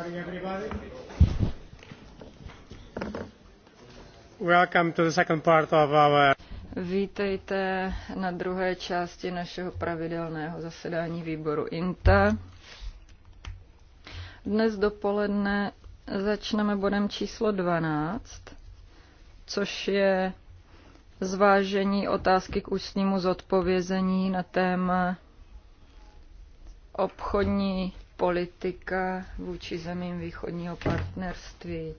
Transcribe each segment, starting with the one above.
morning, everybody. Welcome to the second part of our... Vítejte na druhé části našeho pravidelného zasedání výboru INTA. Dnes dopoledne začneme bodem číslo 12, což je zvážení otázky k ústnímu zodpovězení na téma obchodní politika vůči zemím východního partnerství.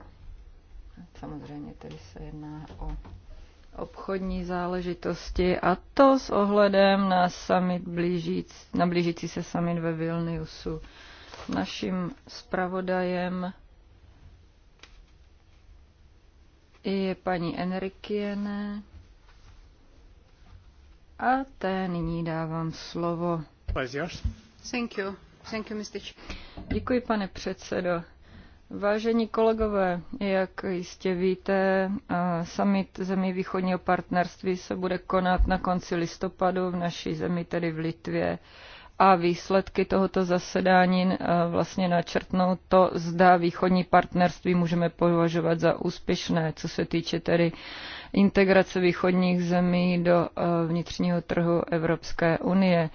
Samozřejmě tedy se jedná o obchodní záležitosti a to s ohledem na, summit blížíc, na blížící se summit ve Vilniusu. Naším zpravodajem je paní Enrikiene a té nyní dávám slovo. Thank you. Děkuji, pane předsedo. Vážení kolegové, jak jistě víte, summit zemí východního partnerství se bude konat na konci listopadu v naší zemi, tedy v Litvě. A výsledky tohoto zasedání e, vlastně načrtnou to, zda východní partnerství můžeme považovat za úspěšné, co se týče tedy integrace východních zemí do e, vnitřního trhu Evropské unie.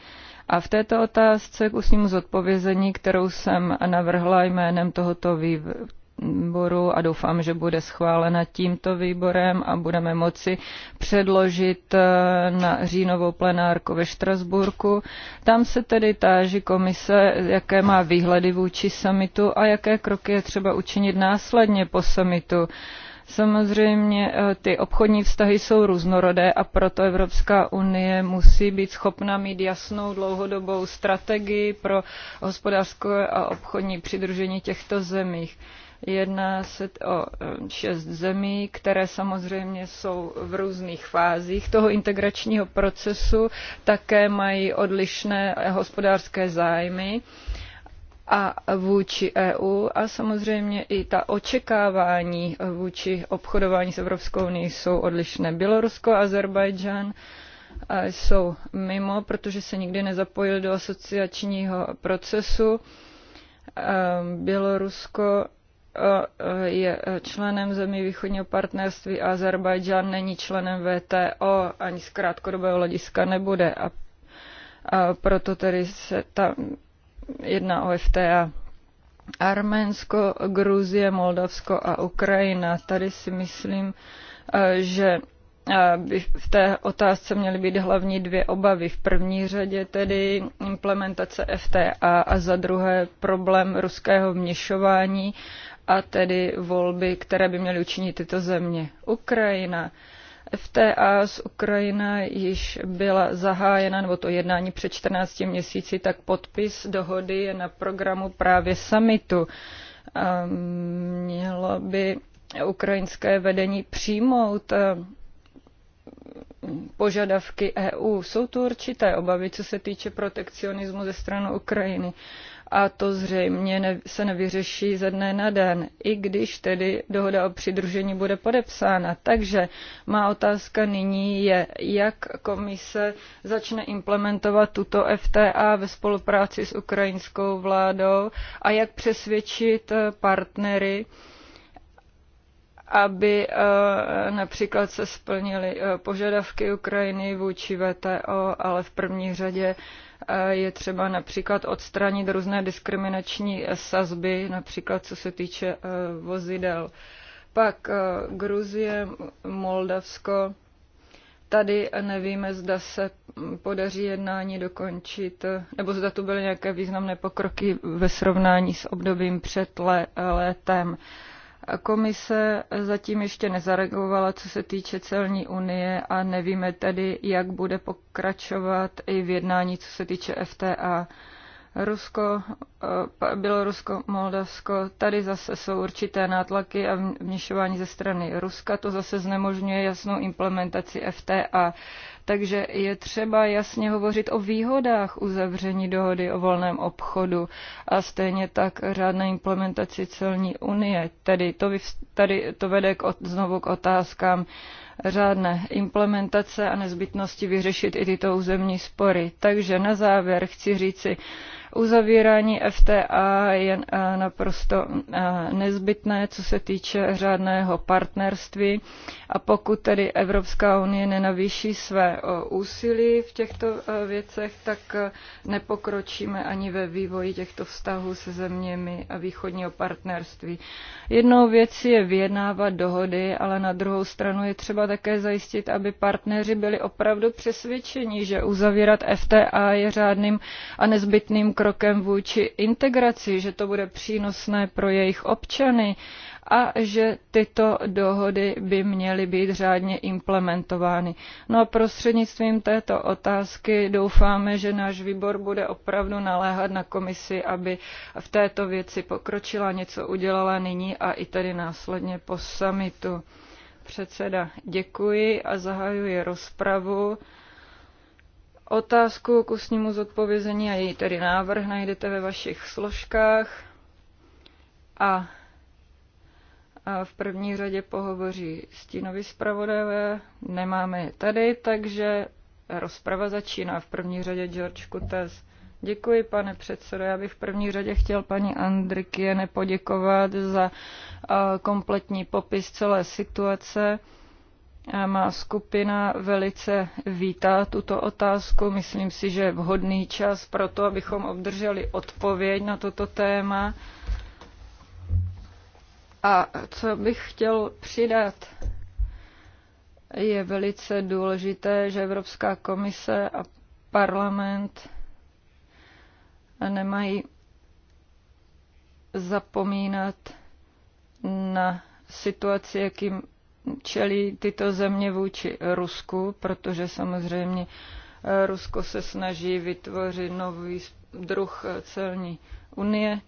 A v této otázce k ústnímu zodpovězení, kterou jsem navrhla jménem tohoto výboru, výboru a doufám, že bude schválena tímto výborem a budeme moci předložit eh, na říjnovou plenárku ve Štrasburku. Tam se tedy táží komise, jaké má výhledy vůči samitu a jaké kroky je třeba učinit následně po samitu. Samozřejmě eh, ty obchodní vztahy jsou různorodé a proto Evropská unie musí být schopna mít jasnou dlouhodobou strategii pro hospodářské a obchodní přidružení těchto zemích. Jedná se o eh, šest zemí, které samozřejmě jsou v různých fázích toho integračního procesu, také mají odlišné hospodářské zájmy a vůči EU a samozřejmě i ta očekávání vůči obchodování s Evropskou unii jsou odlišné. Bělorusko a Azerbajdžán eh, jsou mimo, protože se nikdy nezapojili do asociačního procesu. Ehm, Bělorusko eh, je členem zemí východního partnerství a Azerbajdžán není členem VTO, ani z krátkodobého hlediska nebude. A proto tedy se tam jedna o FTA. Arménsko, Gruzie, Moldavsko a Ukrajina. Tady si myslím, eh, že eh, by v té otázce měly být hlavní dvě obavy. V první řadě tedy implementace FTA a za druhé problém ruského vměšování a tedy volby, které by měly učinit tyto země. Ukrajina FTA z Ukrajina již byla zahájena, nebo to jednání před 14 měsíci, tak podpis dohody je na programu právě summitu. Ehm, mělo by ukrajinské vedení přijmout ehm, požadavky EU. Jsou tu určité obavy, co se týče protekcionismu ze strany Ukrajiny a to zřejmě ne, se nevyřeší ze dne na den, i když tedy dohoda o přidružení bude podepsána. Takže má otázka nyní je, jak komise začne implementovat tuto FTA ve spolupráci s ukrajinskou vládou a jak přesvědčit eh, partnery, aby eh, například se splnily eh, požadavky Ukrajiny vůči VTO, ale v první řadě Eh, je třeba například odstranit různé diskriminační sazby, například co se týče eh, vozidel. Pak eh, Gruzie, Moldavsko. Tady nevíme, zda se hm, podaří jednání dokončit, nebo zda tu byly nějaké významné pokroky ve srovnání s obdobím před létem. Le- Komise zatím ještě nezareagovala, co se týče celní unie a nevíme tedy, jak bude pokračovat i v jednání, co se týče FTA. Rusko Eh, Bělorusko, Moldavsko, tady zase jsou určité nátlaky a vněšování ze strany Ruska, to zase znemožňuje jasnou implementaci FTA. Takže je třeba jasně hovořit o výhodách uzavření dohody o volném obchodu a stejně tak řádné implementaci celní unie. Tedy to, tady to vede k, znovu k otázkám řádné implementace a nezbytnosti vyřešit i tyto územní spory. Takže na závěr chci říci, Uzavírání FTA je eh, naprosto eh, nezbytné, co se týče řádného partnerství a pokud tedy Evropská unie nenavýší své eh, úsilí v těchto věcech, tak nepokročíme ani ve vývoji těchto vztahů se zeměmi a východního partnerství. Jednou věcí je vyjednávat dohody, ale na druhou stranu je třeba také zajistit, aby partneři byli opravdu přesvědčeni, že uzavírat FTA je řádným a nezbytným krokem vůči integraci, že to bude přínosné pro jejich občany a že tyto dohody by měly být řádně implementovány. No a prostřednictvím této otázky doufáme, že náš výbor bude opravdu naléhat na komisi, aby v této věci pokročila, něco udělala nyní a i tedy následně po summitu. Předseda, děkuji a zahajuji rozpravu. Otázku k ústnímu zodpovězení a její tedy návrh najdete ve vašich složkách a v první řadě pohovoří stínovi zpravodajové. Nemáme je tady, takže rozprava začíná. V první řadě George Kutes. Děkuji, pane předsedo. Já bych v první řadě chtěl paní Andrikiene poděkovat za kompletní popis celé situace. Má skupina velice vítá tuto otázku. Myslím si, že je vhodný čas pro to, abychom obdrželi odpověď na toto téma. A co bych chtěl přidat, je velice důležité, že Evropská komise a parlament nemají zapomínat na situaci, jakým čelí tyto země vůči Rusku, protože samozřejmě eh, Rusko se snaží vytvořit nový druh celní unie.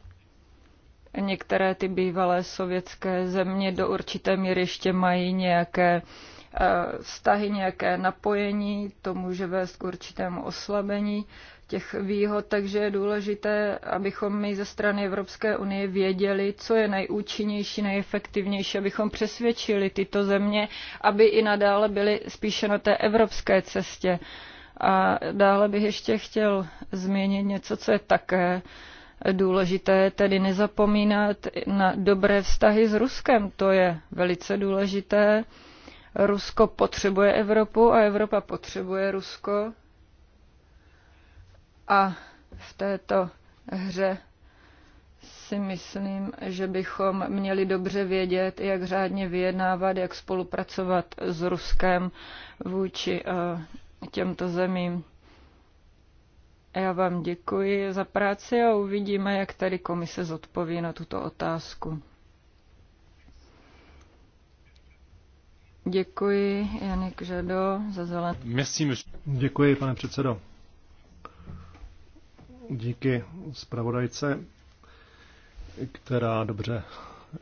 Některé ty bývalé sovětské země do určité míry ještě mají nějaké eh, vztahy, nějaké napojení, to může vést k určitému oslabení těch výhod, takže je důležité, abychom my ze strany Evropské unie věděli, co je nejúčinnější, nejefektivnější, abychom přesvědčili tyto země, aby i nadále byly spíše na té evropské cestě. A dále bych ještě chtěl změnit něco, co je také důležité, tedy nezapomínat na dobré vztahy s Ruskem. To je velice důležité. Rusko potřebuje Evropu a Evropa potřebuje Rusko. A v této hře si myslím, že bychom měli dobře vědět, jak řádně vyjednávat, jak spolupracovat s Ruskem vůči eh, těmto zemím. Já vám děkuji za práci a uvidíme, jak tady komise zodpoví na tuto otázku. Děkuji, Janik Žado, za zelené. Děkuji, pane předsedo. Díky zpravodajce, která dobře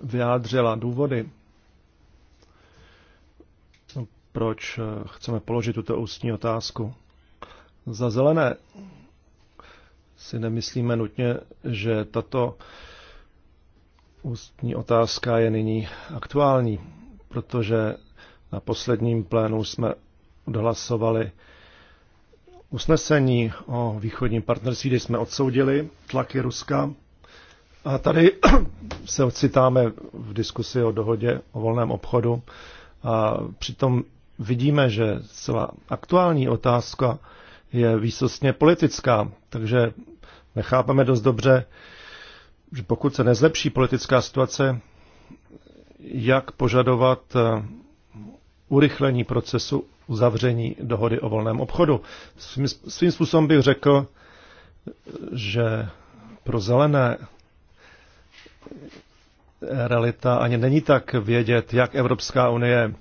vyjádřila důvody, proč chceme položit tuto ústní otázku. Za zelené si nemyslíme nutně, že tato ústní otázka je nyní aktuální, protože na posledním plénu jsme odhlasovali usnesení o východním partnerství, kde jsme odsoudili tlaky Ruska. A tady se ocitáme v diskusi o dohodě o volném obchodu. A přitom vidíme, že celá aktuální otázka je výsostně politická, takže nechápeme dost dobře, že pokud se nezlepší politická situace, jak požadovat eh, urychlení procesu uzavření dohody o volném obchodu. Svým, svým způsobem bych řekl, že pro zelené realita ani není tak vědět, jak Evropská unie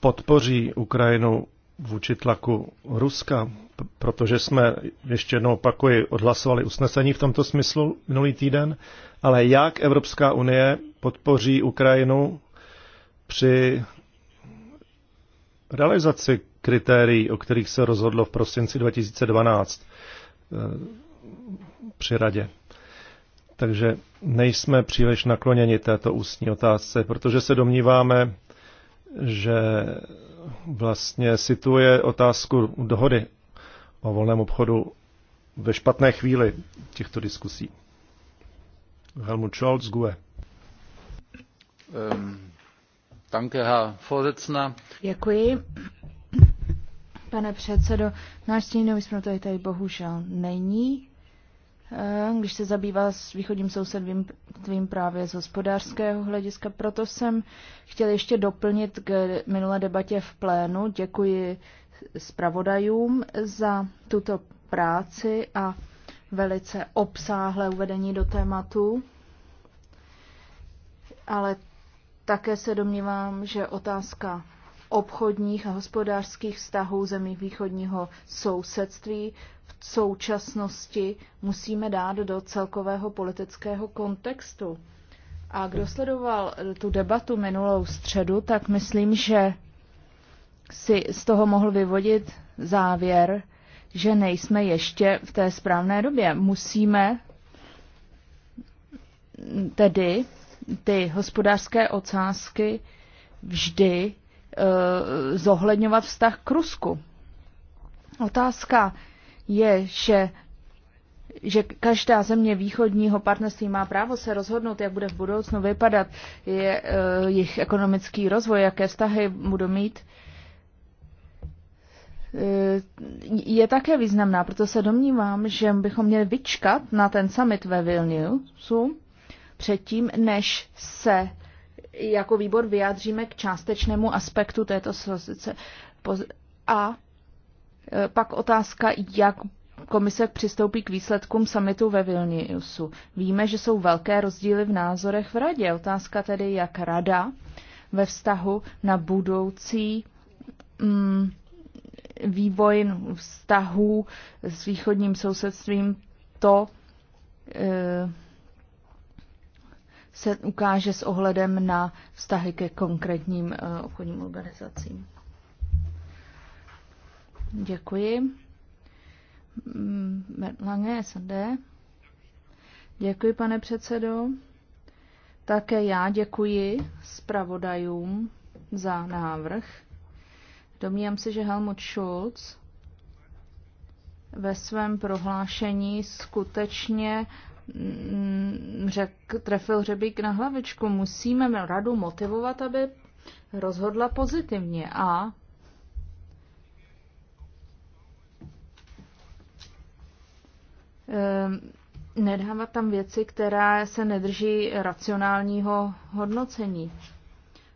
podpoří Ukrajinu vůči tlaku Ruska, protože jsme, ještě jednou opakuji, odhlasovali usnesení v tomto smyslu minulý týden, ale jak Evropská unie podpoří Ukrajinu při realizaci kritérií, o kterých se rozhodlo v prosinci 2012 eh, při radě. Takže nejsme příliš nakloněni této ústní otázce, protože se domníváme, že vlastně situuje otázku dohody o volném obchodu ve špatné chvíli těchto diskusí. Helmut Scholz, GUE. Um. Pane předsedo, náš stínový zpravodaj tady bohužel není. Eh, když se zabývá s východním sousedstvím právě z hospodářského hlediska, proto jsem chtěl ještě doplnit k minulé debatě v plénu. Děkuji zpravodajům za tuto práci a velice obsáhlé uvedení do tématu. Ale také se domnívám, že otázka obchodních a hospodářských vztahů zemí východního sousedství v současnosti musíme dát do celkového politického kontextu. A kdo sledoval tu debatu minulou středu, tak myslím, že si z toho mohl vyvodit závěr, že nejsme ještě v té správné době. Musíme tedy ty hospodářské ocázky vždy e, zohledňovat vztah k Rusku. Otázka je, že, že každá země východního partnerství má právo se rozhodnout, jak bude v budoucnu vypadat je, e, jejich ekonomický rozvoj, jaké vztahy budou mít. Eh, je také významná, proto se domnívám, že bychom měli vyčkat na ten summit ve Vilniusu, předtím, než se jako výbor vyjádříme k částečnému aspektu této sozice. A e, pak otázka, jak komise přistoupí k výsledkům samitu ve Vilniusu. Víme, že jsou velké rozdíly v názorech v radě. Otázka tedy, jak rada ve vztahu na budoucí mm, vývoj vztahů s východním sousedstvím to e, se ukáže s ohledem na vztahy ke konkrétním eh, obchodním organizacím. Děkuji. Mm, Lange, SND. Děkuji, pane předsedo. Také já děkuji zpravodajům za návrh. Domnívám se, že Helmut Schulz ve svém prohlášení skutečně Mm, řek, trefil hřebík na hlavičku. Musíme radu motivovat, aby rozhodla pozitivně a nedávat tam věci, která se nedrží racionálního hodnocení.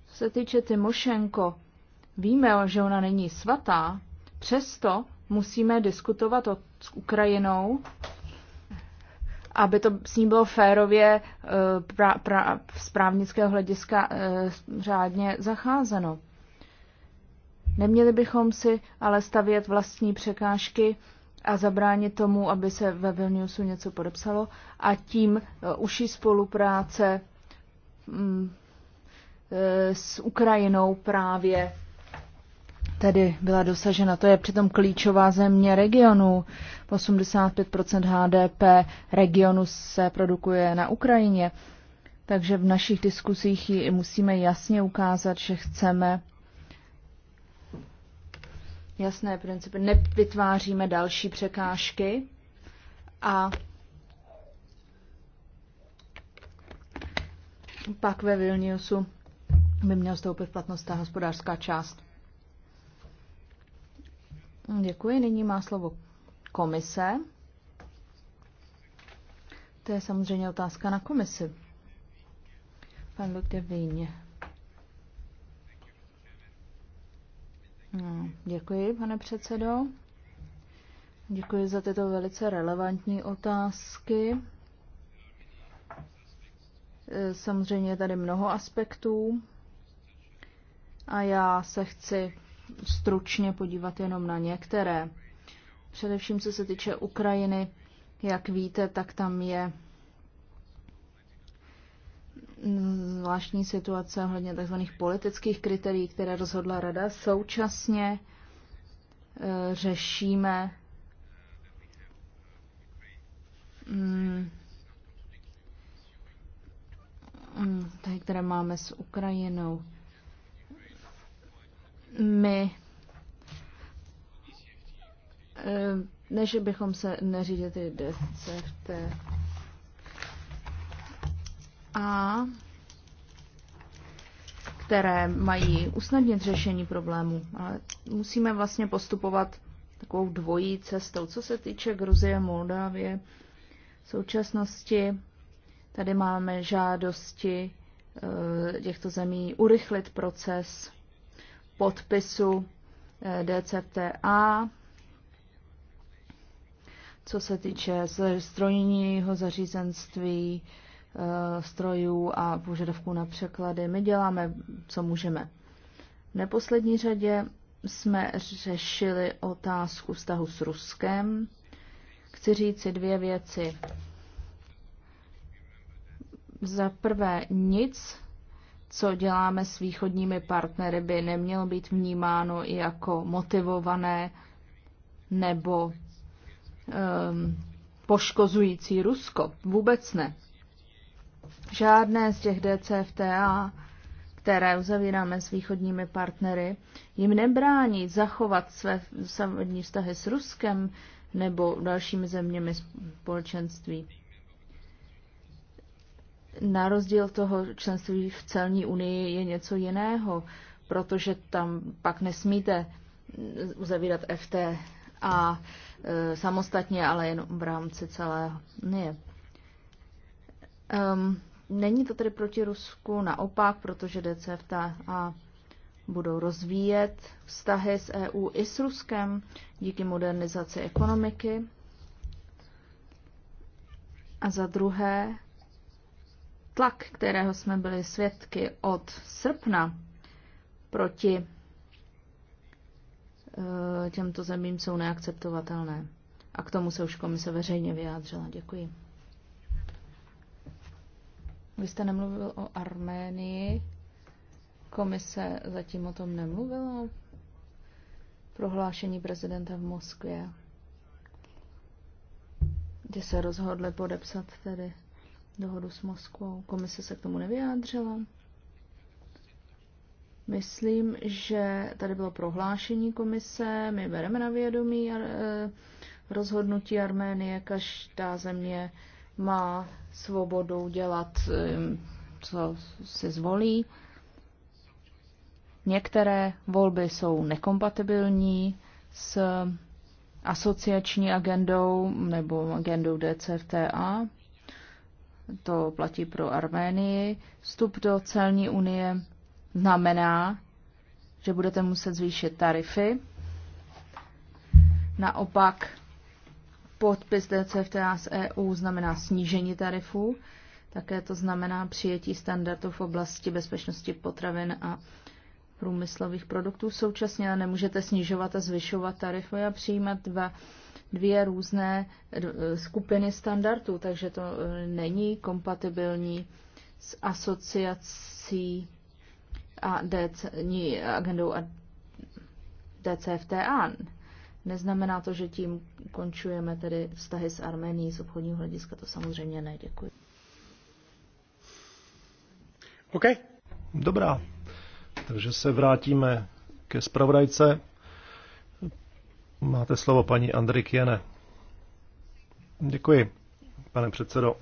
Co se týče Tymošenko, víme, že ona není svatá, přesto musíme diskutovat o, s Ukrajinou aby to s ní bylo férově eh, pra, pra, z právnického hlediska eh, řádně zacházeno. Neměli bychom si ale stavět vlastní překážky a zabránit tomu, aby se ve Vilniusu něco podepsalo a tím eh, uší spolupráce mm, s Ukrajinou právě tedy byla dosažena. To je přitom klíčová země regionu. 85 HDP regionu se produkuje na Ukrajině. Takže v našich diskusích musíme jasně ukázat, že chceme jasné principy. Nevytváříme další překážky a pak ve Vilniusu by měl stoupit v platnost ta hospodářská část. Děkuji. Nyní má slovo komise. To je samozřejmě otázka na komisi. Pan Luke Víně. No, děkuji, pane předsedo. Děkuji za tyto velice relevantní otázky. Samozřejmě je tady mnoho aspektů a já se chci stručně podívat jenom na některé. Především co se týče Ukrajiny, jak víte, tak tam je zvláštní situace ohledně tzv. politických kritérií, které rozhodla Rada. Současně e, řešíme mm, mm, tady, které máme s Ukrajinou my eh, než bychom se neřídili DCFT a které mají usnadnit řešení problémů, ale musíme vlastně postupovat takovou dvojí cestou. Co se týče Gruzie a Moldávie, v současnosti tady máme žádosti eh, těchto zemí urychlit proces podpisu eh, DCTA, co se týče strojního zařízenství, eh, strojů a požadavků na překlady. My děláme, co můžeme. V neposlední řadě jsme řešili otázku vztahu s Ruskem. Chci říci dvě věci. Za prvé, nic co děláme s východními partnery, by nemělo být vnímáno i jako motivované nebo um, poškozující Rusko. Vůbec ne. Žádné z těch DCFTA, které uzavíráme s východními partnery, jim nebrání zachovat své samotní vztahy s Ruskem nebo dalšími zeměmi společenství na rozdíl toho členství v celní unii je něco jiného, protože tam pak nesmíte uzavírat FT a e, samostatně, ale jen v rámci celé unie. Um, není to tedy proti Rusku, naopak, protože DCFT a budou rozvíjet vztahy s EU i s Ruskem díky modernizaci ekonomiky. A za druhé, tlak, kterého jsme byli svědky od srpna proti eh, těmto zemím, jsou neakceptovatelné. A k tomu se už komise veřejně vyjádřila. Děkuji. Vy jste nemluvil o Arménii. Komise zatím o tom nemluvila. Prohlášení prezidenta v Moskvě, kde se rozhodli podepsat tedy dohodu s Moskvou. Komise se k tomu nevyjádřila. Myslím, že tady bylo prohlášení komise, my bereme na vědomí eh, rozhodnutí Arménie, každá země má svobodu dělat, eh, co si zvolí. Některé volby jsou nekompatibilní s asociační agendou nebo agendou DCFTA, to platí pro Arménii. Vstup do celní unie znamená, že budete muset zvýšit tarify. Naopak podpis DCFTA z EU znamená snížení tarifů. Také to znamená přijetí standardů v oblasti bezpečnosti potravin a průmyslových produktů. Současně nemůžete snižovat a zvyšovat tarify a přijímat dva dvě různé eh, skupiny standardů, takže to eh, není kompatibilní s asociací a DC, ní, agendou a DCFTA. Neznamená to, že tím končujeme tedy vztahy s Armenií z obchodního hlediska, to samozřejmě ne, děkuji. OK. Dobrá. Takže se vrátíme ke zpravodajce Máte slovo, paní Andrik Jene. Děkuji, pane předsedo.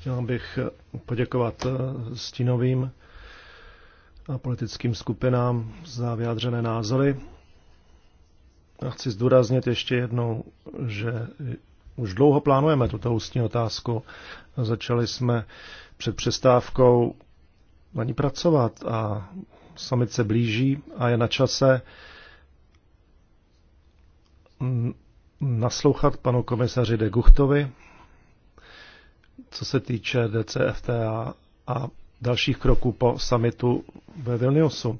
Chtěl bych poděkovat stínovým a politickým skupinám za vyjádřené názory. A chci zdůraznit ještě jednou, že už dlouho plánujeme tuto ústní otázku. Začali jsme před přestávkou na ní pracovat a summit se blíží a je na čase naslouchat panu komisaři de Guchtovi, co se týče DCFTA a dalších kroků po samitu ve Vilniusu.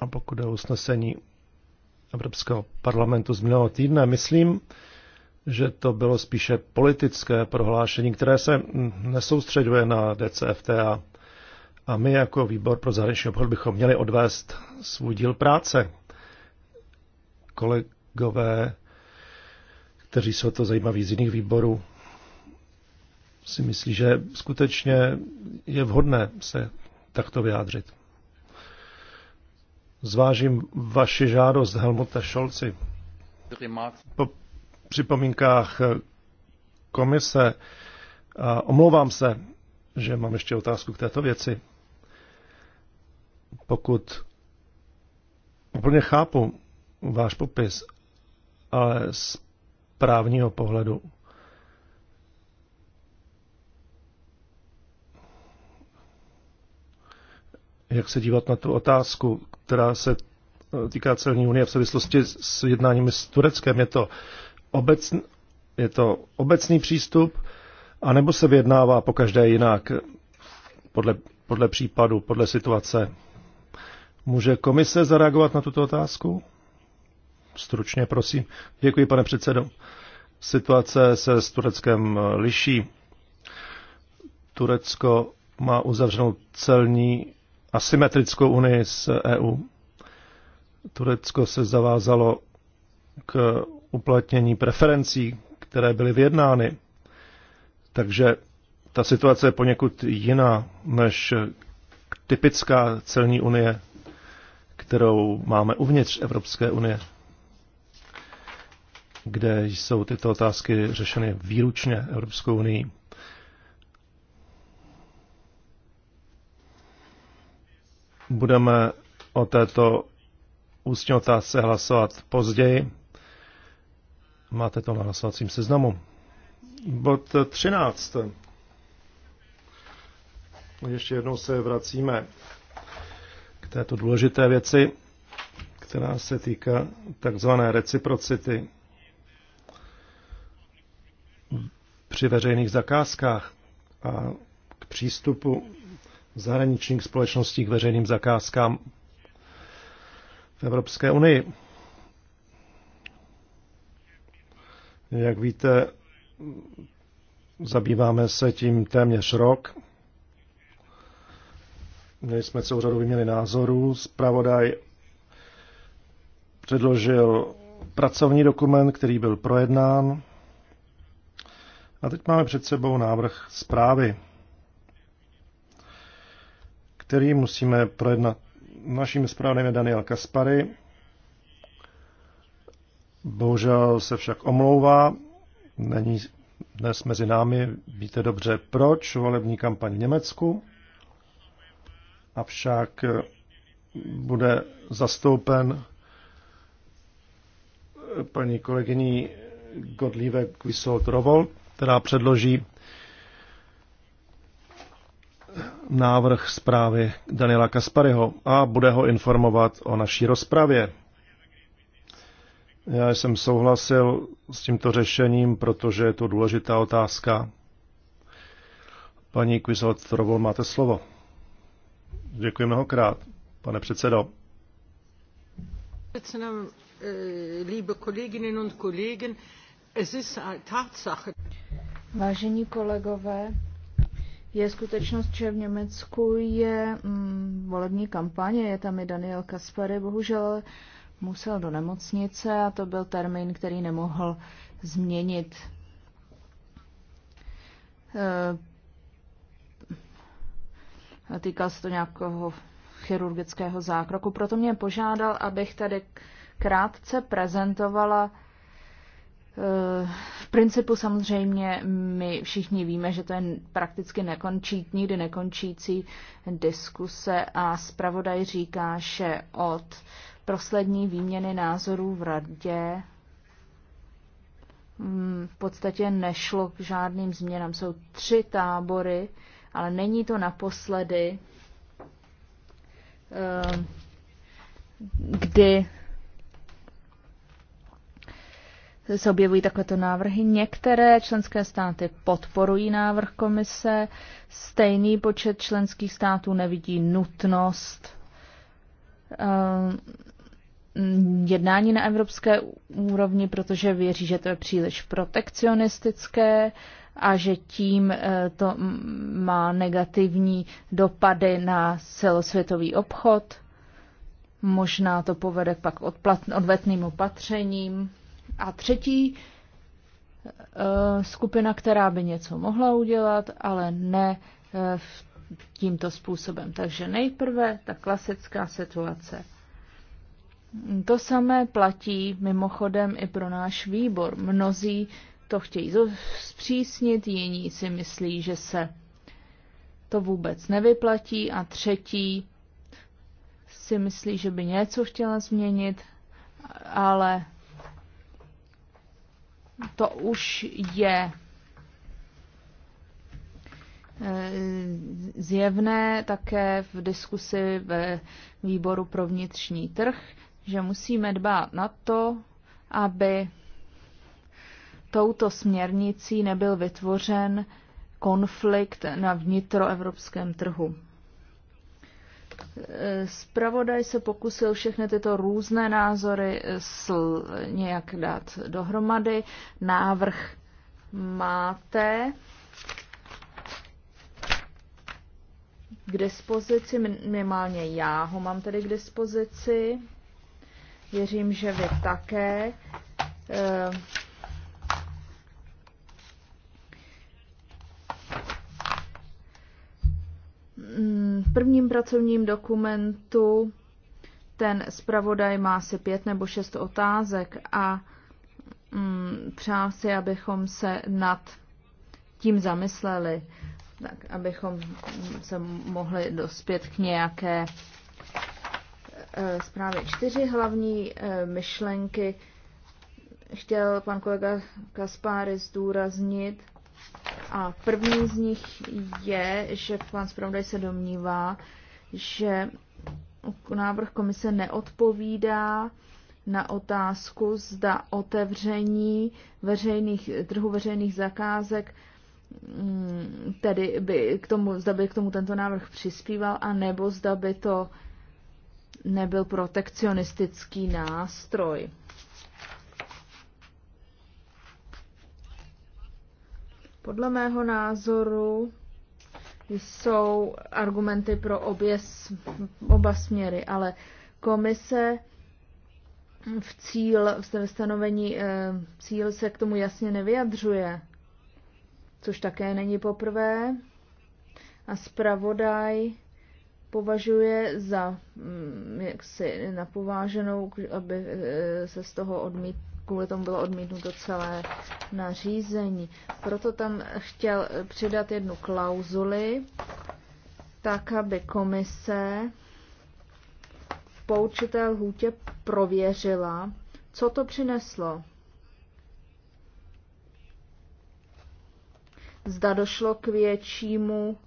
A pokud je usnesení Evropského parlamentu z minulého týdne, myslím, že to bylo spíše politické prohlášení, které se nesoustředuje na DCFTA. A my jako výbor pro zahraniční obchod bychom měli odvést svůj díl práce kolegové, kteří jsou to zajímaví z jiných výborů, si myslí, že skutečně je vhodné se takto vyjádřit. Zvážím vaši žádost Helmuta Šolci. Po připomínkách komise a omlouvám se, že mám ještě otázku k této věci. Pokud úplně chápu váš popis, ale z právního pohledu. Jak se dívat na tu otázku, která se eh, týká celní unie v souvislosti s jednáními s Tureckem? Je to, obecn, je to obecný přístup, anebo se vyjednává po každé jinak, podle, podle případu, podle situace? Může komise zareagovat na tuto otázku? Stručně, prosím. Děkuji, pane předsedo. Situace se s Tureckem liší. Turecko má uzavřenou celní asymetrickou unii s EU. Turecko se zavázalo k uplatnění preferencí, které byly vyjednány. Takže ta situace je poněkud jiná než typická celní unie, kterou máme uvnitř Evropské unie kde jsou tyto otázky řešeny výlučně Evropskou unii. Budeme o této ústní otázce hlasovat později. Máte to na hlasovacím seznamu. Bod 13. Ještě jednou se vracíme k této důležité věci, která se týká takzvané reciprocity při veřejných zakázkách a k přístupu zahraničních společností k veřejným zakázkám v Evropské unii. Jak víte, zabýváme se tím téměř rok. Měli jsme celou řadu vyměny názorů. Zpravodaj předložil pracovní dokument, který byl projednán. A teď máme před sebou návrh zprávy, který musíme projednat. Naším zprávným Daniel Kaspary. Bohužel se však omlouvá, není dnes mezi námi, víte dobře proč, volební kampaň v Německu. Avšak bude zastoupen paní kolegyní Godlíve Kvisolt Rovolt, která předloží návrh zprávy Daniela Kaspariho a bude ho informovat o naší rozpravě. Já jsem souhlasil s tímto řešením, protože je to důležitá otázka. Paní Kvizotrovou, máte slovo. Děkuji mnohokrát, pane předsedo. Vážení kolegové, je skutečnost, že v Německu je mm, volební kampaně, je tam i Daniel Kaspary, bohužel musel do nemocnice a to byl termín, který nemohl změnit. E, týkal se to nějakého chirurgického zákroku, proto mě požádal, abych tady krátce prezentovala v principu samozřejmě my všichni víme, že to je prakticky nekončí, nikdy nekončící diskuse a zpravodaj říká, že od poslední výměny názorů v radě mm, v podstatě nešlo k žádným změnám. Jsou tři tábory, ale není to naposledy, ehm, kdy se objevují takovéto návrhy. Některé členské státy podporují návrh komise, stejný počet členských států nevidí nutnost eh, jednání na evropské úrovni, protože věří, že to je příliš protekcionistické a že tím eh, to má negativní dopady na celosvětový obchod. Možná to povede pak odvetným opatřením a třetí eh, skupina, která by něco mohla udělat, ale ne eh, tímto způsobem. Takže nejprve ta klasická situace. To samé platí mimochodem i pro náš výbor. Mnozí to chtějí zpřísnit, jiní si myslí, že se to vůbec nevyplatí a třetí si myslí, že by něco chtěla změnit, ale to už je eh, zjevné také v diskusi ve výboru pro vnitřní trh, že musíme dbát na to, aby touto směrnicí nebyl vytvořen konflikt na vnitroevropském trhu. Spravodaj se pokusil všechny tyto různé názory sl, nějak dát dohromady. Návrh máte k dispozici, minimálně já ho mám tedy k dispozici. Věřím, že vy také. Eh, Mm, v prvním pracovním dokumentu ten zpravodaj má asi pět nebo šest otázek a mm, přál si, abychom se nad tím zamysleli, tak abychom se mohli dospět k nějaké e, zprávě. Čtyři hlavní e, myšlenky chtěl pan kolega Kaspáry zdůraznit. A první z nich je, že pan zpravodaj se domnívá, že návrh komise neodpovídá na otázku, zda otevření veřejných, trhu veřejných zakázek mm, tedy by k tomu, zda by k tomu tento návrh přispíval, a nebo zda by to nebyl protekcionistický nástroj. Podle mého názoru jsou argumenty pro obě, oba směry, ale komise v cíl, v stanovení eh, cíl se k tomu jasně nevyjadřuje, což také není poprvé. A zpravodaj považuje za mm, jaksi napováženou, aby eh, se z toho odmít, kvůli tomu bylo odmítnuto celé nařízení. Proto tam chtěl přidat jednu klauzuli, tak aby komise po určité lhůtě prověřila, co to přineslo. Zda došlo k většímu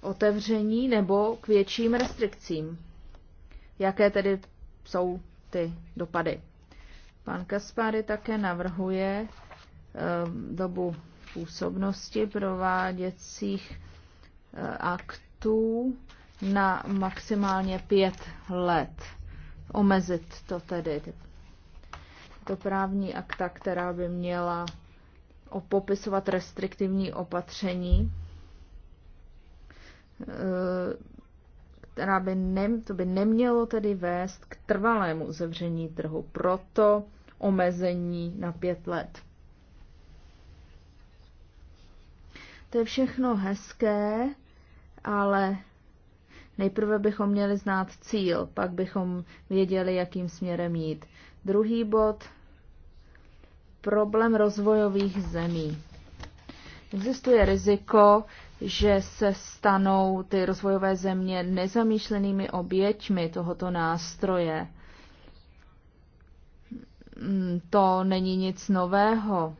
otevření nebo k větším restrikcím. Jaké tedy jsou ty dopady? Pan Kaspary také navrhuje eh, dobu působnosti prováděcích eh, aktů na maximálně pět let. Omezit to tedy, to právní akta, která by měla popisovat restriktivní opatření eh, která by ne, to by nemělo tedy vést k trvalému uzavření trhu. Proto omezení na pět let. To je všechno hezké, ale nejprve bychom měli znát cíl, pak bychom věděli, jakým směrem jít. Druhý bod. Problém rozvojových zemí. Existuje riziko, že se stanou ty rozvojové země nezamýšlenými oběťmi tohoto nástroje. Mm, to není nic nového,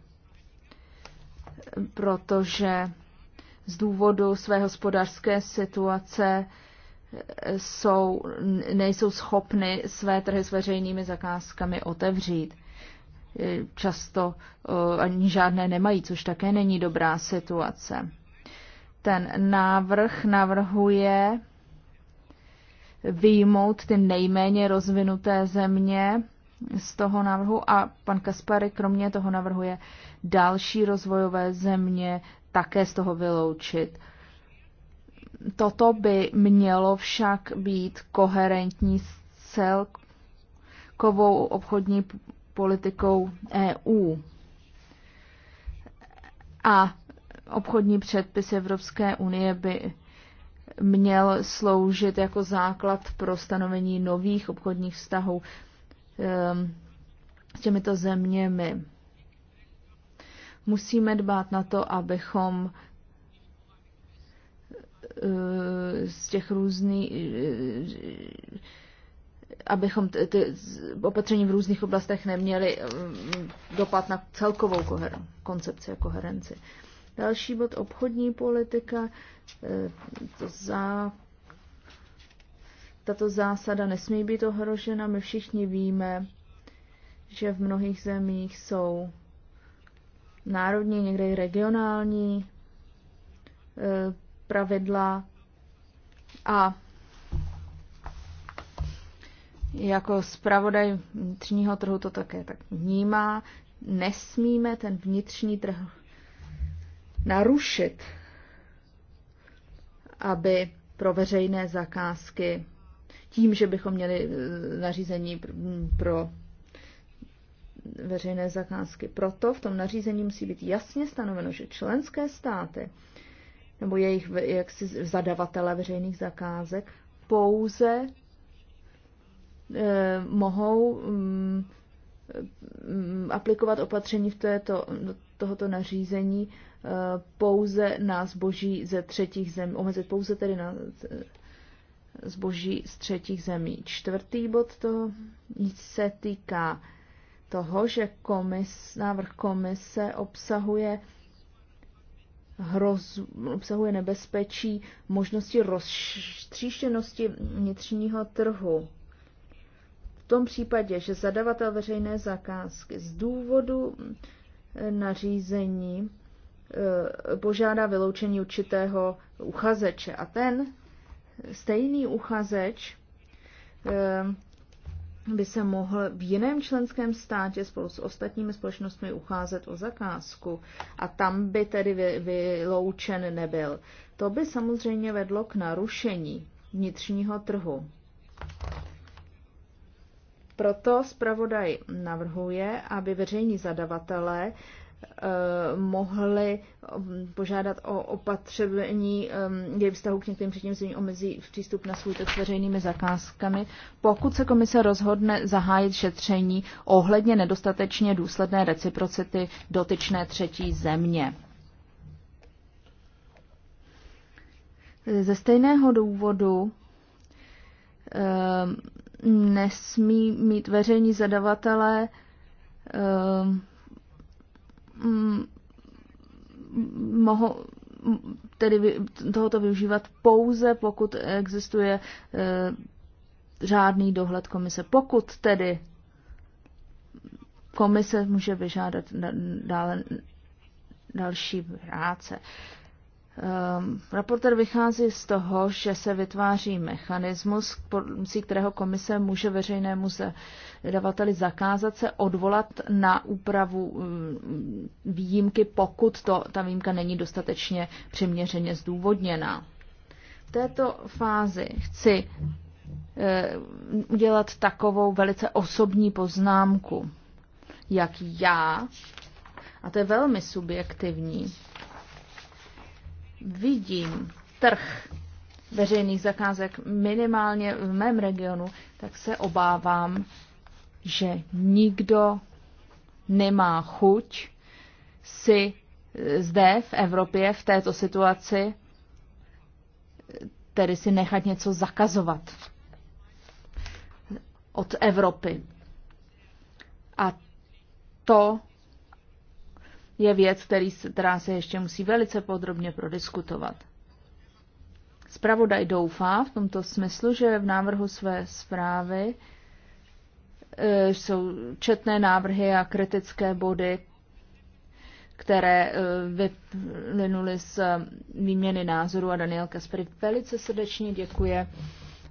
protože z důvodu své hospodářské situace eh, jsou, nejsou schopny své trhy s veřejnými zakázkami otevřít. Eh, často eh, ani žádné nemají, což také není dobrá situace ten návrh navrhuje výjmout ty nejméně rozvinuté země z toho návrhu a pan Kaspary kromě toho navrhuje další rozvojové země také z toho vyloučit. Toto by mělo však být koherentní s celkovou obchodní politikou EU. A obchodní předpis Evropské unie by měl sloužit jako základ pro stanovení nových obchodních vztahů ehm, s těmito zeměmi. Musíme dbát na to, abychom eh, z těch různých, eh, abychom ty, opatření v různých oblastech neměli ehm, dopad na celkovou koncepci a koherenci. Další bod obchodní politika. Eh, to za, Tato zásada nesmí být ohrožena. My všichni víme, že v mnohých zemích jsou národní, někde i regionální eh, pravidla a jako zpravodaj vnitřního trhu to také tak vnímá. Nesmíme ten vnitřní trh narušit, aby pro veřejné zakázky tím, že bychom měli eh, nařízení mm, pro veřejné zakázky. Proto v tom nařízení musí být jasně stanoveno, že členské státy nebo jejich jaksi zadavatele veřejných zakázek pouze eh, mohou mm, aplikovat opatření v této, tohoto nařízení eh, pouze na zboží ze třetích zemí, omezit pouze tedy na eh, zboží z třetích zemí. Čtvrtý bod to se týká toho, že komis, návrh komise obsahuje hroz, obsahuje nebezpečí možnosti rozstříštěnosti vnitřního trhu tom případě, že zadavatel veřejné zakázky z důvodu eh, nařízení eh, požádá vyloučení určitého uchazeče a ten stejný uchazeč eh, by se mohl v jiném členském státě spolu s ostatními společnostmi ucházet o zakázku a tam by tedy vyloučen nebyl. To by samozřejmě vedlo k narušení vnitřního trhu. Proto zpravodaj navrhuje, aby veřejní zadavatelé eh, mohli mm, požádat o opatření mm, je vztahu k některým předtím zemím omezí v přístup na svůj s veřejnými zakázkami, pokud se komise rozhodne zahájit šetření ohledně nedostatečně důsledné reciprocity dotyčné třetí země. Ze stejného důvodu ehm, nesmí mít veřejní zadavatelé eh, mm, mohou tedy tohoto využívat pouze, pokud existuje uh, řádný dohled komise. Pokud tedy komise může vyžádat dále další práce. Um, ehm, Raporter vychází z toho, že se vytváří mechanismus, pomocí kterého komise může veřejnému zadavateli zakázat se odvolat na úpravu um, výjimky, pokud to, ta výjimka není dostatečně přiměřeně zdůvodněná. V této fázi chci um, udělat takovou velice osobní poznámku, jak já, a to je velmi subjektivní, vidím trh veřejných zakázek minimálně v mém regionu, tak se obávám, že nikdo nemá chuť si eh, zde v Evropě v této situaci eh, tedy si nechat něco zakazovat od Evropy. A to je věc, který, která se ještě musí velice podrobně prodiskutovat. Spravodaj doufá v tomto smyslu, že v návrhu své zprávy e, jsou četné návrhy a kritické body, které e, vyplynuly z výměny názoru a Daniel Kaspery velice srdečně děkuje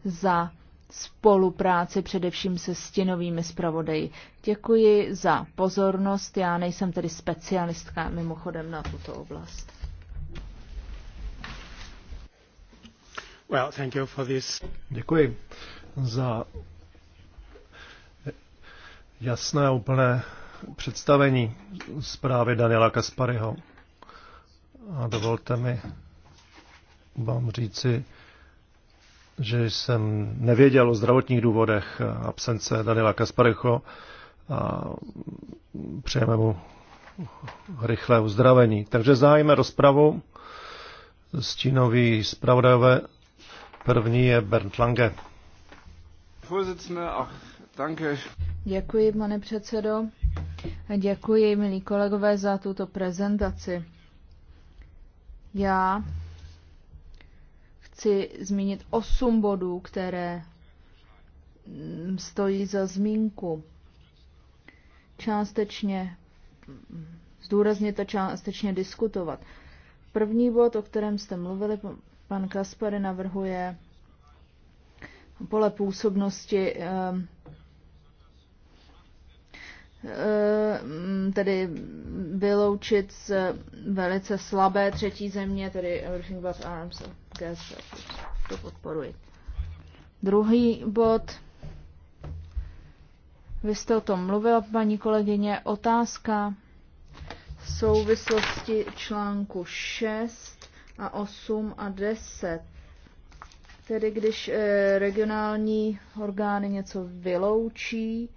za spolupráci především se stinovými zpravodaji. Děkuji za pozornost, já nejsem tedy specialistka mimochodem na tuto oblast. Well, thank you for this. Děkuji za jasné a úplné představení zprávy Daniela Kaspariho. A dovolte mi vám říci, že jsem nevěděl o zdravotních důvodech absence Daniela Kasparecho a přejeme mu rychlé uzdravení. Takže zájme rozpravu stínový zpravodajové. První je Bernd Lange. Děkuji, pane předsedo. Děkuji, milí kolegové, za tuto prezentaci. Já chci zmínit osm bodů, které mm, stojí za zmínku. Částečně mm, zdůraznit a částečně diskutovat. První bod, o kterém jste mluvili, pan Kaspary navrhuje pole působnosti ehm, ehm, tedy vyloučit z velice slabé třetí země, tedy Everything But Arms také to podporuji. Druhý bod, vy jste o tom mluvila, paní kolegyně, otázka v souvislosti článku 6 a 8 a 10. Tedy když eh, regionální orgány něco vyloučí,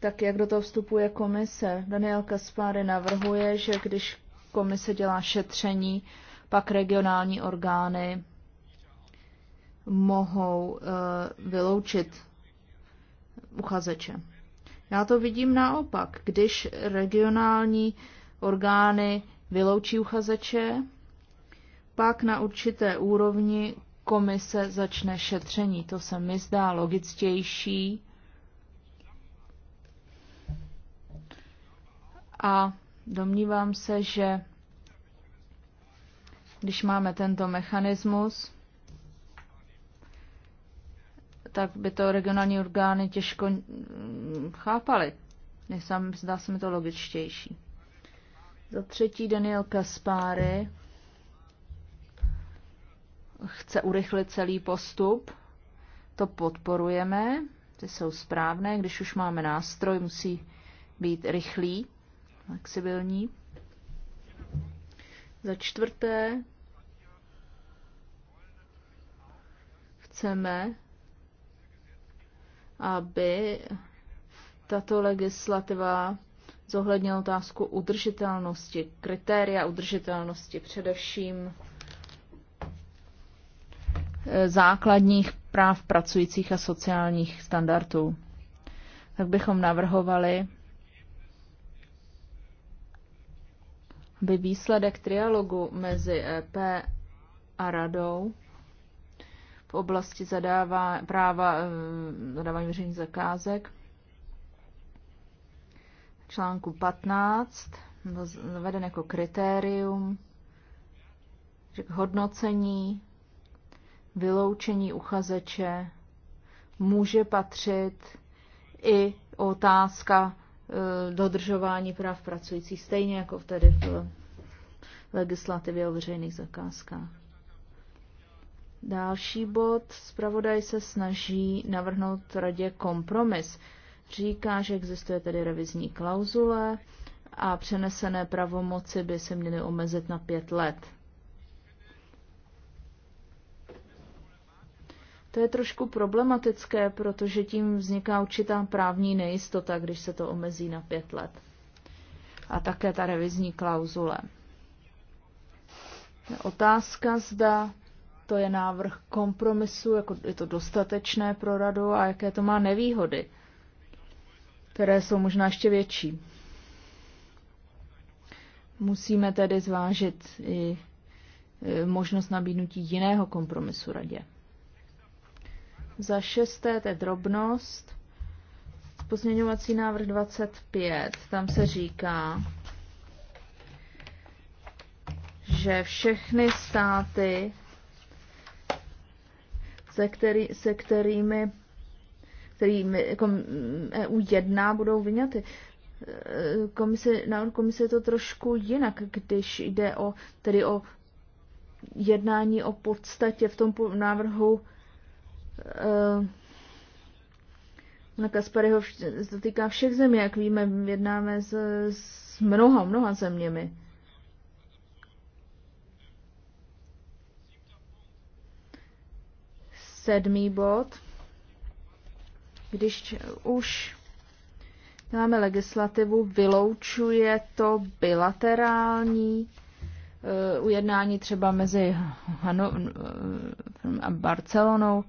tak jak do toho vstupuje komise? Daniel Kaspáry navrhuje, že když komise dělá šetření, pak regionální orgány mohou eh, vyloučit uchazeče. Já to vidím naopak. Když regionální orgány vyloučí uchazeče, pak na určité úrovni komise začne šetření. To se mi zdá logičtější. A domnívám se, že když máme tento mechanismus, tak by to regionální orgány těžko chápaly. Sám, zdá se mi to logičtější. Za třetí Daniel Kaspáry chce urychlit celý postup. To podporujeme, ty jsou správné. Když už máme nástroj, musí být rychlý, flexibilní. Za čtvrté, chceme, aby tato legislativa zohlednila otázku udržitelnosti, kritéria udržitelnosti, především eh, základních práv pracujících a sociálních standardů. Tak bychom navrhovali, aby výsledek trialogu mezi EP a radou v oblasti zadává, práva eh, zadávání veřejných zakázek článku 15 byl zaveden jako kritérium že k hodnocení vyloučení uchazeče může patřit i otázka Eh, dodržování práv pracujících, stejně jako tedy v legislativě o veřejných zakázkách. Další bod. Spravodaj se snaží navrhnout radě kompromis. Říká, že existuje tedy revizní klauzule a přenesené pravomoci by se měly omezit na pět let. To je trošku problematické, protože tím vzniká určitá právní nejistota, když se to omezí na pět let. A také ta revizní klauzule. Otázka, zda to je návrh kompromisu, jako je to dostatečné pro radu a jaké to má nevýhody, které jsou možná ještě větší. Musíme tedy zvážit i e, možnost nabídnutí jiného kompromisu radě. Za šesté, to je drobnost. Pozměňovací návrh 25, tam se říká, že všechny státy, se, který, se kterými, kterými jako EU jedná, budou vyňaty. Komise, na komise je to trošku jinak, když jde o, tedy o jednání o podstatě v tom návrhu Eh, na Kasparyho se týká všech zemí, jak víme, jednáme s, s mnoha, mnoha zeměmi. Sedmý bod. Když už máme legislativu, vyloučuje to bilaterální eh, ujednání třeba mezi Hano- eh, a Barcelonou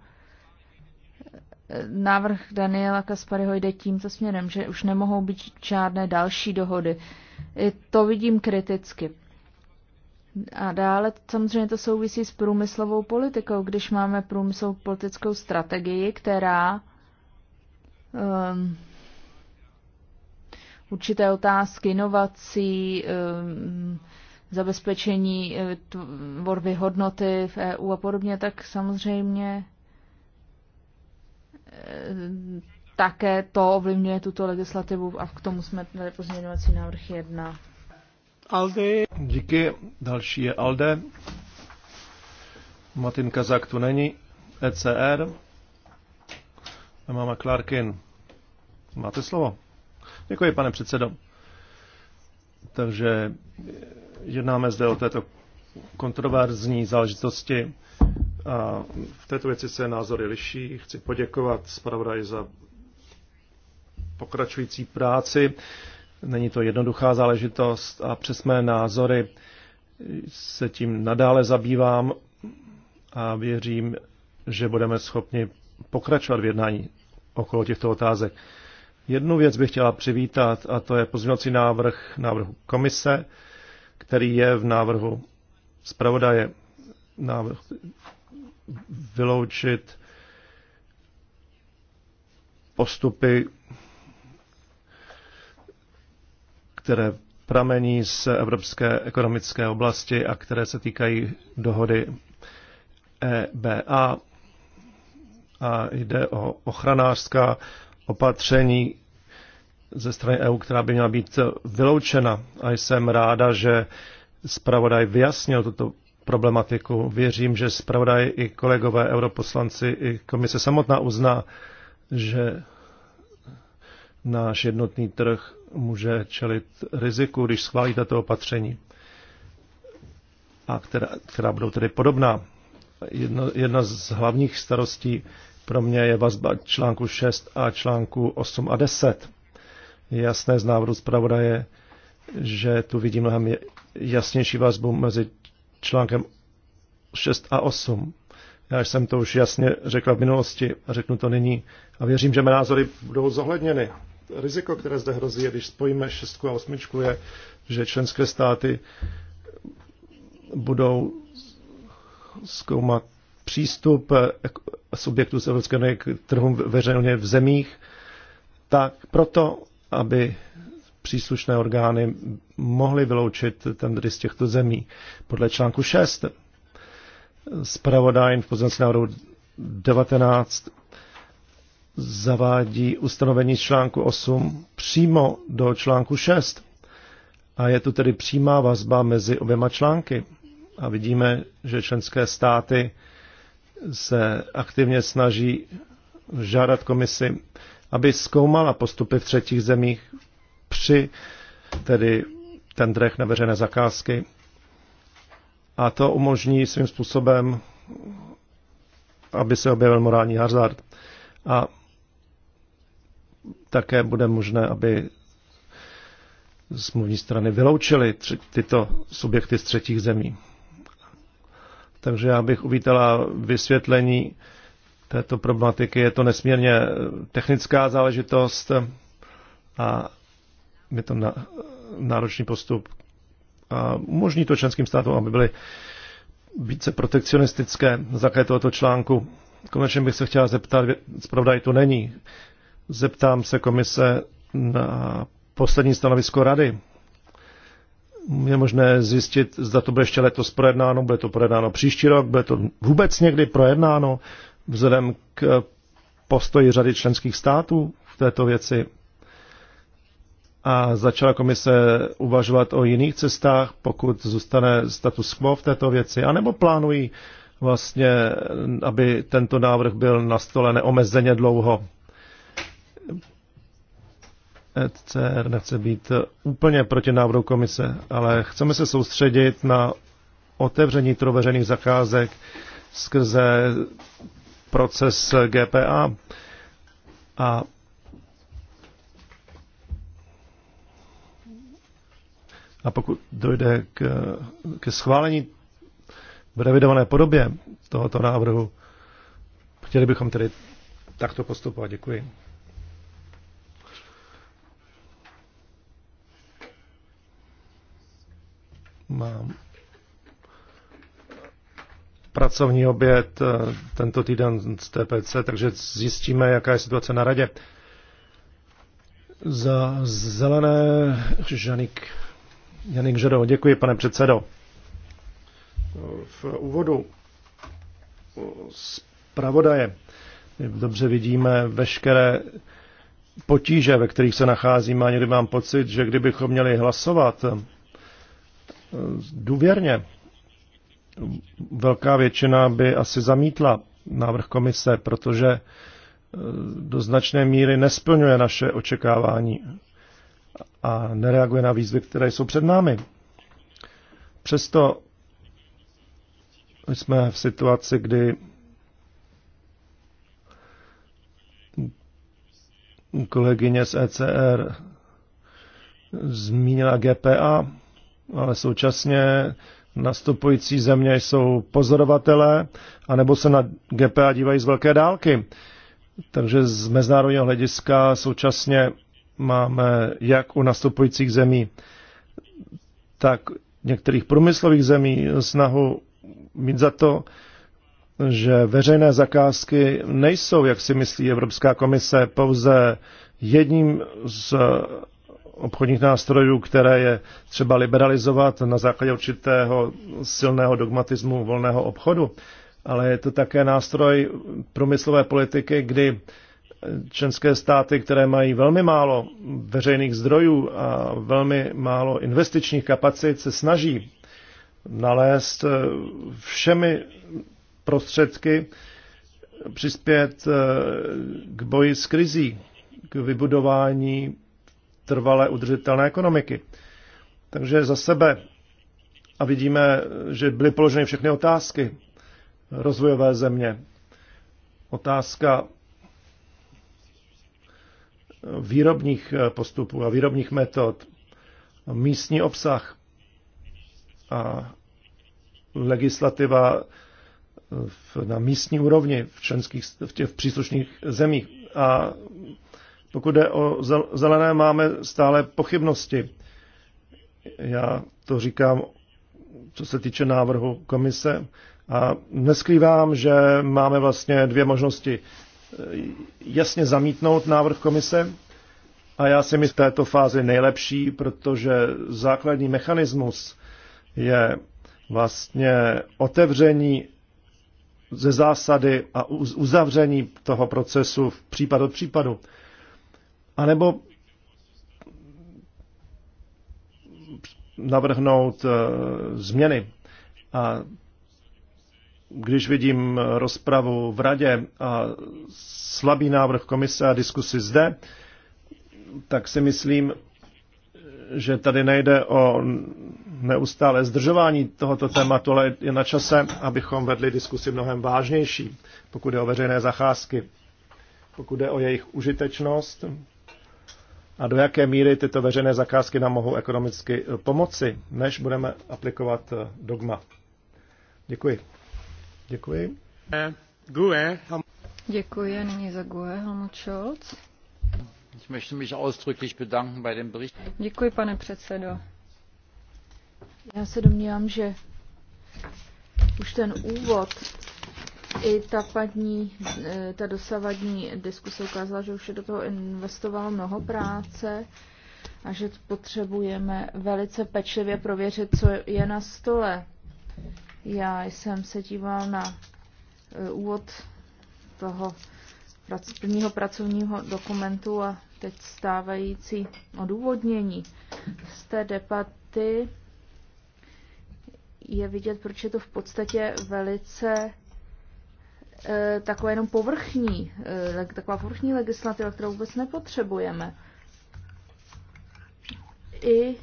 návrh Daniela Kaspariho jde tímto směrem, že už nemohou být žádné další dohody. I to vidím kriticky. A dále samozřejmě to souvisí s průmyslovou politikou, když máme průmyslovou politickou strategii, která um, určité otázky inovací, um, zabezpečení eh, tvorby hodnoty v EU a podobně, tak samozřejmě také to ovlivňuje tuto legislativu a k tomu jsme dali pozměňovací návrh 1. Alde. Díky. Další je Alde. Martin Kazak tu není. ECR. A máma Clarkin. Máte slovo. Děkuji, pane předsedo. Takže jednáme zde o této kontroverzní záležitosti a v této věci se názory liší. Chci poděkovat zpravodaji za pokračující práci. Není to jednoduchá záležitost a přes mé názory se tím nadále zabývám a věřím, že budeme schopni pokračovat v jednání okolo těchto otázek. Jednu věc bych chtěla přivítat a to je pozměňovací návrh návrhu komise, který je v návrhu zpravodaje návrh vyloučit postupy, které pramení z Evropské ekonomické oblasti a které se týkají dohody EBA. A jde o ochranářská opatření ze strany EU, která by měla být vyloučena. A jsem ráda, že zpravodaj vyjasnil tuto problematiku. Věřím, že zpravodaj i kolegové europoslanci i komise samotná uzná, že náš jednotný trh může čelit riziku, když schválí tato opatření, a která, která budou tedy podobná. Jedno, jedna z hlavních starostí pro mě je vazba článku 6 a článku 8 a 10. Je jasné z návrhu zpravodaje, že tu vidím mnohem jasnější vazbu mezi článkem 6 a 8. Já jsem to už jasně řekla v minulosti a řeknu to nyní. A věřím, že mé názory budou zohledněny. Riziko, které zde hrozí, je, když spojíme šestku a osmičku, je, že členské státy budou zkoumat přístup subjektů z Evropské unie k trhům veřejně v zemích, tak proto, aby příslušné orgány mohly vyloučit tendry z těchto zemí. Podle článku 6 zpravodaj v pozemském návrhu 19 zavádí ustanovení z článku 8 přímo do článku 6. A je tu tedy přímá vazba mezi oběma články. A vidíme, že členské státy se aktivně snaží žádat komisi, aby zkoumala postupy v třetích zemích při tedy tendrech na veřejné zakázky. A to umožní svým způsobem, aby se objevil morální hazard. A také bude možné, aby smluvní strany vyloučily tyto subjekty z třetích zemí. Takže já bych uvítala vysvětlení této problematiky. Je to nesmírně technická záležitost a je to na, náročný postup a umožní to členským státům, aby byly více protekcionistické na základě tohoto článku. Konečně bych se chtěla zeptat, zpravodaj tu není. Zeptám se komise na poslední stanovisko rady. Je možné zjistit, zda to bude ještě letos projednáno, bude to projednáno příští rok, bude to vůbec někdy projednáno vzhledem k postoji řady členských států v této věci a začala komise uvažovat o jiných cestách, pokud zůstane status quo v této věci, anebo plánují vlastně, aby tento návrh byl na stole neomezeně dlouho. ECR nechce být úplně proti návrhu komise, ale chceme se soustředit na otevření troveřených zakázek skrze proces GPA a A pokud dojde k, k schválení v revidované podobě tohoto návrhu, chtěli bychom tedy takto postupovat. Děkuji. Mám pracovní oběd eh, tento týden z TPC, takže zjistíme, jaká je situace na radě. Za zelené Žanik Janik Žado, děkuji, pane předsedo. V úvodu zpravodaje dobře vidíme veškeré potíže, ve kterých se nacházíme a někdy mám pocit, že kdybychom měli hlasovat důvěrně, velká většina by asi zamítla návrh komise, protože do značné míry nesplňuje naše očekávání a nereaguje na výzvy, které jsou před námi. Přesto jsme v situaci, kdy kolegyně z ECR zmínila GPA, ale současně nastupující země jsou pozorovatelé, anebo se na GPA dívají z velké dálky. Takže z mezinárodního hlediska současně máme jak u nastupujících zemí, tak některých průmyslových zemí snahu mít za to, že veřejné zakázky nejsou, jak si myslí Evropská komise, pouze jedním z obchodních nástrojů, které je třeba liberalizovat na základě určitého silného dogmatismu volného obchodu, ale je to také nástroj průmyslové politiky, kdy členské státy, které mají velmi málo veřejných zdrojů a velmi málo investičních kapacit, se snaží nalézt eh, všemi prostředky přispět eh, k boji s krizí, k vybudování trvalé udržitelné ekonomiky. Takže za sebe a vidíme, že byly položeny všechny otázky rozvojové země. Otázka výrobních eh, postupů a výrobních metod, místní obsah a legislativa eh, v, na místní úrovni v, členských, v těch v příslušných zemích. A pokud jde o zelené, máme stále pochybnosti. Já to říkám, co se týče návrhu komise. A neskrývám, že máme vlastně dvě možnosti. Eh, jasně zamítnout návrh komise a já si myslím, v této fázi nejlepší, protože základní mechanismus je vlastně otevření ze zásady a uzavření toho procesu v případ od případu. A nebo navrhnout eh, změny. A když vidím rozpravu v radě a slabý návrh komise a diskusy zde, tak si myslím, že tady nejde o neustále zdržování tohoto tématu, ale je na čase, abychom vedli diskusy mnohem vážnější, pokud je o veřejné zacházky, pokud je o jejich užitečnost a do jaké míry tyto veřejné zakázky nám mohou ekonomicky pomoci, než budeme aplikovat dogma. Děkuji. Děkuji. GUE. Děkuji, nyní za GUE Helmut Scholz. Ich möchte mich ausdrücklich bedanken bei dem Bericht. Děkuji, pane předsedo. Já se domnívám, že už ten úvod i ta padní, e, ta dosavadní diskuse ukázala, že už je do toho investovalo mnoho práce a že potřebujeme velice pečlivě prověřit, co je na stole. Já jsem se díval na e, úvod toho prvního pracovního dokumentu a teď stávající odůvodnění z té debaty je vidět, proč je to v podstatě velice e, taková jenom povrchní, e, taková povrchní legislativa, kterou vůbec nepotřebujeme. I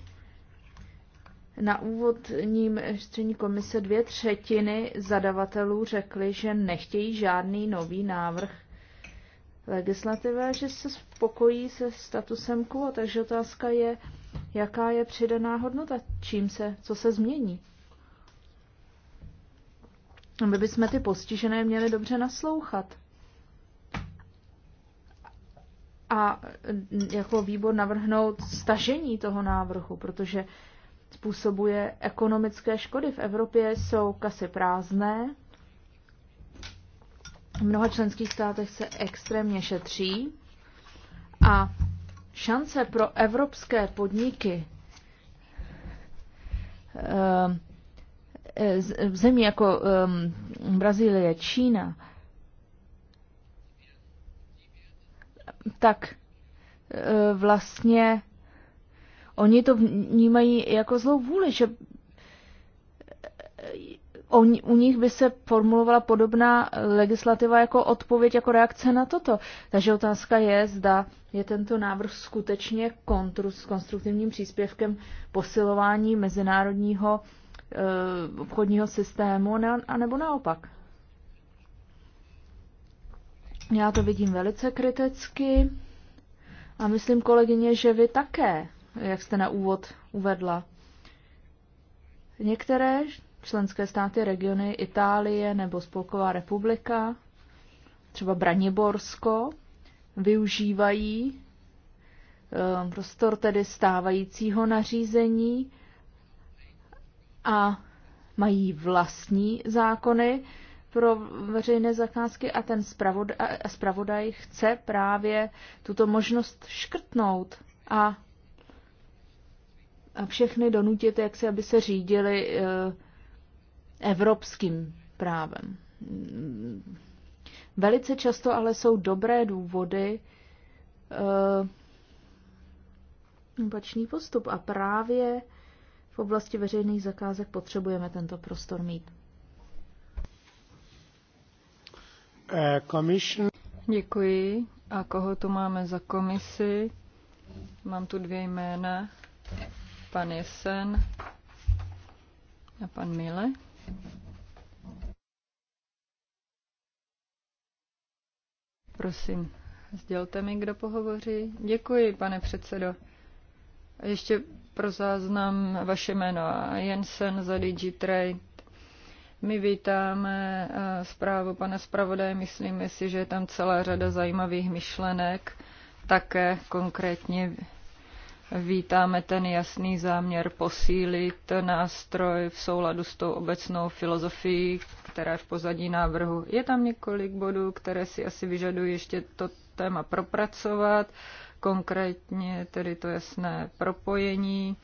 na úvodním řízení komise dvě třetiny zadavatelů řekly, že nechtějí žádný nový návrh legislativy že se spokojí se statusem quo. Takže otázka je, jaká je přidaná hodnota, čím se, co se změní. Aby bychom ty postižené měli dobře naslouchat. A jako výbor navrhnout stažení toho návrhu, protože způsobuje ekonomické škody. V Evropě jsou kasy prázdné, v mnoha členských státech se extrémně šetří a šance pro evropské podniky v eh, zemí jako eh, Brazílie, Čína, tak eh, vlastně Oni to vnímají jako zlou vůli, že eh, u nich by se formulovala podobná legislativa jako odpověď, jako reakce na toto. Takže otázka je, zda je tento návrh skutečně kontru, s konstruktivním příspěvkem posilování mezinárodního e, obchodního systému, ne, anebo naopak. Já to vidím velice kriticky a myslím, kolegyně, že vy také jak jste na úvod uvedla. Některé členské státy, regiony Itálie nebo Spolková republika, třeba Braniborsko, využívají eh, prostor tedy stávajícího nařízení a mají vlastní zákony pro veřejné zakázky a ten spravodaj, spravodaj chce právě tuto možnost škrtnout a a všechny donutit, jak se, aby se řídili eh, evropským právem. Velice často ale jsou dobré důvody eh, opačný postup a právě v oblasti veřejných zakázek potřebujeme tento prostor mít. Eh, Děkuji. A koho tu máme za komisi? Mám tu dvě jména pan Jesen a pan Mile. Prosím, sdělte mi, kdo pohovoří. Děkuji, pane předsedo. Ještě pro záznam vaše jméno Jensen za DigiTrade. My vítáme eh, zprávu pana zpravodaje, myslíme si, že je tam celá řada zajímavých myšlenek, také konkrétně Vítáme ten jasný záměr posílit nástroj v souladu s tou obecnou filozofií, která je v pozadí návrhu. Je tam několik bodů, které si asi vyžadují ještě to téma propracovat, konkrétně tedy to jasné propojení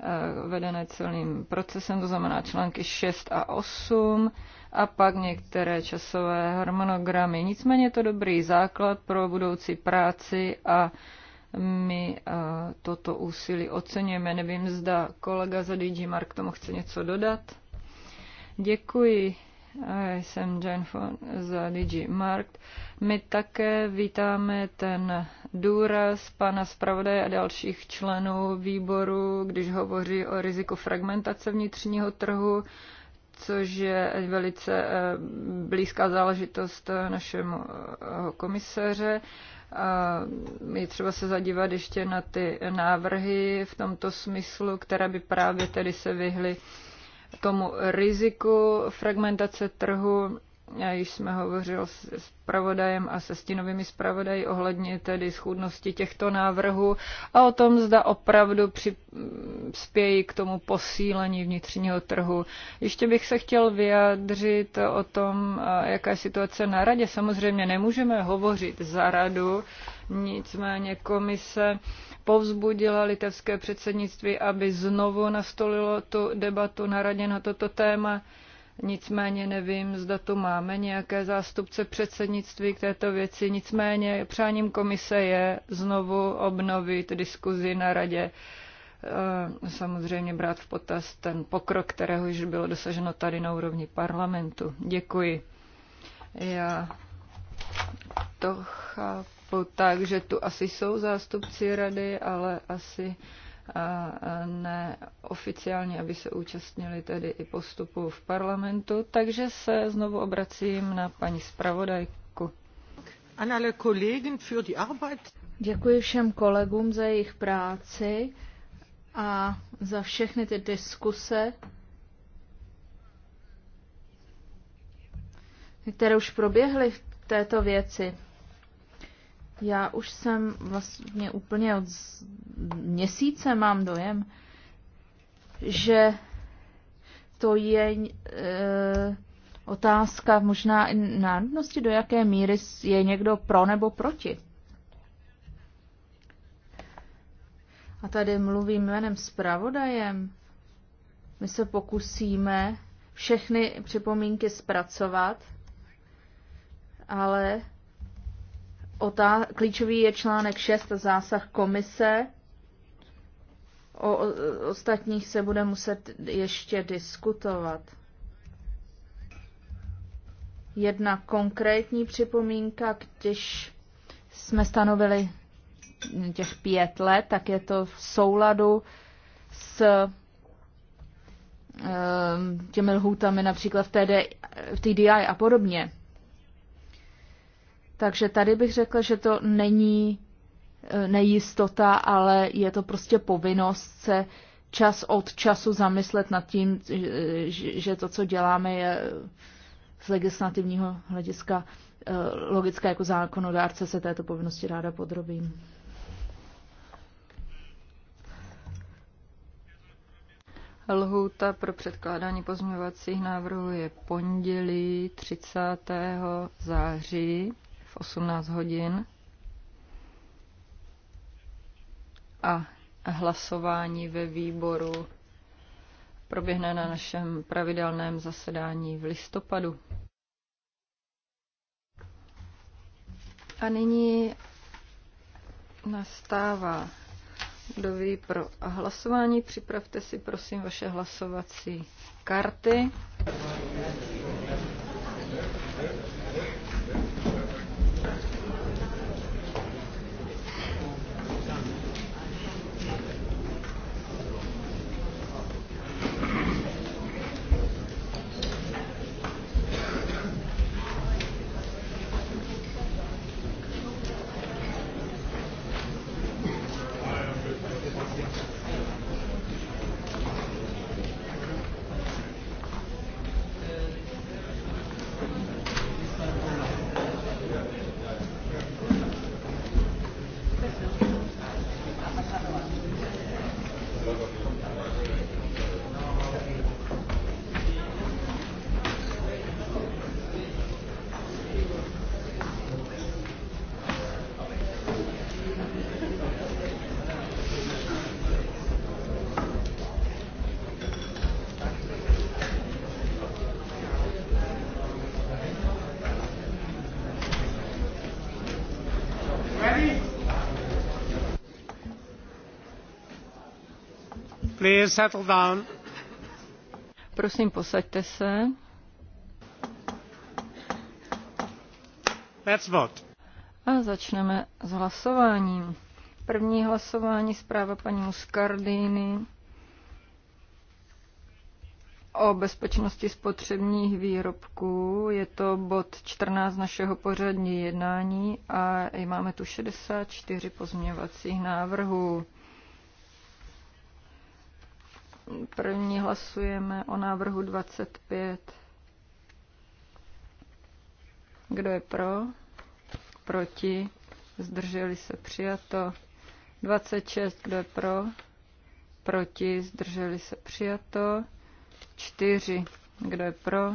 eh, vedené celým procesem, to znamená články 6 a 8 a pak některé časové harmonogramy. Nicméně je to dobrý základ pro budoucí práci a my eh, toto úsilí oceňujeme. Nevím, zda kolega za DG Mark tomu chce něco dodat. Děkuji. Já jsem Jan von za DG Mark. My také vítáme ten důraz pana zpravodaje a dalších členů výboru, když hovoří o riziku fragmentace vnitřního trhu což je velice eh, blízká záležitost eh, našemu eh, komisaře. Je třeba se zadívat ještě na ty návrhy v tomto smyslu, které by právě tedy se vyhly tomu riziku fragmentace trhu již jsme hovořil s zpravodajem a se stinovými zpravodaji ohledně tedy schůdnosti těchto návrhů a o tom, zda opravdu přispějí k tomu posílení vnitřního trhu. Ještě bych se chtěl vyjádřit o tom, jaká je situace na radě. Samozřejmě nemůžeme hovořit za radu, nicméně komise povzbudila litevské předsednictví, aby znovu nastolilo tu debatu na radě na toto téma. Nicméně nevím, zda tu máme nějaké zástupce předsednictví k této věci. Nicméně přáním komise je znovu obnovit diskuzi na radě. E, samozřejmě brát v potaz ten pokrok, kterého již bylo dosaženo tady na úrovni parlamentu. Děkuji. Já to chápu tak, že tu asi jsou zástupci rady, ale asi neoficiálně, aby se účastnili tedy i postupu v parlamentu. Takže se znovu obracím na paní zpravodajku. Děkuji všem kolegům za jejich práci a za všechny ty diskuse, které už proběhly v této věci. Já už jsem vlastně úplně od měsíce mám dojem, že to je e, otázka možná i národnosti, do jaké míry je někdo pro nebo proti. A tady mluvím jménem zpravodajem. My se pokusíme všechny připomínky zpracovat, ale Otá- klíčový je článek 6 zásah komise. O, o ostatních se bude muset ještě diskutovat. Jedna konkrétní připomínka, když jsme stanovili těch pět let, tak je to v souladu s eh, těmi lhůtami například v, TD, v TDI a podobně. Takže tady bych řekla, že to není e, nejistota, ale je to prostě povinnost se čas od času zamyslet nad tím, že to, co děláme, je e, z legislativního hlediska e, logické jako zákonodárce se této povinnosti ráda podrobím. Lhůta pro předkládání pozměňovacích návrhů je pondělí 30. září v 18 hodin a hlasování ve výboru proběhne na našem pravidelném zasedání v listopadu. A nyní nastává období pro hlasování. Připravte si prosím vaše hlasovací karty. Prosím, posaďte se. Let's vote. A začneme s hlasováním. První hlasování zpráva paní Muscardini o bezpečnosti spotřebních výrobků. Je to bod 14 našeho pořadní jednání a máme tu 64 pozměňovacích návrhů. První hlasujeme o návrhu 25. Kdo je pro? Proti? Zdrželi se přijato. 26. Kdo je pro? Proti? Zdrželi se přijato. 4. Kdo je pro?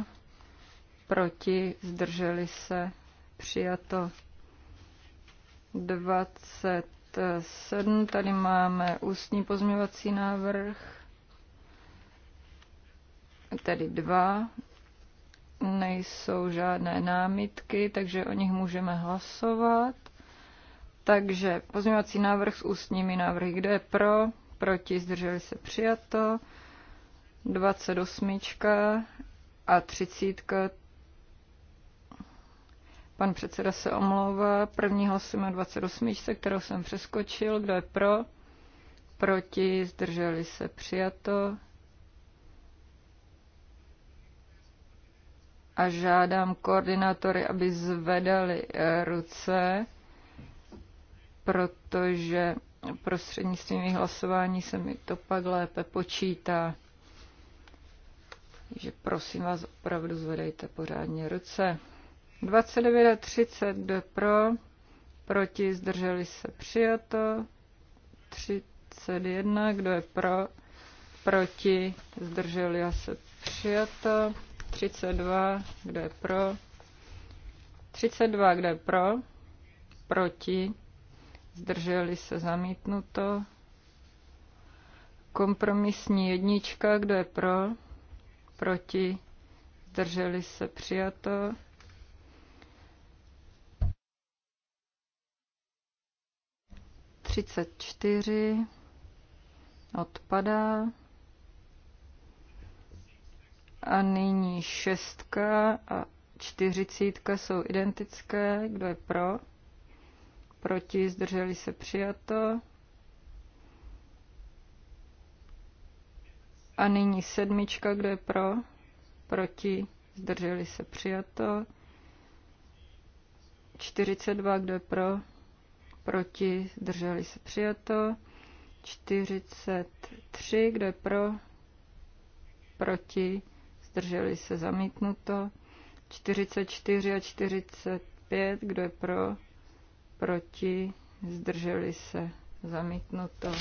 Proti? Zdrželi se přijato. 27. Tady máme ústní pozměvací návrh tady dva, nejsou žádné námitky, takže o nich můžeme hlasovat. Takže pozměňovací návrh s ústními návrhy, kde je pro, proti, zdrželi se přijato, 28 a 30. Pan předseda se omlouvá. První hlasujeme o 28, kterou jsem přeskočil. Kdo je pro? Proti, zdrželi se přijato. a žádám koordinátory, aby zvedali eh, ruce, protože prostřednictvím hlasování se mi to pak lépe počítá. Takže prosím vás, opravdu zvedejte pořádně ruce. 29 a 30 pro, proti zdrželi se přijato, 31, kdo je pro, proti zdrželi se přijato. 32, kdo je pro? 32, kdo je pro? Proti? Zdrželi se zamítnuto. Kompromisní jednička, kdo je pro? Proti? Zdrželi se přijato. Třicet čtyři odpadá. A nyní šestka a čtyřicítka jsou identické. Kdo je pro? Proti zdrželi se přijato. A nyní sedmička, kdo je pro? Proti zdrželi se přijato. 42, kdo je pro? Proti zdrželi se přijato. 43, kdo je pro? Proti zdrželi se zamítnuto, 44 a 45, kdo je pro, proti, zdrželi se zamítnuto.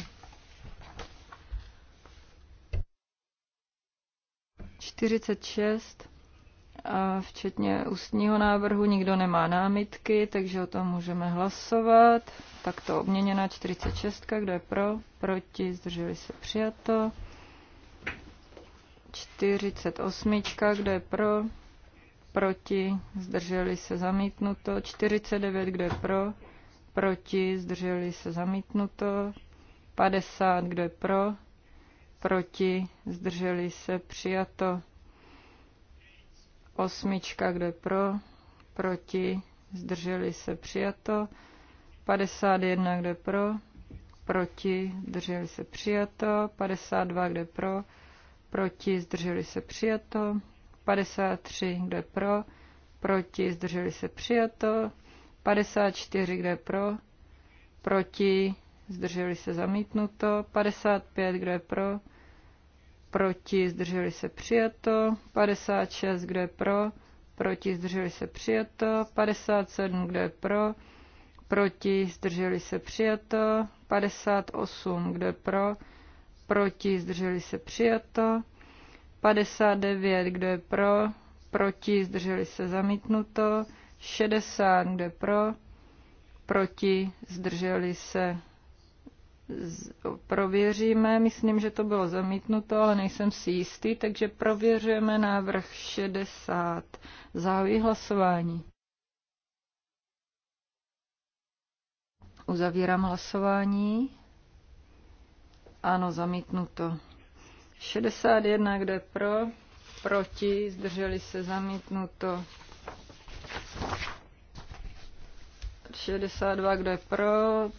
46, a včetně ústního návrhu, nikdo nemá námitky, takže o tom můžeme hlasovat. Takto obměněna 46, kdo je pro, proti, zdrželi se přijato. 48, kdo je pro, proti, zdrželi se zamítnuto, 49, kdo je pro, proti, zdrželi se zamítnuto, 50, kdo je pro, proti, zdrželi se přijato, osmička, kdo je pro, proti, zdrželi se přijato, 51, kdo je pro, proti, zdrželi se přijato, 52, kdo je pro, proti, zdrželi se přijato, 53, kdo je pro, proti, zdrželi se přijato, 54, kdo je pro, proti, zdrželi se zamítnuto, 55, kdo je pro, proti, zdrželi se přijato, 56, kdo je pro, proti, zdrželi se přijato, 57, kdo je pro, proti, zdrželi se přijato, 58, kdo je pro, proti, zdrželi se přijato. 59, kdo je pro, proti, zdrželi se zamítnuto. 60, kdo je pro, proti, zdrželi se prověříme. Myslím, že to bylo zamítnuto, ale nejsem si jistý, takže prověřujeme návrh 60. Zahajuji hlasování. Uzavírám hlasování. Ano, zamítnuto. 61, kde pro, proti, zdrželi se, zamítnuto. 62, kdo je pro,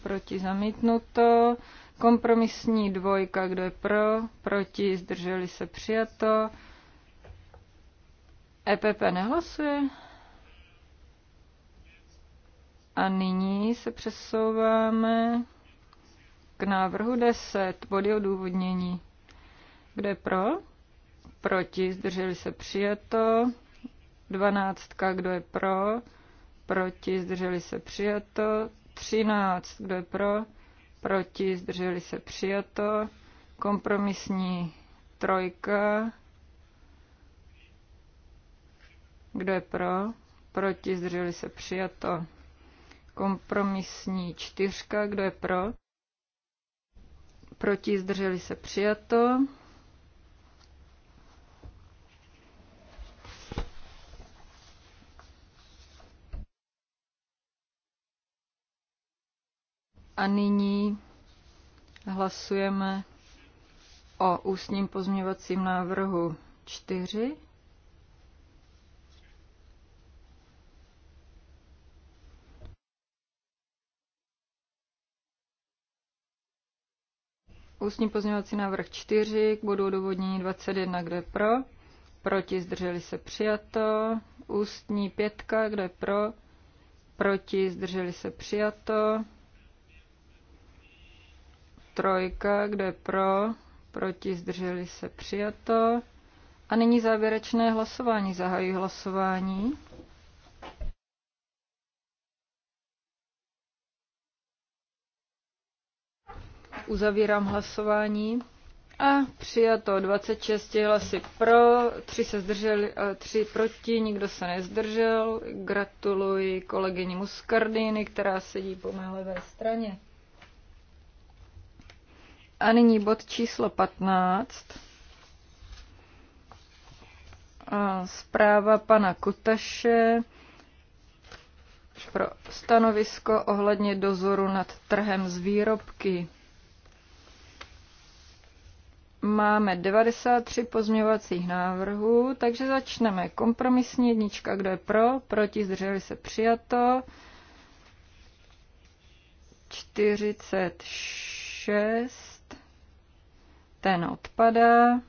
proti, zamítnuto. Kompromisní dvojka, kdo je pro, proti, zdrželi se, přijato. EPP nehlasuje. A nyní se přesouváme k návrhu 10, body odůvodnění. Kde pro? Proti, zdrželi se přijato. 12, kdo je pro? Proti, zdrželi se přijato. 13, kdo je pro? Proti, zdrželi se přijato. Kompromisní trojka. Kdo je pro? Proti, zdrželi se přijato. Kompromisní čtyřka, kdo je pro? proti, zdrželi se přijato. A nyní hlasujeme o ústním pozměvacím návrhu 4. Ústní pozměňovací návrh 4 k bodu odůvodnění 21, kdo je pro? Proti zdrželi se přijato. Ústní pětka, kdo je pro? Proti zdrželi se přijato. Trojka, kdo je pro? Proti zdrželi se přijato. A nyní závěrečné hlasování. Zahajuji hlasování. Uzavírám hlasování. A přijato 26 hlasy pro, 3 se zdrželi, 3 eh, proti, nikdo se nezdržel. Gratuluji kolegyni Muscardini, která sedí po mé levé straně. A nyní bod číslo 15. A zpráva pana Kutaše pro stanovisko ohledně dozoru nad trhem z výrobky. Máme 93 pozměňovacích návrhů, takže začneme. Kompromisní jednička, kdo je pro, proti, zdrželi se přijato. 46, ten odpadá.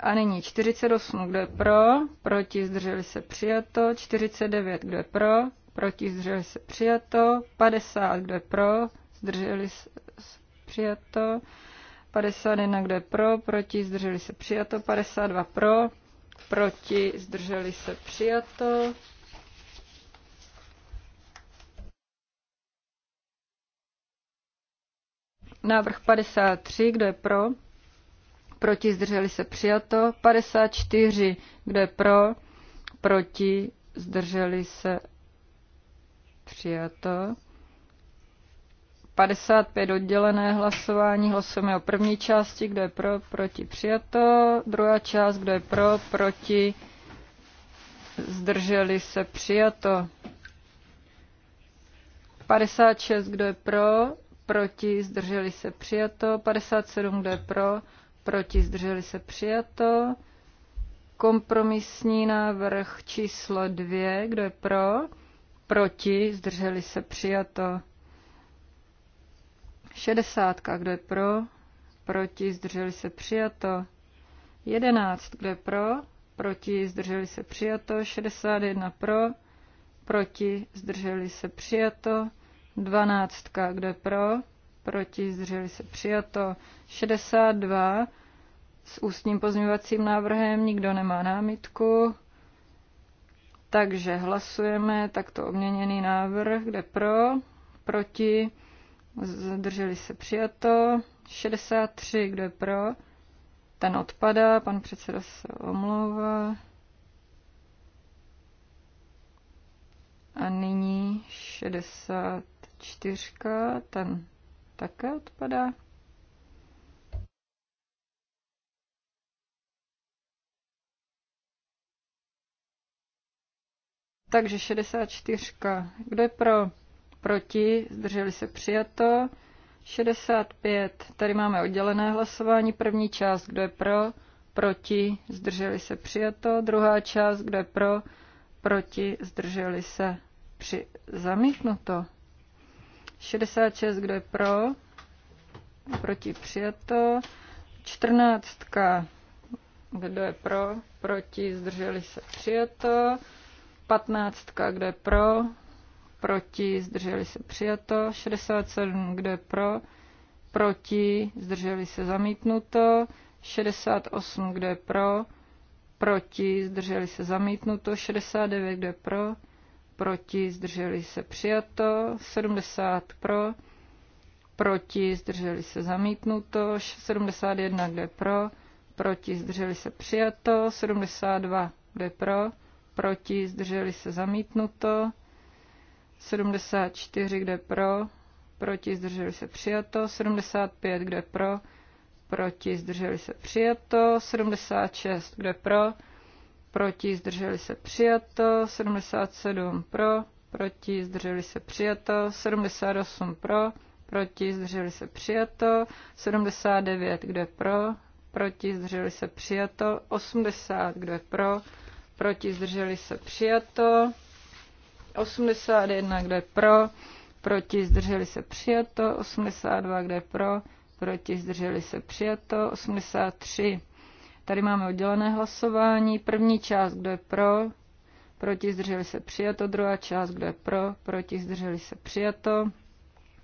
A nyní 48, kdo je pro, proti, zdrželi se přijato. 49, kdo je pro, proti, zdrželi se přijato. 50, kdo je pro, zdrželi se přijato. 51, kdo je pro, proti, zdrželi se přijato, 52 pro, proti, zdrželi se přijato. Návrh 53, kdo je pro, proti, zdrželi se přijato, 54, kdo je pro, proti, zdrželi se přijato. 55 oddělené hlasování. Hlasujeme o první části, kdo je pro, proti přijato. Druhá část, kdo je pro, proti zdrželi se přijato. 56, kdo je pro, proti zdrželi se přijato. 57, kdo je pro, proti zdrželi se přijato. Kompromisní návrh číslo 2, kdo je pro, proti zdrželi se přijato šedesátka, Kdo je pro? Proti? Zdrželi se přijato. jedenáct, Kdo je pro? Proti? Zdrželi se přijato. 61. pro? Proti? Zdrželi se přijato. dvanáctka, Kdo je pro? Proti? Zdrželi se přijato. šedesát dva S ústním pozměňovacím návrhem nikdo nemá námitku. Takže hlasujeme takto obměněný návrh, kde pro, proti, Zdrželi se přijato. 63, kdo je pro? Ten odpadá, pan předseda se omlouvá. A nyní 64, ten také odpadá. Takže 64. Kdo je pro? proti, zdrželi se přijato. 65, tady máme oddělené hlasování, první část, kdo je pro, proti, zdrželi se přijato, druhá část, kdo je pro, proti, zdrželi se při zamítnuto. 66, kdo je pro, proti přijato, 14, kdo je pro, proti, zdrželi se přijato, 15, kdo je pro, proti, zdrželi se přijato, 67, kdo je pro, proti, zdrželi se zamítnuto, 68, kdo je pro, proti, zdrželi se zamítnuto, 69, kdo je pro, proti, zdrželi se přijato, 70 pro, proti, zdrželi se zamítnuto, 71, je pro, proti, zdrželi se přijato, 72, je pro, proti, zdrželi se zamítnuto, 74, kde pro, proti, zdrželi se přijato, 75, kde pro, proti, zdrželi se přijato, 76, kde pro, proti, zdrželi se přijato, 77 pro, proti, zdrželi se přijato, 78 pro, proti, zdrželi se přijato, 79, kde pro, proti, zdrželi se přijato, 80, kde pro, proti, zdrželi se přijato, 81, kdo je pro, proti, zdrželi se přijato, 82, kdo je pro, proti, zdrželi se přijato, 83. Tady máme oddělené hlasování. První část, kdo je pro, proti, zdrželi se přijato, druhá část, kdo je pro, proti, zdrželi se přijato,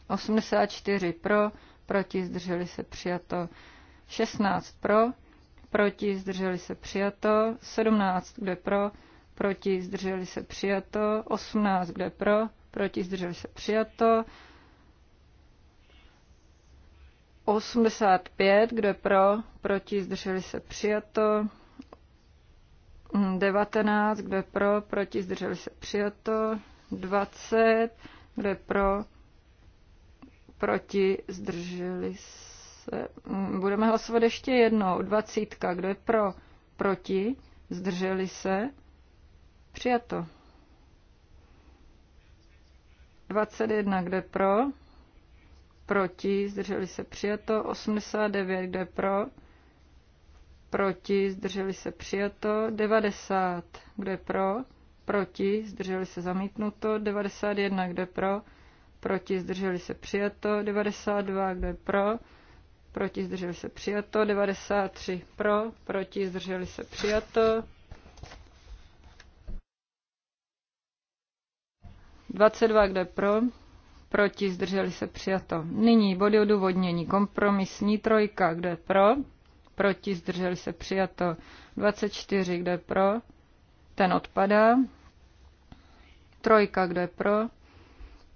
84 pro, proti, zdrželi se přijato, 16 pro, proti, zdrželi se přijato, 17, kdo je pro, proti, zdrželi se přijato, 18, kdo je pro, proti, zdrželi se přijato, 85, kdo je pro, proti, zdrželi se přijato, 19, mm, kdo je pro, proti, zdrželi se přijato, 20, kdo je pro, proti, zdrželi se. Mm, budeme hlasovat ještě jednou. 20 kdo je pro, proti, zdrželi se. Přijato. 21, kde pro? Proti, zdrželi se přijato. 89, kde pro? Proti, zdrželi se přijato. 90, kde pro? Proti, zdrželi se zamítnuto. 91, kde pro? Proti, zdrželi se přijato. 92, kde pro? Proti, zdrželi se přijato. 93, pro? Proti, zdrželi se přijato. 22, kde pro, proti, zdrželi se přijato. Nyní body odůvodnění, kompromisní trojka, kde pro, proti, zdrželi se přijato. 24, kde pro, ten odpadá. Trojka, kde pro,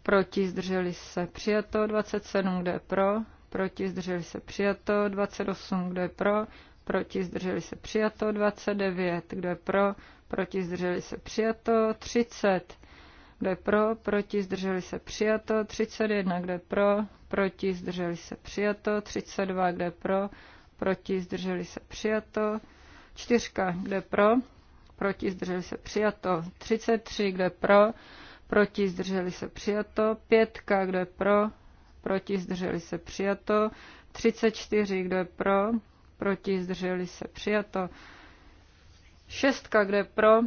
proti, zdrželi se přijato. 27, kde pro, proti, zdrželi se přijato. 28, kde pro, proti, zdrželi se přijato. 29, kde pro, proti, zdrželi se přijato. 30, kdo je pro, proti, zdrželi se přijato, 31, kdo je pro, proti, zdrželi se přijato, 32, kdo je pro, proti, zdrželi se přijato, 4, kdo je pro, proti, zdrželi se přijato, 33, kdo je pro, proti, zdrželi se přijato, 5, kdo je pro, proti, zdrželi se přijato, 34, kdo je pro, proti, zdrželi se přijato, Šestka, kdo je pro,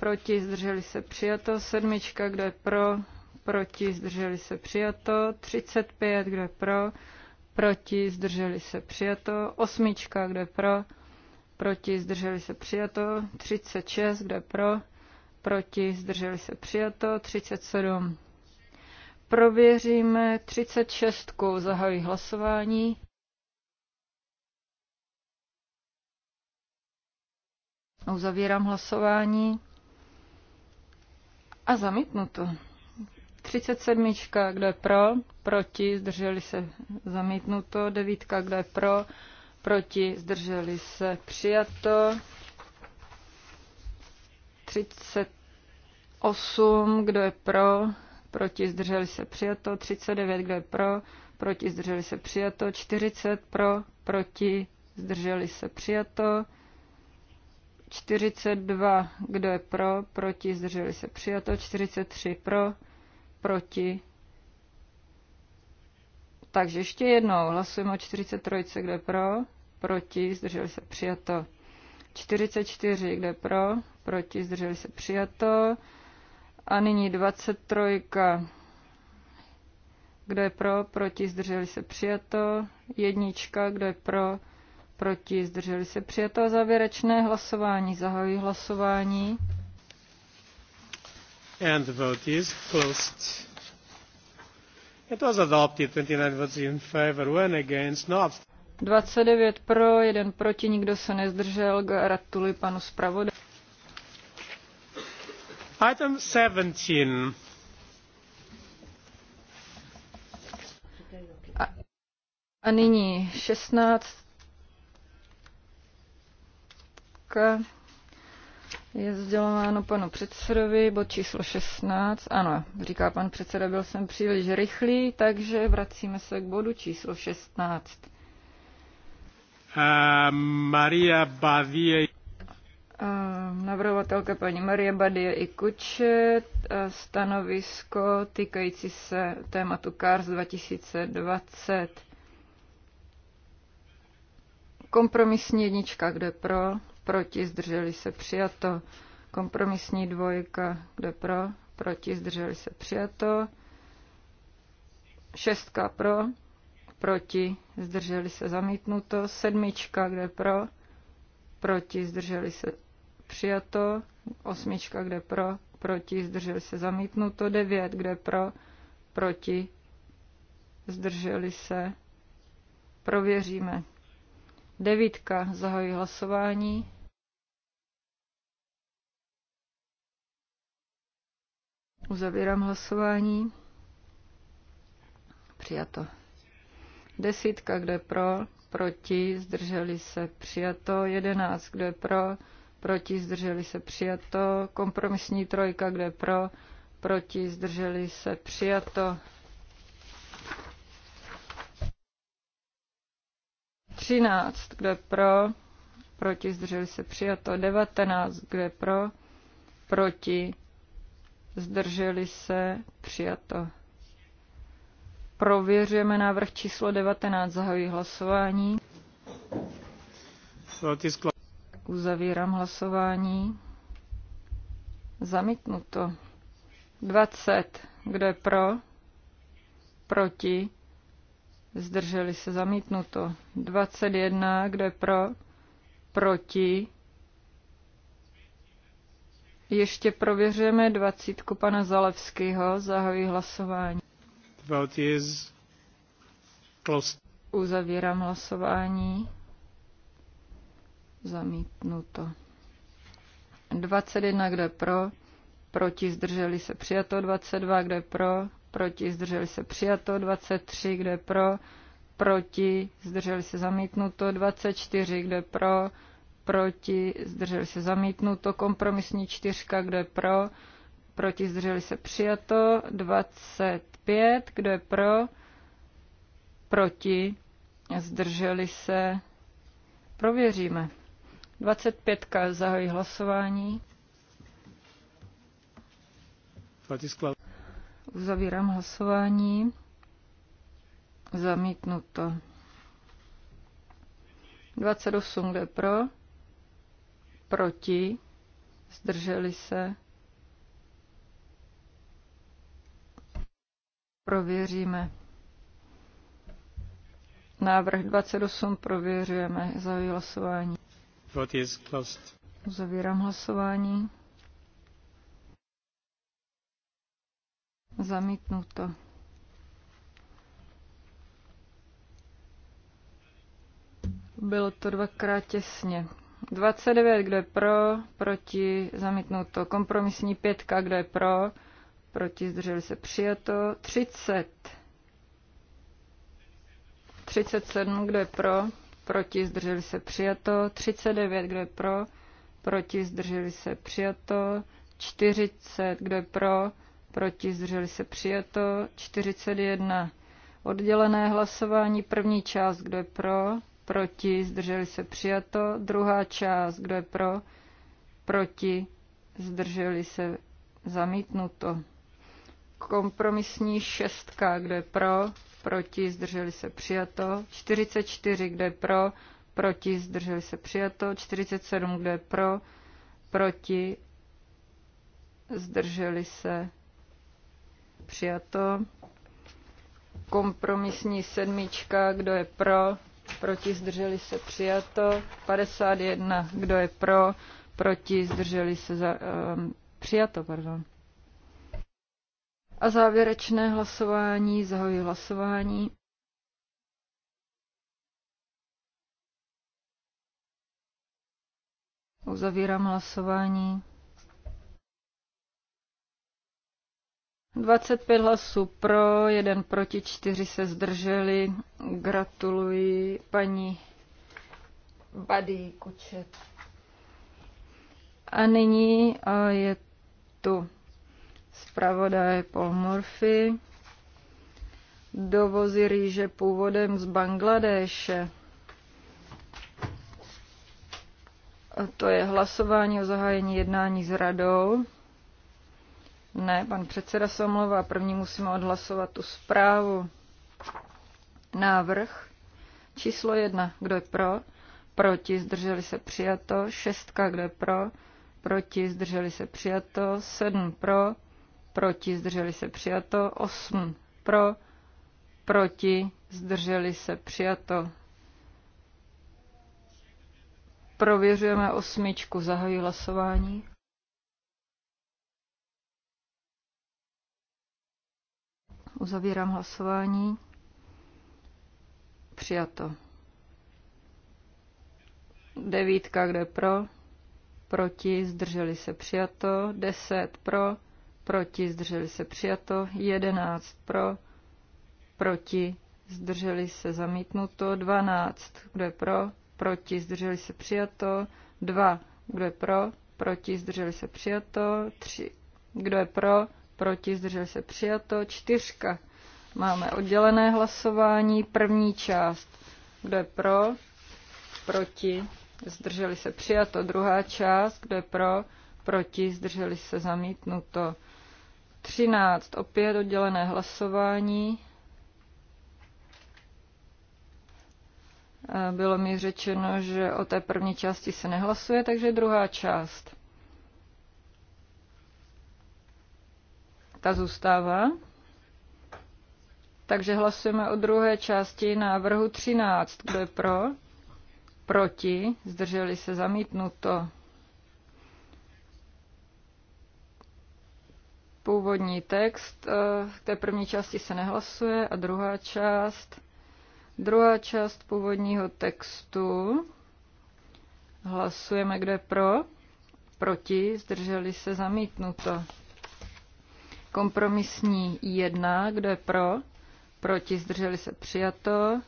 proti, zdrželi se přijato. Sedmička, kdo je pro, proti, zdrželi se přijato. pět, kdo je pro, proti, zdrželi se přijato. Osmička, kdo je pro, proti, zdrželi se přijato. šest, kdo je pro, proti, zdrželi se přijato. sedm. Prověříme 36. Zahajuji hlasování. No, uzavírám hlasování. A zamítnuto. 37. Kdo je pro? Proti. Zdrželi se. Zamítnuto. 9. Kdo je pro? Proti. Zdrželi se. Přijato. 38. Kdo je pro? Proti. Zdrželi se. Přijato. 39. Kdo je pro? Proti. Zdrželi se. Přijato. 40. Pro. Proti. Zdrželi se. Přijato. 42, kdo je pro, proti, zdrželi se přijato, 43 pro, proti. Takže ještě jednou hlasujeme o 43, kdo je pro, proti, zdrželi se přijato. 44, kdo je pro, proti, zdrželi se přijato. A nyní 23, kdo je pro, proti, zdrželi se přijato. Jednička, kdo je pro, proti, zdrželi se přijato. Závěrečné hlasování, zahajuji hlasování. And the vote is closed. It was adopted, 29 votes in favor, one against, no 29 pro, jeden proti, nikdo se nezdržel. Gratuluji panu zpravodaj. Item 17. a nyní 16. Eh, je sdělováno panu předsedovi, bod číslo 16. Ano, říká pan předseda, byl jsem příliš rychlý, takže vracíme se k bodu číslo 16. Uh, eh, Maria Bavie. Uh, navrhovatelka paní Maria Badie i Kučet, uh, stanovisko týkající se tématu CARS 2020. Kompromisní jednička, kde pro? proti, zdrželi se přijato. Kompromisní dvojka, kde pro, proti, zdrželi se přijato. Šestka pro, proti, zdrželi se zamítnuto. Sedmička, kde pro, proti, zdrželi se přijato. Osmička, kde pro, proti, zdrželi se zamítnuto. Devět, kde pro, proti, zdrželi se. Prověříme. Devítka, zahojí hlasování. Uzavírám hlasování. Přijato. Desítka, kde pro, proti, zdrželi se, přijato. Jedenáct, kde pro, proti, zdrželi se, přijato. Kompromisní trojka, kde pro, proti, zdrželi se, přijato. kdo kde pro, proti, zdrželi se, přijato. kdo kde pro, proti, zdrželi se, přijato. Prověřujeme návrh číslo 19, zahajuji hlasování. Uzavírám hlasování. Zamítnuto. 20. Kdo je pro? Proti? Zdrželi se zamítnuto. 21. Kdo je pro? Proti? Ještě prověřujeme dvacítku pana Zalevského. Zahajuji hlasování. is Uzavírám hlasování. Zamítnuto. 21, kdo je pro, proti zdrželi se přijato 22, kdo je pro, proti zdrželi se přijato 23, kdo je pro, proti zdrželi se zamítnuto 24, kdo je pro, proti, zdrželi se zamítnuto, kompromisní čtyřka, kdo je pro, proti, zdrželi se přijato, 25, kdo je pro, proti, zdrželi se, prověříme. 25. Zahojí hlasování. Uzavírám hlasování. Zamítnuto. 28 kde pro proti, zdrželi se. Prověříme. Návrh 28 prověřujeme. za hlasování. Uzavírám hlasování. Zamítnuto. Bylo to dvakrát těsně. 29, kdo je pro, proti, zamítnuto. Kompromisní pětka, kdo je pro, proti, zdrželi se, přijato. 30. 37, kdo je pro, proti, zdrželi se, přijato. 39, kdo je pro, proti, zdrželi se, přijato. 40, kdo je pro, proti, zdrželi se, přijato. 41, oddělené hlasování, první část, kdo je pro, proti, zdrželi se přijato. Druhá část, kdo je pro, proti, zdrželi se zamítnuto. Kompromisní šestka, kdo je pro, proti, zdrželi se přijato. 44, kdo je pro, proti, zdrželi se přijato. 47, kdo je pro, proti, zdrželi se přijato. Kompromisní sedmička, kdo je pro, proti, zdrželi se, přijato. 51, kdo je pro, proti, zdrželi se, za, um, přijato, pardon. A závěrečné hlasování, zahoji hlasování. Uzavírám hlasování. 25 hlasů pro, jeden proti, čtyři se zdrželi. Gratuluji paní Badí Kučet. A nyní je tu zpravodaj Paul Murphy. Dovozy rýže původem z Bangladéše. A to je hlasování o zahájení jednání s radou. Ne, pan předseda se omlouvá. První musíme odhlasovat tu zprávu. Návrh číslo jedna. Kdo je pro? Proti, zdrželi se přijato. Šestka, kdo je pro? Proti, zdrželi se přijato. Sedm pro. Proti, zdrželi se přijato. Osm pro. Proti, zdrželi se přijato. Prověřujeme osmičku. Zahají hlasování. Uzavírám hlasování. Přijato. Devítka, kde pro? Proti, zdrželi se přijato. Deset pro, proti, zdrželi se přijato. Jedenáct pro, proti, zdrželi se zamítnuto. Dvanáct, kde pro? Proti, zdrželi se přijato. Dva, kde pro? Proti, zdrželi se přijato. Tři, kdo je pro? proti, zdrželi se přijato. Čtyřka. Máme oddělené hlasování, první část. Kdo je pro? Proti, zdrželi se přijato. Druhá část, kdo je pro? Proti, zdrželi se zamítnuto. 13. Opět oddělené hlasování. Bylo mi řečeno, že o té první části se nehlasuje, takže druhá část. Ta zůstává. Takže hlasujeme o druhé části návrhu 13. Kdo je pro? Proti? Zdrželi se zamítnuto. Původní text eh, v té první části se nehlasuje a druhá část. Druhá část původního textu. Hlasujeme, kde pro? Proti? Zdrželi se zamítnuto. Kompromisní jedna, kdo je pro? Proti zdrželi se přijato.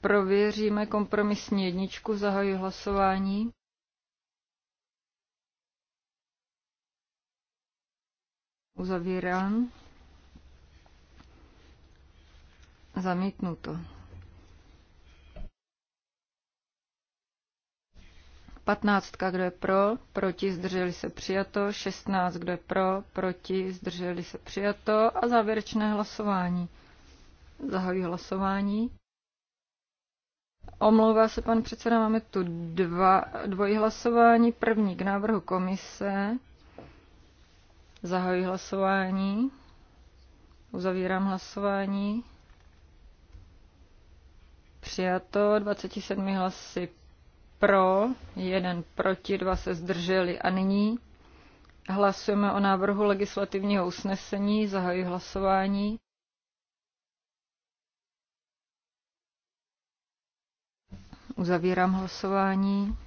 Prověříme kompromisní jedničku, zahajuji hlasování. Uzavírám. Zamítnuto. 15, kdo je pro, proti, zdrželi se přijato. 16, kdo je pro, proti, zdrželi se přijato. A závěrečné hlasování. Zahajuji hlasování. Omlouvá se pan předseda, máme tu dva, dvojí hlasování. První k návrhu komise. Zahajuji hlasování. Uzavírám hlasování. Přijato 27 hlasy pro, jeden proti, dva se zdrželi. A nyní hlasujeme o návrhu legislativního usnesení. Zahajuji hlasování. Uzavírám hlasování.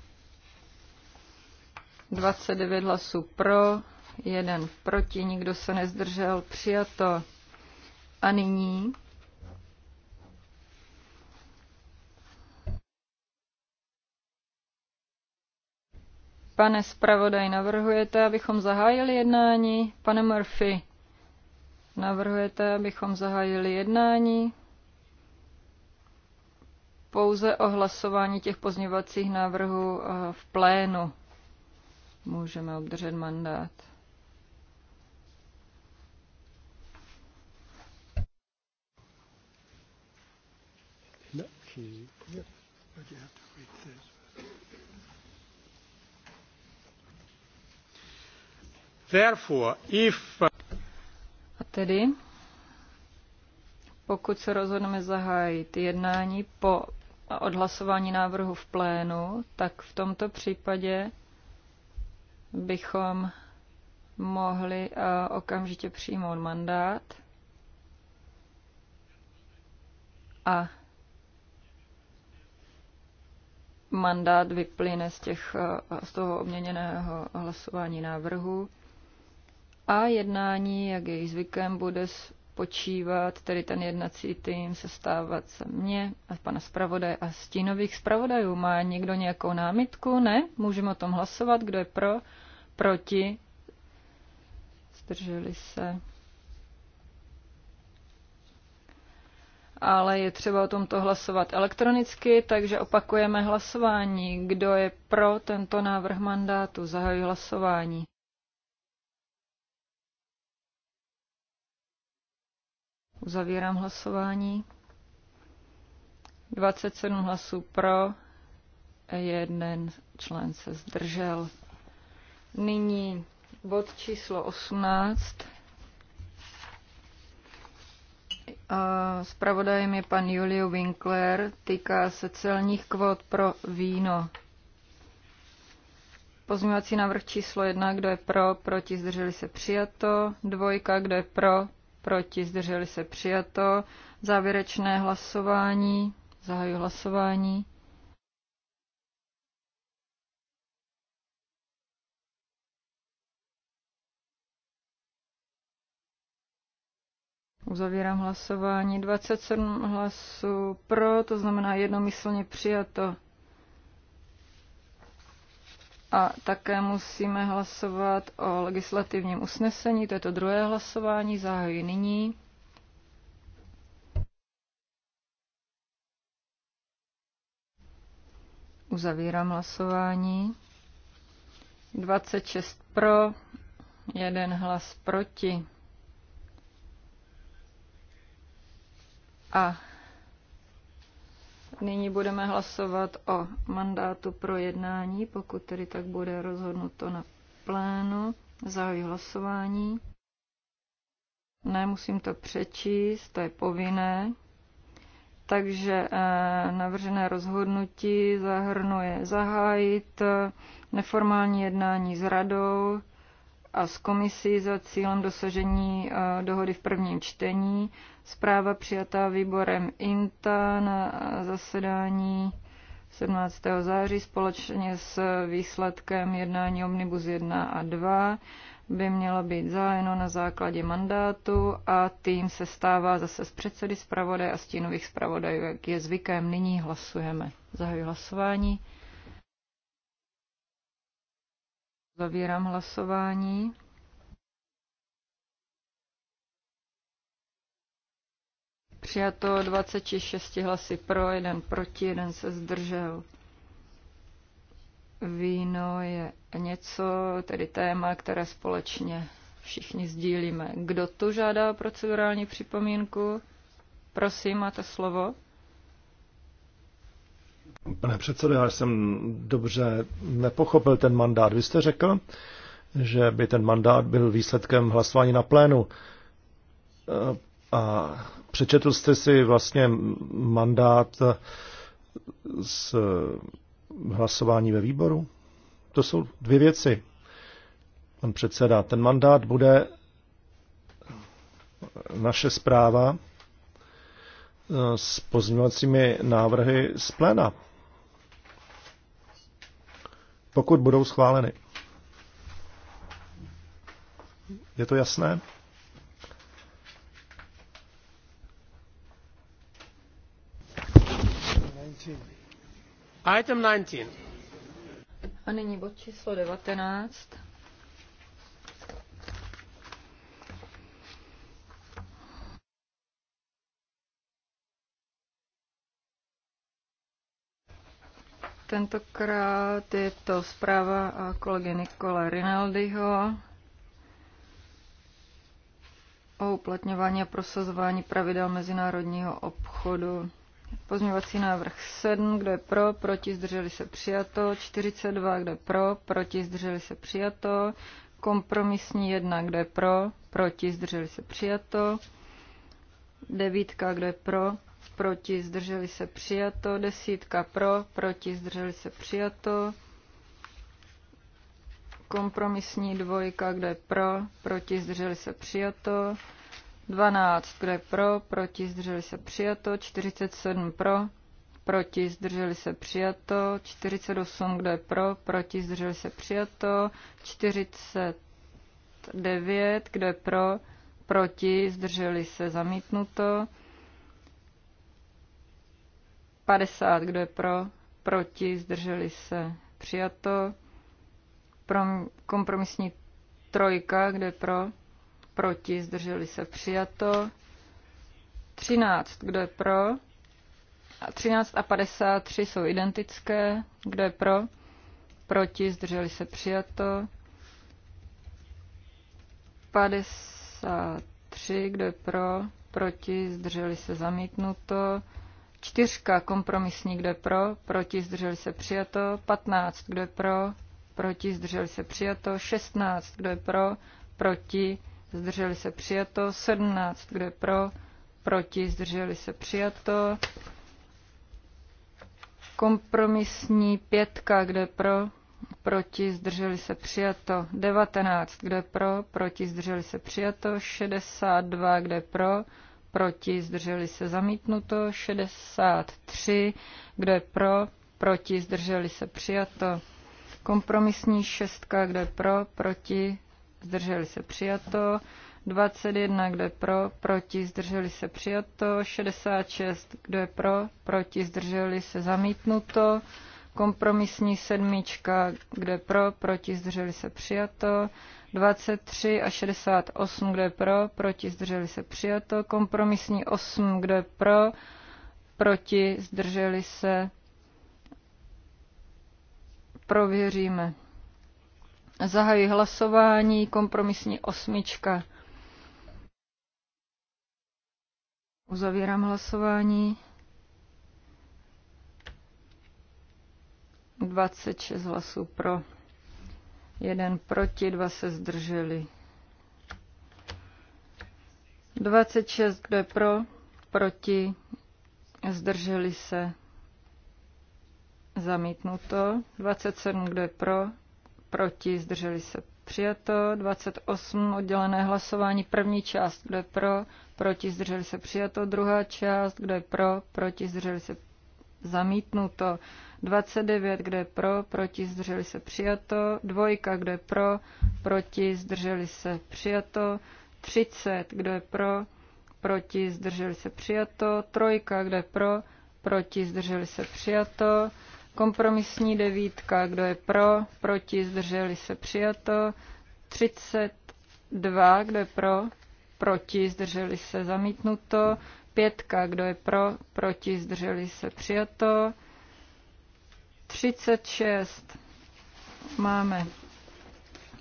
29 hlasů pro, jeden proti, nikdo se nezdržel, přijato. A nyní Pane zpravodaj, navrhujete, abychom zahájili jednání? Pane Murphy, navrhujete, abychom zahájili jednání? Pouze o hlasování těch pozněvacích návrhů eh, v plénu můžeme obdržet mandát. No, hm. Therefore, if... A tedy, pokud se rozhodneme zahájit jednání po odhlasování návrhu v plénu, tak v tomto případě bychom mohli eh, okamžitě přijmout mandát a mandát vyplyne z, těch, eh, z toho obměněného hlasování návrhu a jednání, jak je zvykem, bude spočívat, tedy ten jednací tým stávat se mě a pana zpravodaje a stínových zpravodajů. Má někdo nějakou námitku? Ne? Můžeme o tom hlasovat. Kdo je pro? Proti? Zdrželi se. ale je třeba o tomto hlasovat elektronicky, takže opakujeme hlasování. Kdo je pro tento návrh mandátu? Zahajuji hlasování. Uzavírám hlasování. 27 hlasů pro, jeden člen se zdržel. Nyní bod číslo 18. Spravodajem je pan Julio Winkler, týká se celních kvot pro víno. Pozměňovací návrh číslo 1, kdo je pro, proti, zdrželi se přijato. Dvojka, kdo je pro, proti, zdrželi se přijato. Závěrečné hlasování, Zahaju hlasování. Uzavírám hlasování. 27 hlasů pro, to znamená jednomyslně přijato. A také musíme hlasovat o legislativním usnesení, to je to druhé hlasování, zahajuji nyní. Uzavírám hlasování. 26 pro, jeden hlas proti. A Nyní budeme hlasovat o mandátu pro jednání, pokud tedy tak bude rozhodnuto na plénu. Zahajuji hlasování. Nemusím to přečíst, to je povinné. Takže eh, navržené rozhodnutí zahrnuje zahájit eh, neformální jednání s radou a s komisí za cílem dosažení eh, dohody v prvním čtení Zpráva přijatá výborem INTA na zasedání 17. září společně s výsledkem jednání Omnibus 1 a 2 by mělo být zájeno na základě mandátu a tým se stává zase z předsedy zpravodaje a stínových zpravodajů, jak je zvykem. Nyní hlasujeme. Zahajuji hlasování. Zavírám hlasování. Přijato 26 hlasy pro, jeden proti, jeden se zdržel. Víno je něco, tedy téma, které společně všichni sdílíme. Kdo tu žádá procedurální připomínku? Prosím, máte slovo. Pane předsedo, já jsem dobře nepochopil ten mandát. Vy jste řekl, že by ten mandát byl výsledkem hlasování na plénu. A přečetl jste si vlastně mandát z hlasování ve výboru? To jsou dvě věci. Pan předseda, ten mandát bude naše zpráva eh, s pozměňovacími návrhy z pléna, pokud budou schváleny. Je to jasné? Item 19. A nyní bod číslo 19. Tentokrát je to zpráva kolegy Nikola Rinaldiho o uplatňování a prosazování pravidel mezinárodního obchodu. Pozměňovací návrh 7, kdo je pro, proti, zdrželi se přijato. 42, kdo je pro, proti, zdrželi se přijato. Kompromisní 1, kdo je pro, proti, zdrželi se přijato. 9, kdo je pro, proti, zdrželi se přijato. 10, pro, proti, zdrželi se přijato. Kompromisní 2, kdo je pro, proti, zdrželi se přijato. 12, kdo je pro, proti, zdrželi se přijato, 47 pro, proti, zdrželi se přijato, 48, kdo je pro, proti, zdrželi se přijato, 49, kdo je pro, proti, zdrželi se zamítnuto, 50, kdo je pro, proti, zdrželi se přijato, Prom, kompromisní trojka, kdo je pro, proti, zdrželi se, přijato. 13, kdo je pro? A 13 a 53 jsou identické, kdo je pro? Proti, zdrželi se, přijato. 53, kdo je pro? Proti, zdrželi se, zamítnuto. Čtyřka kompromisní, kdo je pro, proti zdrželi se přijato, 15, kdo je pro, proti zdrželi se přijato, 16, kdo je pro, proti zdrželi se přijato, 17, kdo je pro, proti, zdrželi se přijato, kompromisní pětka, kde pro, proti, zdrželi se přijato, 19, kde pro, proti, zdrželi se přijato, 62, kde pro, proti, zdrželi se zamítnuto, 63, kde pro, proti, zdrželi se přijato, kompromisní šestka, kde pro, proti, zdrželi se přijato, 21, kdo je pro, proti, zdrželi se přijato, 66, kdo je pro, proti, zdrželi se zamítnuto, kompromisní sedmička, kdo je pro, proti, zdrželi se přijato, 23 a 68, kdo je pro, proti, zdrželi se přijato, kompromisní 8, kdo je pro, proti, zdrželi se, prověříme. Zahajuji hlasování, kompromisní osmička. Uzavírám hlasování. 26 hlasů pro, jeden proti, dva se zdrželi. 26, kdo je pro, proti, zdrželi se, zamítnuto. 27, kdo je pro, proti, zdrželi se přijato, 28 oddělené hlasování, první část, kdo je pro, proti, zdrželi se přijato, druhá část, kdo je pro, proti, zdrželi se zamítnuto, 29, kdo je pro, proti, zdrželi se přijato, dvojka, kdo je pro, proti, zdrželi se přijato, 30, kdo je pro, proti, zdrželi se přijato, trojka, kdo je pro, proti, zdrželi se přijato, Kompromisní devítka, kdo je pro, proti, zdrželi se přijato. 32, kdo je pro, proti, zdrželi se zamítnuto. Pětka, kdo je pro, proti, zdrželi se přijato. 36 máme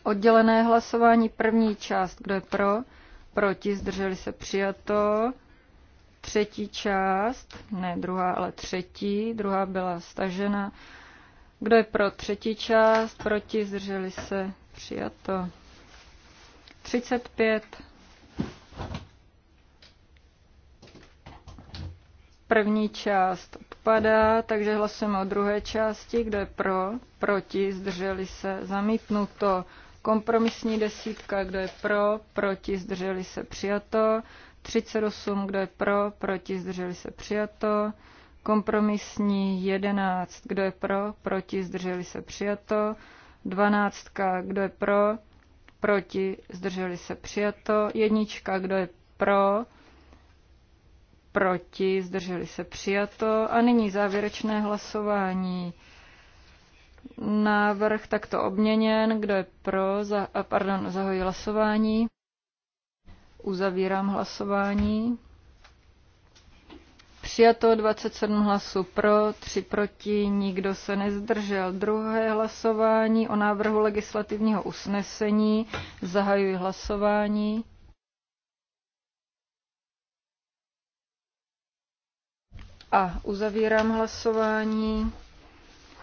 oddělené hlasování. První část, kdo je pro, proti, zdrželi se přijato třetí část, ne druhá, ale třetí, druhá byla stažena. Kdo je pro třetí část? Proti zdrželi se přijato. 35. První část odpadá, takže hlasujeme o druhé části. Kdo je pro? Proti zdrželi se zamítnuto. Kompromisní desítka, kdo je pro, proti, zdrželi se přijato. 38, kdo je pro, proti, zdrželi se přijato. Kompromisní 11, kdo je pro, proti, zdrželi se přijato. 12, kdo je pro, proti, zdrželi se přijato. Jednička, kdo je pro, proti, zdrželi se přijato. A nyní závěrečné hlasování. Návrh takto obměněn, kdo je pro, za, pardon, zahojí hlasování. Uzavírám hlasování. Přijato 27 hlasů pro, 3 proti, nikdo se nezdržel. Druhé hlasování o návrhu legislativního usnesení. Zahajuji hlasování. A uzavírám hlasování.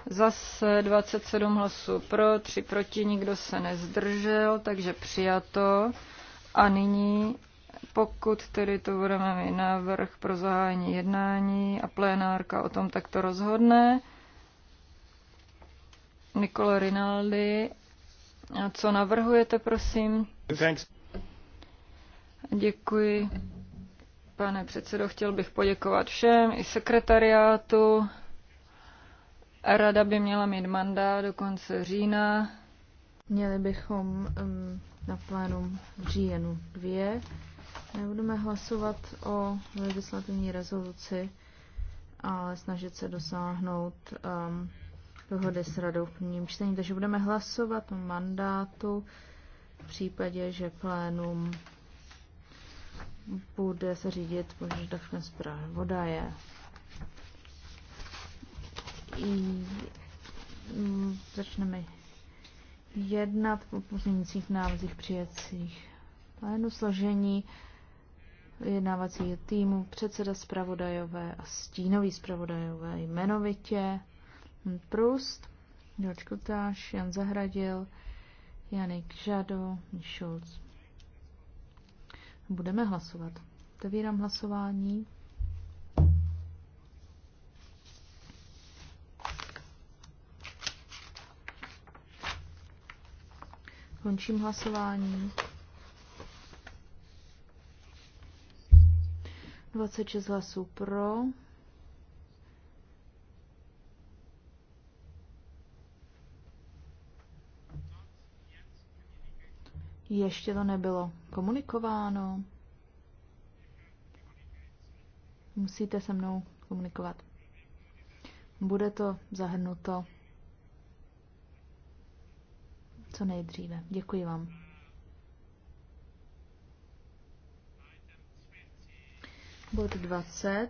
Zase 27 hlasů pro, 3 proti, nikdo se nezdržel, takže přijato. A nyní, pokud tedy to budeme mít návrh pro zahájení jednání a plénárka o tom takto rozhodne, Nikola Rinaldi, a co navrhujete, prosím? Thanks. Děkuji. Pane předsedo, chtěl bych poděkovat všem i sekretariátu. Rada by měla mít mandát do konce října. Měli bychom um, na plénum v říjenu 2. Nebudeme hlasovat o legislativní rezoluci, ale snažit se dosáhnout um, dohody s radou v prvním čtení. Takže budeme hlasovat o mandátu v případě, že plénum bude se řídit požadavkem zpravodaje. I, mm, začneme jednat po pozměňujících návrzích přijetcích plénu složení vyjednávacího týmu, předseda zpravodajové a stínový zpravodajové jmenovitě Prust, George Kutáš, Jan Zahradil, Janik Žado, Šulc. Budeme hlasovat. Otevírám hlasování. Končím hlasování. 26 hlasů pro. Ještě to nebylo komunikováno. Musíte se mnou komunikovat. Bude to zahrnuto co nejdříve. Děkuji vám. Bod 20.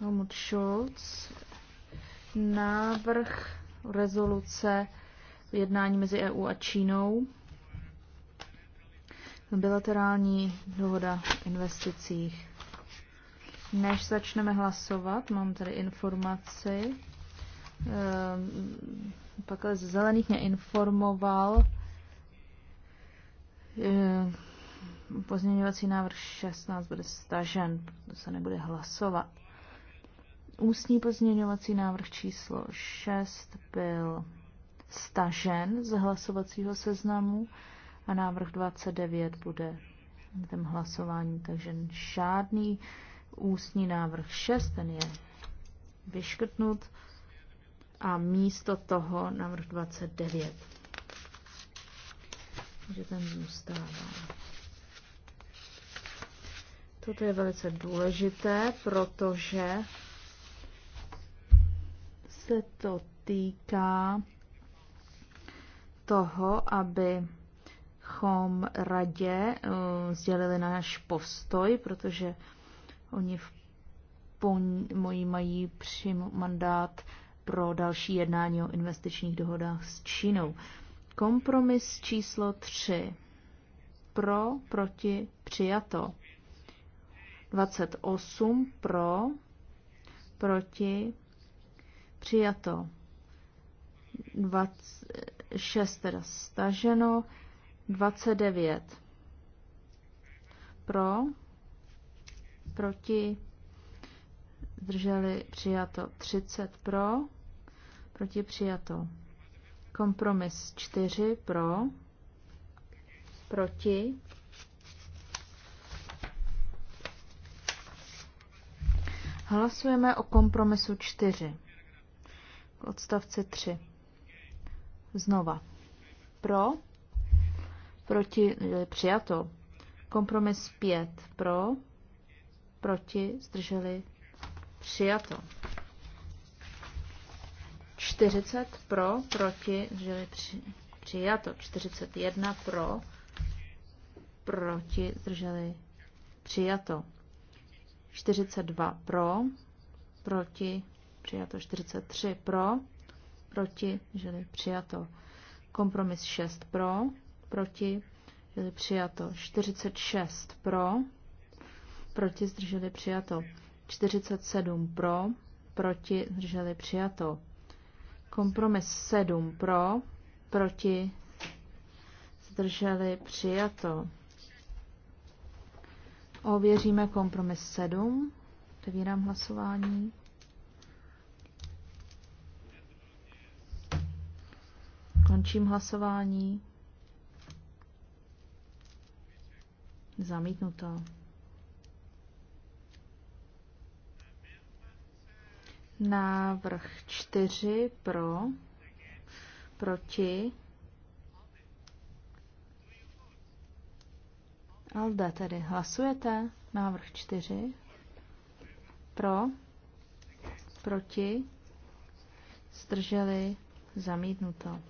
Helmut Scholz. Návrh rezoluce jednání mezi EU a Čínou. Bilaterální dohoda v investicích. Než začneme hlasovat, mám tady informaci um, pak ale z zelených mě informoval um, pozměňovací návrh 16 bude stažen, to se nebude hlasovat. Ústní pozměňovací návrh číslo 6 byl stažen z hlasovacího seznamu a návrh 29 bude v tom hlasování, takže žádný ústní návrh 6, ten je vyškrtnut a místo toho návrh 29. Že ten zůstává. Toto je velice důležité, protože se to týká toho, abychom radě uh, sdělili náš postoj, protože oni v pon- mají přímo mandát pro další jednání o investičních dohodách s Čínou. Kompromis číslo 3. Pro, proti, přijato. 28 pro, proti, přijato. 26 teda staženo, 29 pro, proti, zdrželi přijato 30 pro, proti přijato. Kompromis 4 pro, proti. Hlasujeme o kompromisu 4 k odstavci 3. Znova. Pro, proti, přijato. Kompromis 5 pro, proti, zdrželi Přijato. 40 pro, proti, zdrželi při, přijato. 41 pro, proti, zdrželi přijato. 42 pro, proti, přijato. 43 pro, proti, zdrželi přijato. Kompromis 6 pro, proti, zdrželi přijato. 46 pro, proti, zdrželi přijato. 47 pro, proti, zdrželi přijato. Kompromis 7 pro, proti, zdrželi přijato. Ověříme kompromis 7. Otevírám hlasování. Končím hlasování. Zamítnuto. Návrh 4 pro, proti. Alde tedy hlasujete. Návrh 4 pro, proti, zdrželi, zamítnuto.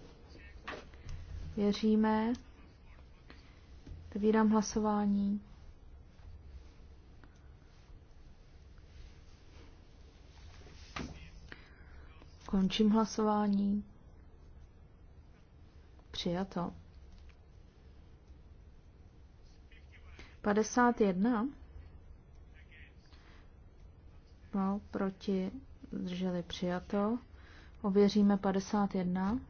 Věříme. Otevírám hlasování. Končím hlasování. Přijato. 51. No, proti zdrželi přijato. Ověříme 51.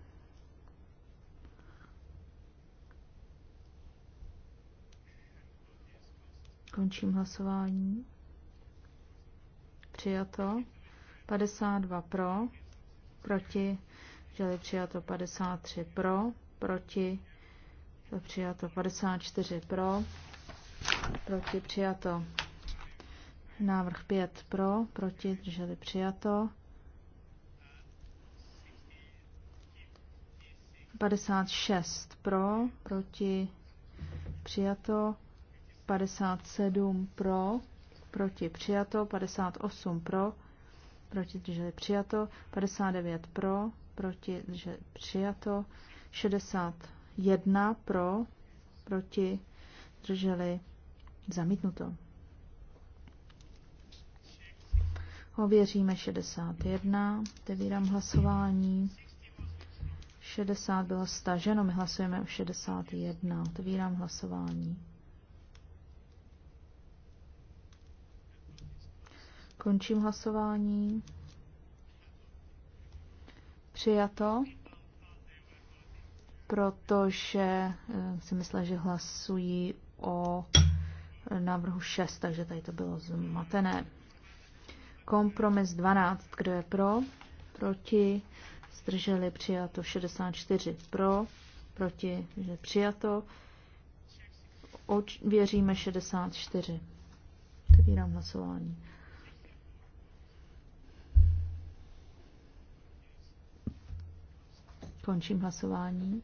Končím hlasování. Přijato. 52 pro, proti, želi přijato 53 pro, proti, želi přijato 54 pro, proti přijato návrh 5 pro, proti, drželi přijato 56 pro, proti přijato 57 pro, proti přijato 58 pro, proti drželi přijato, 59 pro, proti drželi přijato, 61 pro, proti drželi zamítnuto. Ověříme 61, otevírám hlasování. 60 bylo staženo, my hlasujeme o 61, otevírám hlasování. Končím hlasování. Přijato, protože eh, si myslím, že hlasují o eh, návrhu 6, takže tady to bylo zmatené. Kompromis 12, kdo je pro? Proti, zdrželi přijato 64 pro, proti, že přijato. Oč, věříme 64. Otevírám hlasování. Končím hlasování.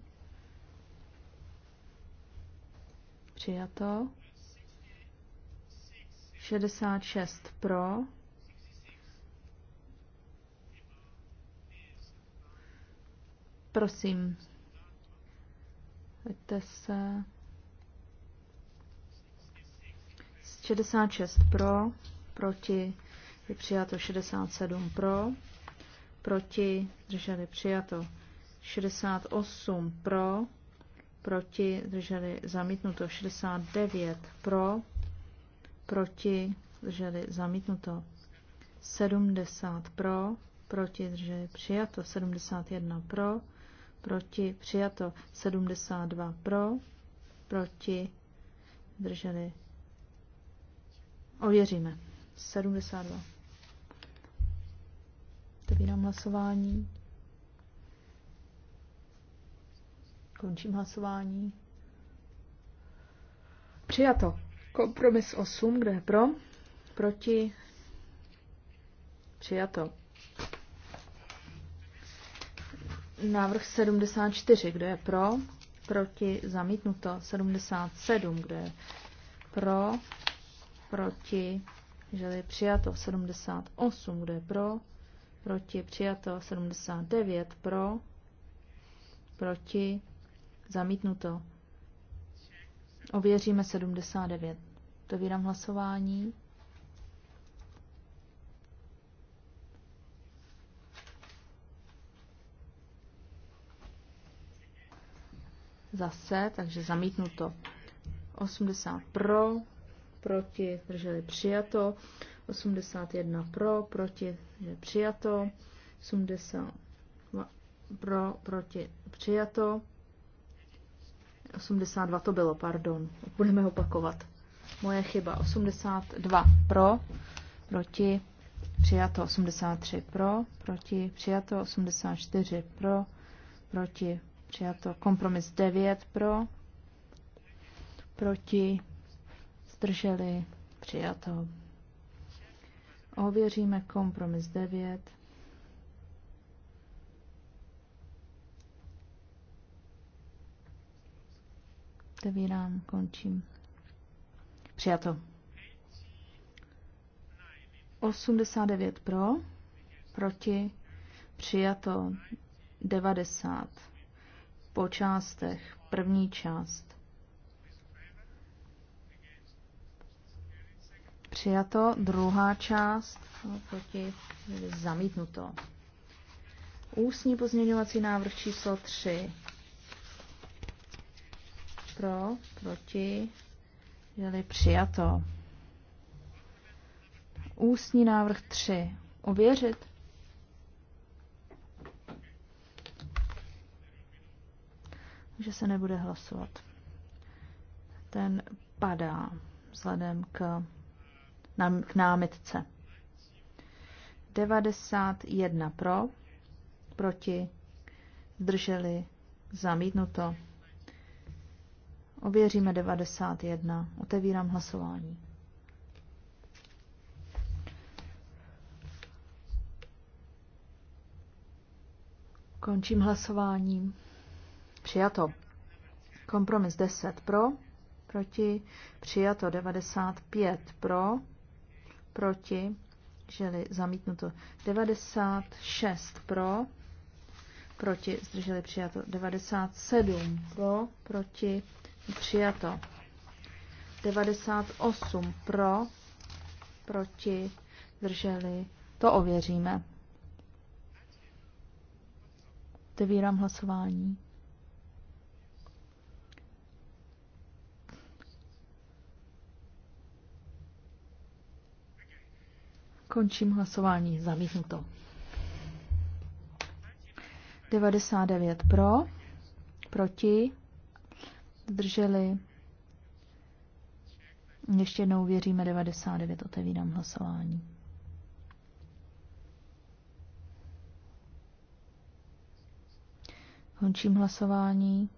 Přijato. 66 pro. Prosím, Pojďte se. 66 pro, proti je přijato 67 pro, proti drželi přijato 68 pro, proti, drželi zamítnuto. 69 pro, proti, drželi zamítnuto. 70 pro, proti, drželi přijato. 71 pro, proti, přijato. 72 pro, proti, drželi. Ověříme. 72. Otevírám hlasování. Končím hlasování. Přijato. Kompromis 8, kde je pro? Proti? Přijato. Návrh 74, kde je pro? Proti? Zamítnuto. 77, kde je pro? Proti? Že je přijato. 78, kde je pro? Proti? Přijato. 79, pro? Proti? Zamítnuto. Ověříme 79. To vydám hlasování. Zase, takže zamítnuto. 80 pro, proti, drželi přijato. 81 pro, proti, drželi přijato. 82 pro, proti, přijato. 82 to bylo, pardon. Budeme opakovat. Moje chyba. 82 pro, proti, přijato 83 pro, proti, přijato 84 pro, proti, přijato kompromis 9 pro, proti, zdrželi, přijato. Ověříme kompromis 9. Otevírám, končím. Přijato. 89 pro, proti, přijato 90. Po částech, první část. Přijato, druhá část, proti, zamítnuto. Ústní pozměňovací návrh číslo 3 pro, proti, je-li přijato. Ústní návrh 3. Ověřit. Že se nebude hlasovat. Ten padá vzhledem k, nám, k námitce. 91 pro, proti, zdrželi, zamítnuto. Ověříme 91. Otevírám hlasování. Končím hlasování. Přijato. Kompromis 10 pro, proti, přijato 95 pro, proti, želi zamítnuto 96 pro, proti, zdrželi přijato 97 pro, proti, Přijato. 98 pro, proti, drželi. To ověříme. Otevírám hlasování. Končím hlasování. Zamítnuto. 99 pro, proti, zdrželi. Ještě jednou věříme 99, otevírám hlasování. Končím hlasování.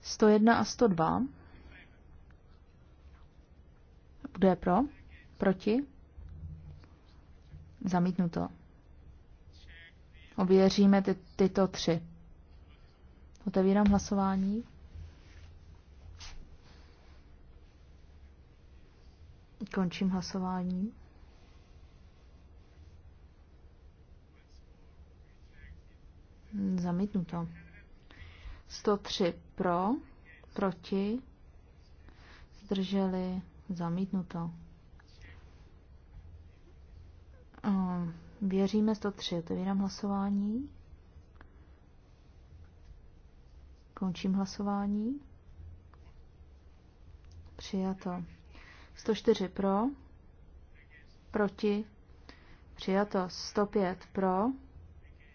Sto jedna a sto dva. Kdo je pro? Proti? Zamítnuto. Ověříme ty, tyto tři. Otevírám hlasování. Končím hlasování. Zamítnuto. 103 pro, proti, zdrželi, zamítnuto. Ehm, věříme 103. Otevírám hlasování. Končím hlasování. Přijato. 104 pro. Proti. Přijato. 105 pro.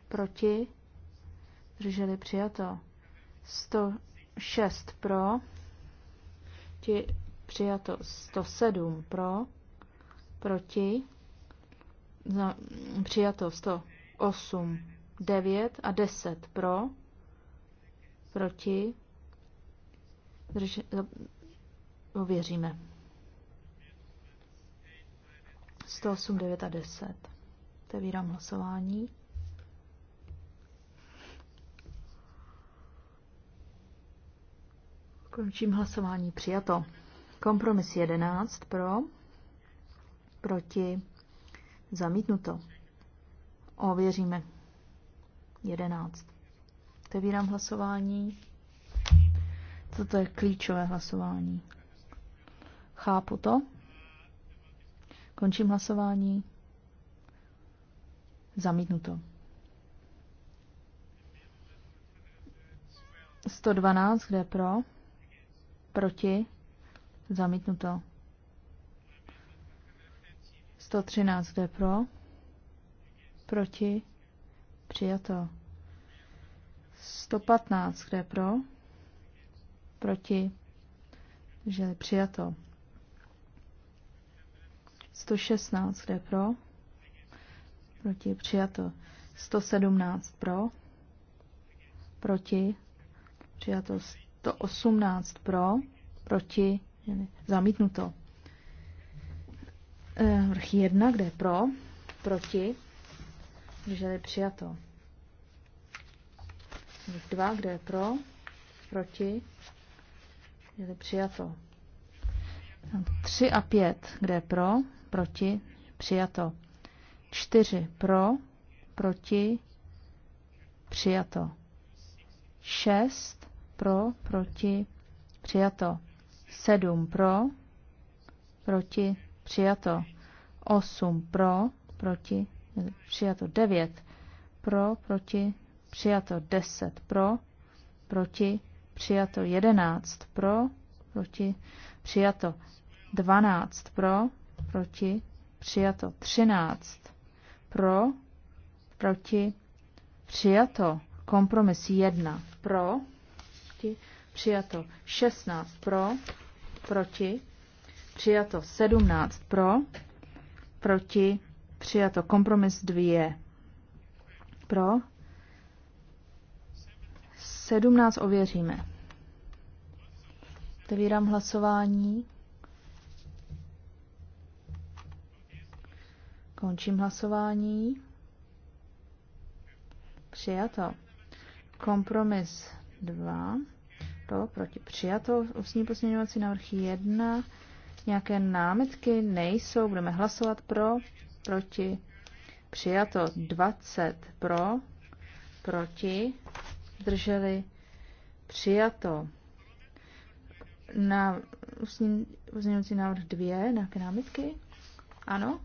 Proti. Drželi přijato. 106 pro. Ti přijato. 107 pro. Proti za, přijato 108, 9 a 10 pro, proti, drž, ověříme. 108, 9 a 10. Otevírám hlasování. Končím hlasování. Přijato. Kompromis 11 pro, proti, Zamítnuto. Ověříme. 11. Otevírám hlasování. Toto je klíčové hlasování. Chápu to. Končím hlasování. Zamítnuto. 112, kde pro? Proti? Zamítnuto. 113, kdo je pro? Proti? Přijato. 115, kdo je pro? Proti? Že přijato. 116, kdo je pro? Proti? Přijato. 117 pro? Proti? Přijato. 118 pro? Proti? Zamítnuto. Eh, vrch 1, kde je pro, proti, že je přijato. Vrch 2, kde je pro, proti, že je přijato. 3 a 5, kde je pro, proti, přijato. 4 pro, proti, přijato. 6 pro, proti, přijato. 7 pro, proti, přijato 8 pro, proti, přijato 9 pro, proti, přijato 10 pro, proti, přijato 11 pro, proti, přijato 12 pro, proti, přijato 13 pro, proti, přijato kompromis 1 pro, proti, přijato 16 pro, proti, přijato 17 pro, proti, přijato kompromis 2 pro, 17 ověříme. Otevírám hlasování. Končím hlasování. Přijato. Kompromis 2. Pro, proti přijato. Ústní posměňovací návrh 1. Nějaké námitky nejsou. Budeme hlasovat pro, proti. Přijato 20 pro, proti. Drželi přijato. Na pozměňovací návrh 2, nějaké námitky? Ano?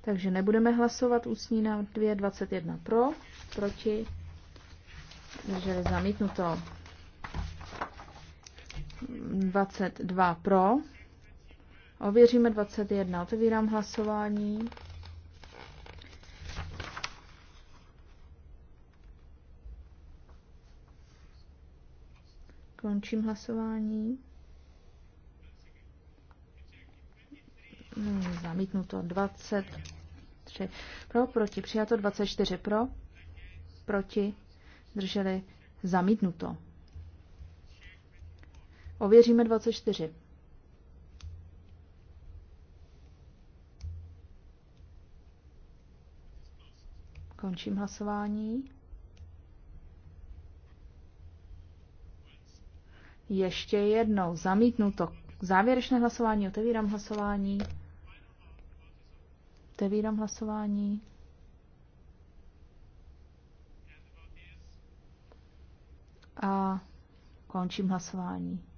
Takže nebudeme hlasovat ústní návrh 2, 21 pro, proti, drželi zamítnuto. 22 pro. Ověříme 21. Otevírám hlasování. Končím hlasování. Hmm, zamítnuto 23 pro, proti přijato 24 pro, proti Drželi zamítnuto. Ověříme 24. Končím hlasování. Ještě jednou zamítnu to Závěrečné hlasování. Otevírám hlasování. Otevírám hlasování. A končím hlasování.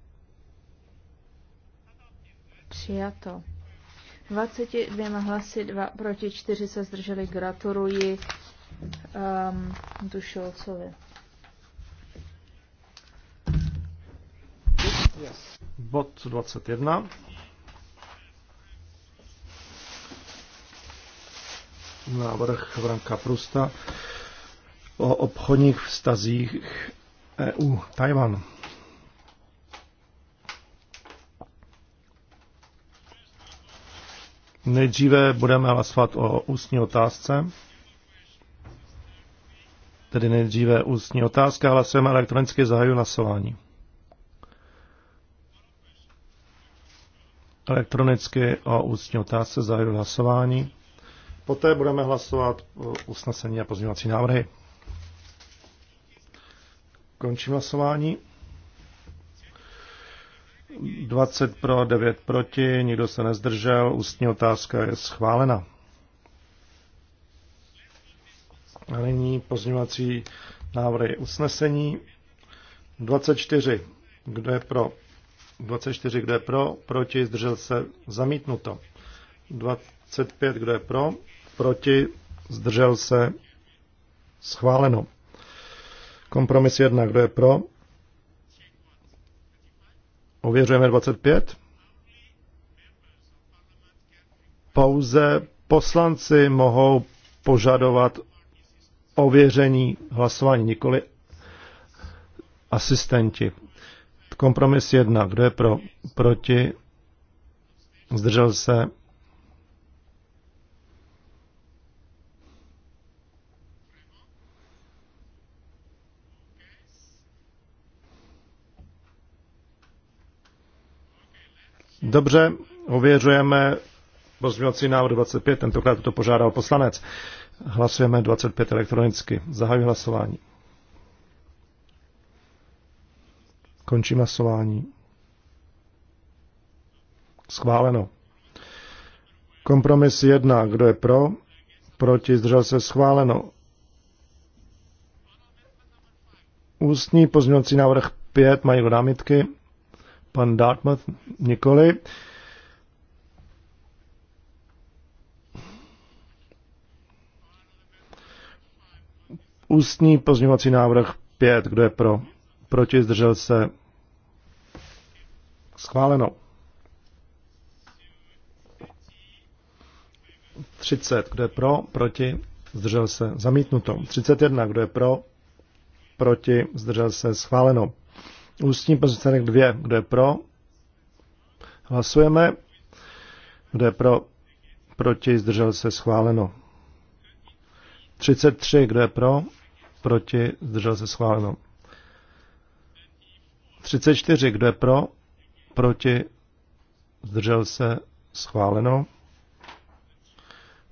Přijato. 22 hlasy, 2 proti 4 se zdrželi. Gratuluji um, Dušilcovi. Yes. Bod 21. Návrh Vranka Prusta o obchodních vztazích EU-Tajvan. Nejdříve budeme hlasovat o ústní otázce. Tedy nejdříve ústní otázka, hlasujeme elektronicky, zahaju hlasování. Elektronicky o ústní otázce zahaju hlasování. Poté budeme hlasovat o usnesení a pozměňovací návrhy. Končím hlasování. 20 pro, 9 proti, nikdo se nezdržel, ústní otázka je schválena. A nyní pozměňovací návrhy usnesení. 24. Kdo je pro? 24. Kdo je pro? Proti? Zdržel se? Zamítnuto. 25. Kdo je pro? Proti? Zdržel se? Schváleno. Kompromis 1. Kdo je pro? Ověřujeme 25. Pouze poslanci mohou požadovat ověření hlasování, nikoli asistenti. Kompromis 1. Kdo je pro? Proti? Zdržel se? Dobře, ověřujeme pozměňovací návrh 25, tentokrát to požádal poslanec. Hlasujeme 25 elektronicky. Zahajuji hlasování. Končím hlasování. Schváleno. Kompromis 1. Kdo je pro? Proti zdržel se schváleno. Ústní pozměňovací návrh 5. Mají námitky? Pan Dartmouth nikoli. Ústní pozměňovací návrh 5. Kdo je pro? Proti zdržel se? Schváleno. 30. Kdo je pro? Proti? Zdržel se? Zamítnuto. 31. Kdo je pro? Proti? Zdržel se? Schváleno. Ústní pozicánek 2. Kdo je pro? Hlasujeme. Kdo je pro? Proti? Zdržel se schváleno. 33. Kdo je pro? Proti? Zdržel se schváleno. 34. Kdo je pro? Proti? Zdržel se schváleno.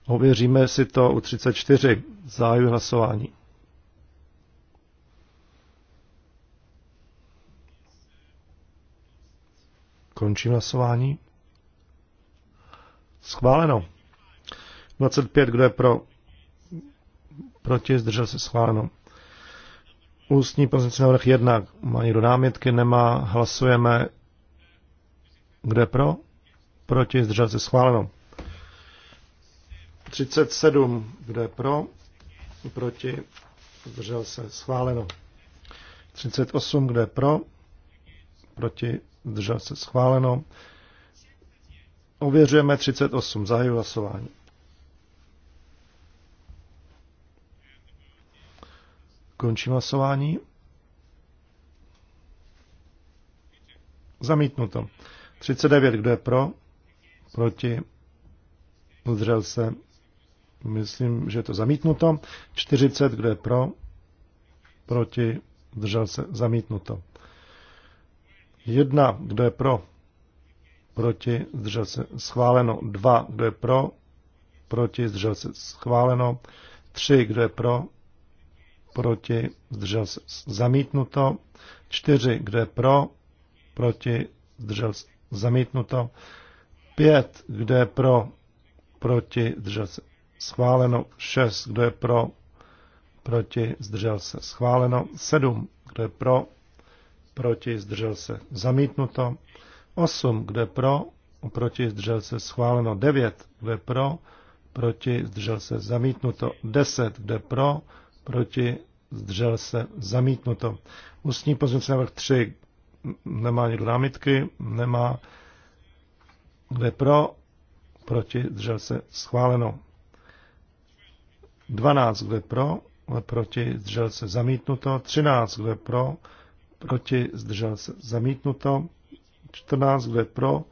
Ověříme si to u 34. Zájuj hlasování. Končím hlasování. Schváleno. 25, kdo je pro? Proti, zdržel se schváleno. Ústní pozice návrh 1. Má někdo námitky? Nemá. Hlasujeme. Kdo je pro? Proti, zdržel se schváleno. 37, kdo je pro? Proti, zdržel se schváleno. 38, kdo je pro? Proti, zdržel se schváleno. Ověřujeme 38, zahajuji hlasování. Končím hlasování. Zamítnuto. 39, kdo je pro? Proti? Udržel se? Myslím, že je to zamítnuto. 40, kdo je pro? Proti? Držel se? Zamítnuto. 1, kdo je pro, proti, zdržel se schváleno. 2, kdo je pro, proti, zdržel se schváleno. 3, kdo je pro, proti, zdržel se zamítnuto. 4, kdo je pro, proti, zdržel se zamítnuto. 5, kdo je pro, proti, zdržel se schváleno. 6, kdo je pro, proti, zdržel se schváleno. 7, kdo je pro, proti, zdržel se, zamítnuto. 8, kde pro, proti, zdržel se, schváleno. 9, kde pro, proti, zdržel se, zamítnuto. 10, kde pro, proti, zdržel se, zamítnuto. Ústní pozměnce návrh 3, nemá nikdo námitky, nemá, kde pro, proti, zdržel se, schváleno. 12, kde pro, proti, zdržel se, zamítnuto. 13, kde pro, proti, zdržel se zamítnuto, 14, kdo je pro,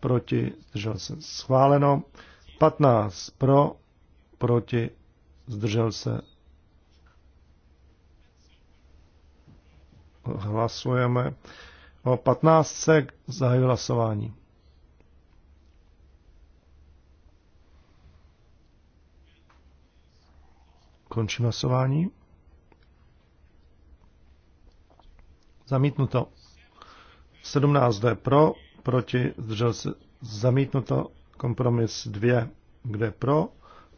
proti, zdržel se schváleno, 15 pro, proti, zdržel se hlasujeme. O 15 se zahajuje hlasování. Končím hlasování. Zamítnuto. 17 D pro, proti, zdržel se, zamítnuto. Kompromis 2, kde pro,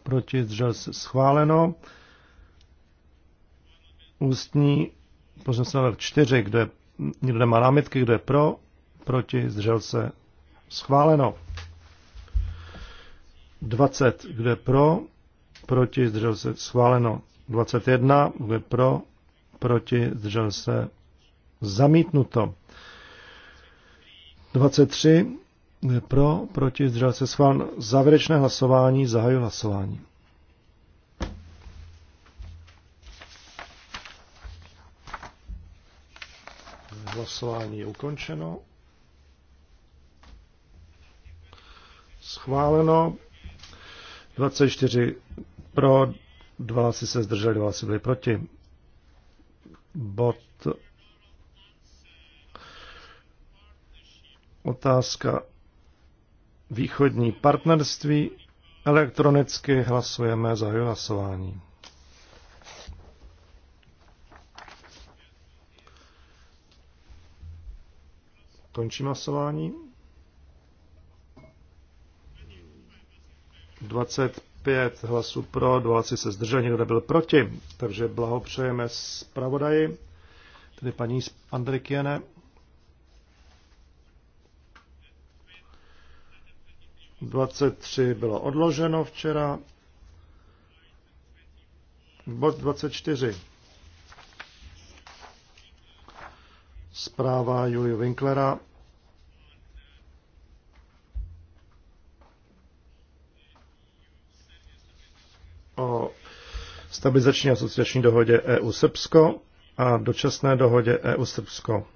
proti, zdržel se, schváleno. Ústní pořád se 4, kde někdo nemá námitky, kde pro, proti, zdržel se, schváleno. 20, kde pro, proti, zdržel se, schváleno. 21, kde pro, proti, zdržel se, Zamítnuto. 23 pro, proti, zdržel se schválen. Závěrečné hlasování, zahajuji hlasování. Hlasování je ukončeno. Schváleno. 24 pro, 12 se zdrželi, 12 byli proti. Bod Otázka východní partnerství. Elektronicky hlasujeme za hlasování. Končím hlasování. 25 hlasů pro, 20 se zdržel, nikdo byl proti. Takže blahopřejeme zpravodaji, tedy paní Andrikiene. 23 bylo odloženo včera. Bod 24. Zpráva Julio Winklera. o stabilizační asociační dohodě EU-Srbsko a dočasné dohodě EU-Srbsko.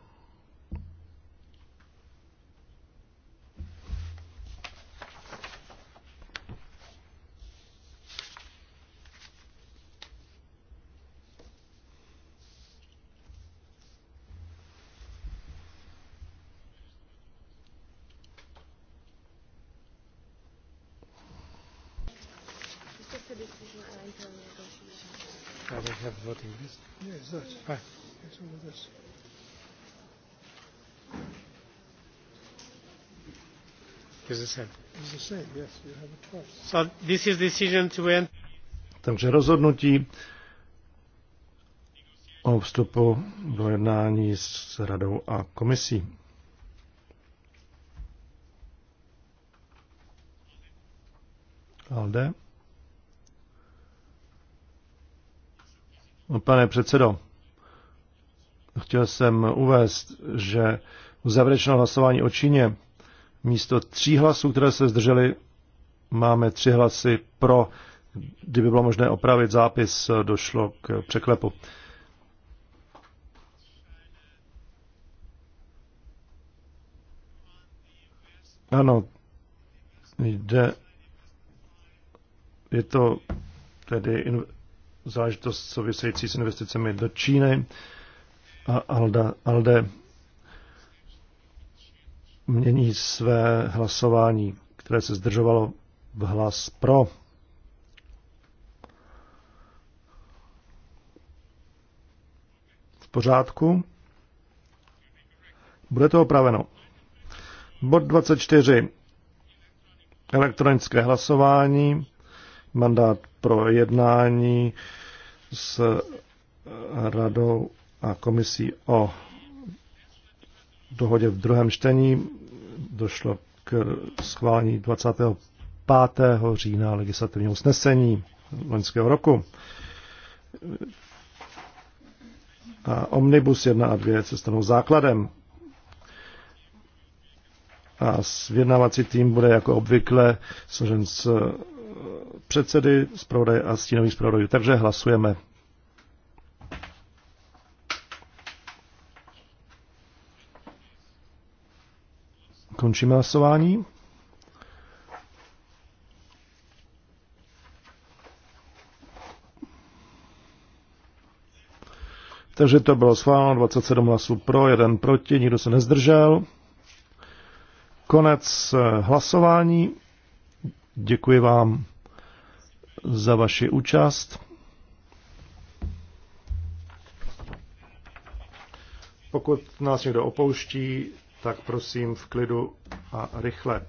Takže rozhodnutí o vstupu do jednání s radou a komisí. Alde. No, pane předsedo, chtěl jsem uvést, že u závěrečného hlasování o Číně Místo tří hlasů, které se zdrželi, máme tři hlasy pro. Kdyby bylo možné opravit zápis, došlo k překlepu. Ano, jde, je to tedy in, záležitost související s investicemi do Číny a Alda, Alde mění své hlasování, které se zdržovalo v hlas pro. V pořádku. Bude to opraveno. Bod 24. Elektronické hlasování. Mandát pro jednání s radou a komisí o dohodě v druhém čtení došlo k schválení 25. října legislativního usnesení loňského roku. A Omnibus 1 a 2 se stanou základem. A vyjednávací tým bude jako obvykle složen z předsedy, zpravodaje a stínových zpravodajů. Takže hlasujeme Končíme hlasování. Takže to bylo schváleno, 27 hlasů pro, jeden proti, nikdo se nezdržel. Konec eh, hlasování. Děkuji vám za vaši účast. Pokud nás někdo opouští, tak prosím v klidu a rychle.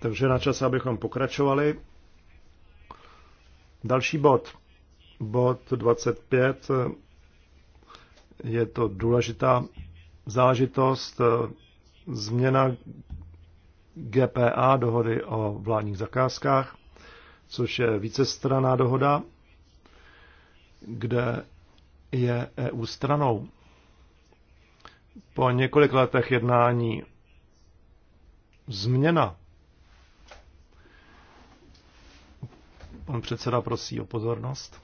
Takže na čas, abychom pokračovali. Další bod. Bod 25. Je to důležitá záležitost změna GPA, dohody o vládních zakázkách, což je vícestraná dohoda, kde je EU stranou. Po několik letech jednání změna. Pan předseda prosí o pozornost.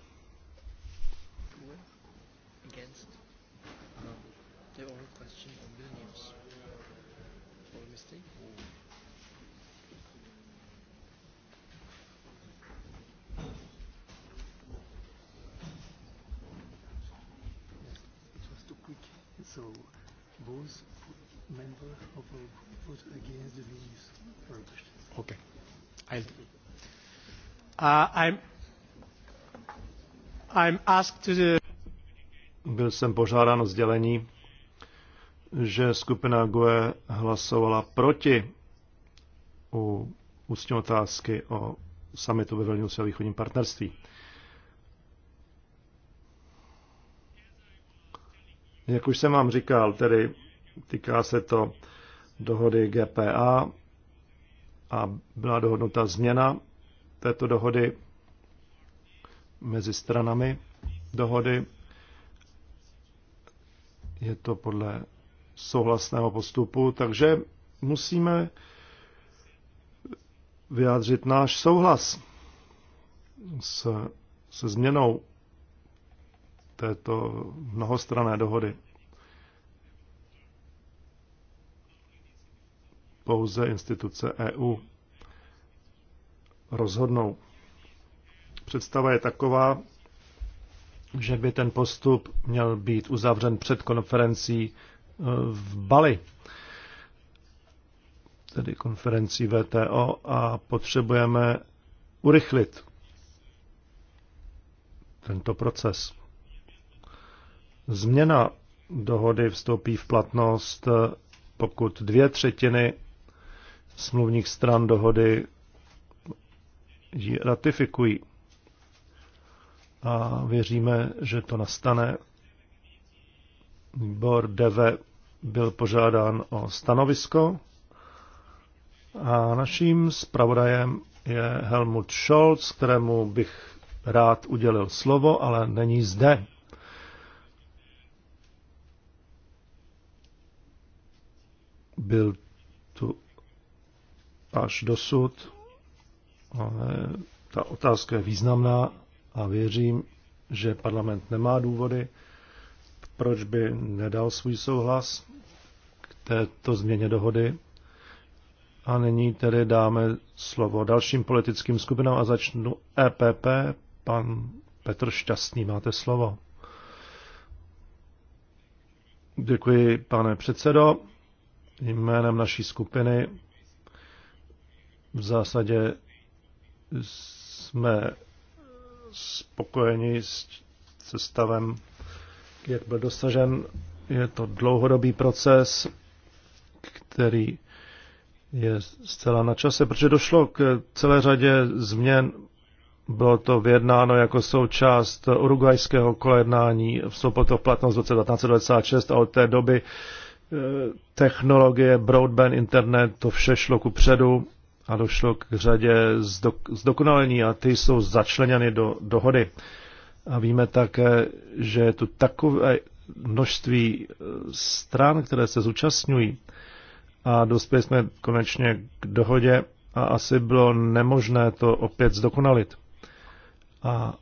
Byl jsem požádán o sdělení, že skupina GUE hlasovala proti u ústní otázky o samitu ve Vilniusu a východním partnerství. Jak už jsem vám říkal, tedy týká se to dohody GPA a byla dohodnuta změna této dohody mezi stranami dohody. Je to podle souhlasného postupu, takže musíme vyjádřit náš souhlas se, se změnou této mnohostrané dohody. Pouze instituce EU rozhodnou. Představa je taková, že by ten postup měl být uzavřen před konferencí eh, v Bali, tedy konferencí VTO, a potřebujeme urychlit tento proces. Změna dohody vstoupí v platnost, eh, pokud dvě třetiny smluvních stran dohody ji ratifikují a věříme, že to nastane. Výbor DV byl požádán o stanovisko a naším zpravodajem je Helmut Scholz, kterému bych rád udělil slovo, ale není zde. Byl tu až dosud, ale ta otázka je významná a věřím, že parlament nemá důvody, proč by nedal svůj souhlas k této změně dohody. A nyní tedy dáme slovo dalším politickým skupinám a začnu EPP. Pan Petr Šťastný, máte slovo. Děkuji, pane předsedo. Jménem naší skupiny v zásadě jsme spokojeni se stavem, jak byl dosažen. Je to dlouhodobý proces, který je zcela na čase, protože došlo k celé řadě změn. Bylo to vyjednáno jako součást urugvajského kolednání, vstoupilo to v platnost v roce 1996 a od té doby eh, technologie, broadband, internet, to vše šlo ku předu a došlo k řadě zdokonalení a ty jsou začleněny do dohody. A víme také, že je tu takové množství e, stran, které se zúčastňují a dospěli jsme konečně k dohodě a asi bylo nemožné to opět zdokonalit. A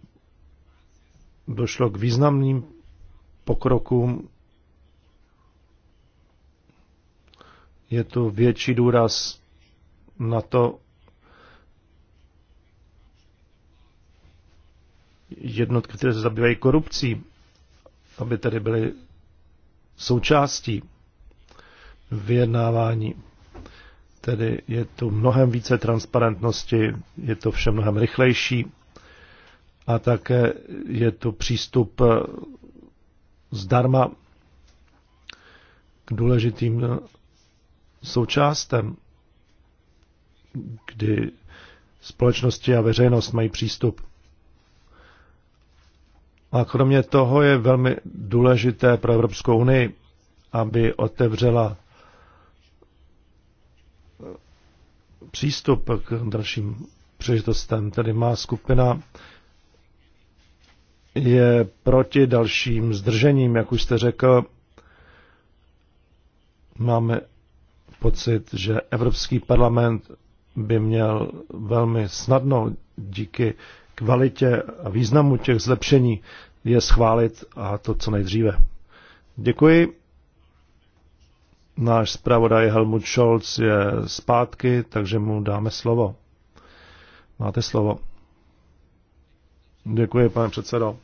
došlo k významným pokrokům. Je tu větší důraz na to jednotky, které se zabývají korupcí, aby tedy byly součástí vyjednávání. Tedy je tu mnohem více transparentnosti, je to vše mnohem rychlejší a také je tu přístup eh, zdarma k důležitým eh, součástem kdy společnosti a veřejnost mají přístup. A kromě toho je velmi důležité pro Evropskou unii, aby otevřela přístup k dalším příležitostem. Tedy má skupina je proti dalším zdržením, jak už jste řekl. Máme pocit, že Evropský parlament by měl velmi snadno díky kvalitě a významu těch zlepšení je schválit a to co nejdříve. Děkuji. Náš zpravodaj Helmut Scholz je zpátky, takže mu dáme slovo. Máte slovo. Děkuji, pane předsedo.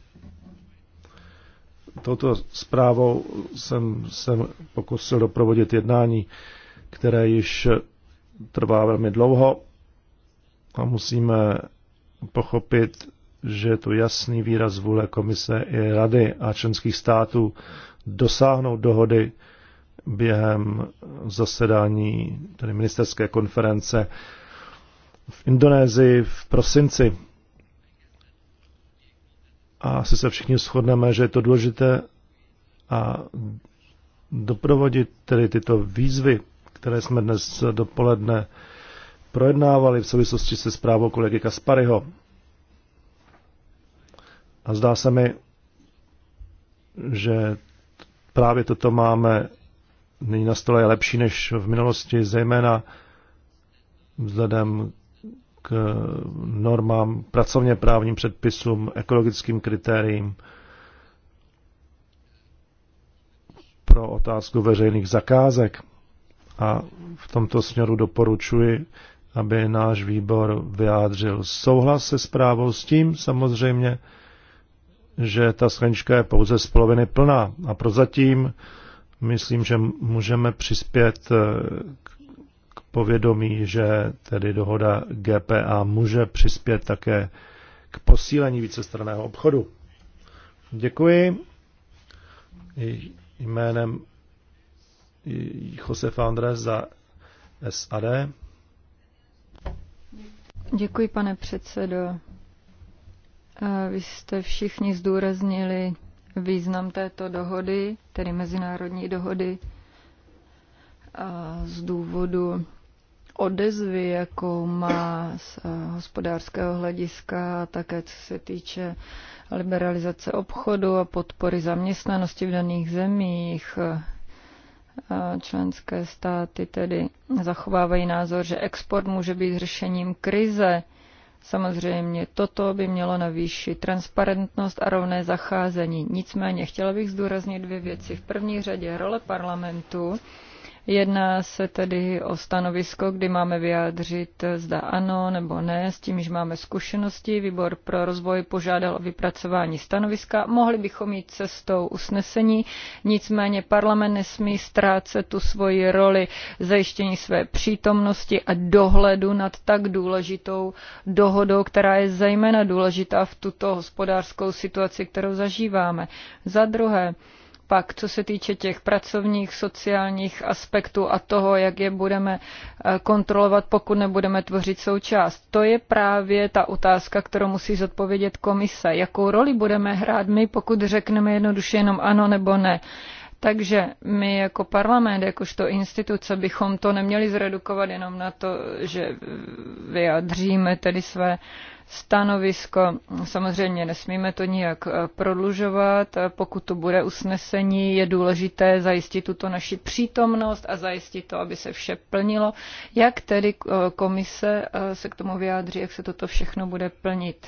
Touto zprávou jsem, jsem pokusil doprovodit jednání, které již trvá velmi dlouho a musíme pochopit, že je to jasný výraz vůle komise i rady a členských států dosáhnout dohody během zasedání tedy ministerské konference v Indonésii v prosinci. A asi se všichni shodneme, že je to důležité a doprovodit tedy tyto výzvy které jsme dnes dopoledne projednávali v souvislosti se zprávou kolegy Kaspariho. A zdá se mi, že právě toto máme nyní na stole je lepší než v minulosti, zejména vzhledem k normám, pracovně právním předpisům, ekologickým kritériím pro otázku veřejných zakázek a v tomto směru doporučuji, aby náš výbor vyjádřil souhlas se zprávou s tím samozřejmě, že ta sklenička je pouze z poloviny plná a prozatím myslím, že můžeme přispět eh, k povědomí, že tedy dohoda GPA může přispět také k posílení vícestraného obchodu. Děkuji. Jménem Josef Andres za SAD. Děkuji, pane předsedo. Eh, vy jste všichni zdůraznili význam této dohody, tedy mezinárodní dohody, z důvodu odezvy, jakou má z eh, hospodářského hlediska, také co se týče liberalizace obchodu a podpory zaměstnanosti v daných zemích. Eh, Členské státy tedy zachovávají názor, že export může být řešením krize. Samozřejmě toto by mělo navýšit transparentnost a rovné zacházení. Nicméně chtěla bych zdůraznit dvě věci. V první řadě role parlamentu Jedná se tedy o stanovisko, kdy máme vyjádřit, zda ano nebo ne, s tím, že máme zkušenosti. Výbor pro rozvoj požádal o vypracování stanoviska. Mohli bychom jít cestou usnesení, nicméně parlament nesmí ztrácet tu svoji roli zajištění své přítomnosti a dohledu nad tak důležitou dohodou, která je zejména důležitá v tuto hospodářskou situaci, kterou zažíváme. Za druhé, pak, co se týče těch pracovních, sociálních aspektů a toho, jak je budeme eh, kontrolovat, pokud nebudeme tvořit součást. To je právě ta otázka, kterou musí zodpovědět komise. Jakou roli budeme hrát my, pokud řekneme jednoduše jenom ano nebo ne. Takže my jako parlament, jakožto instituce, bychom to neměli zredukovat jenom na to, že vyjadříme tedy své stanovisko. Samozřejmě nesmíme to nijak eh, prodlužovat. Pokud to bude usnesení, je důležité zajistit tuto naši přítomnost a zajistit to, aby se vše plnilo. Jak tedy eh, komise eh, se k tomu vyjádří, jak se toto všechno bude plnit?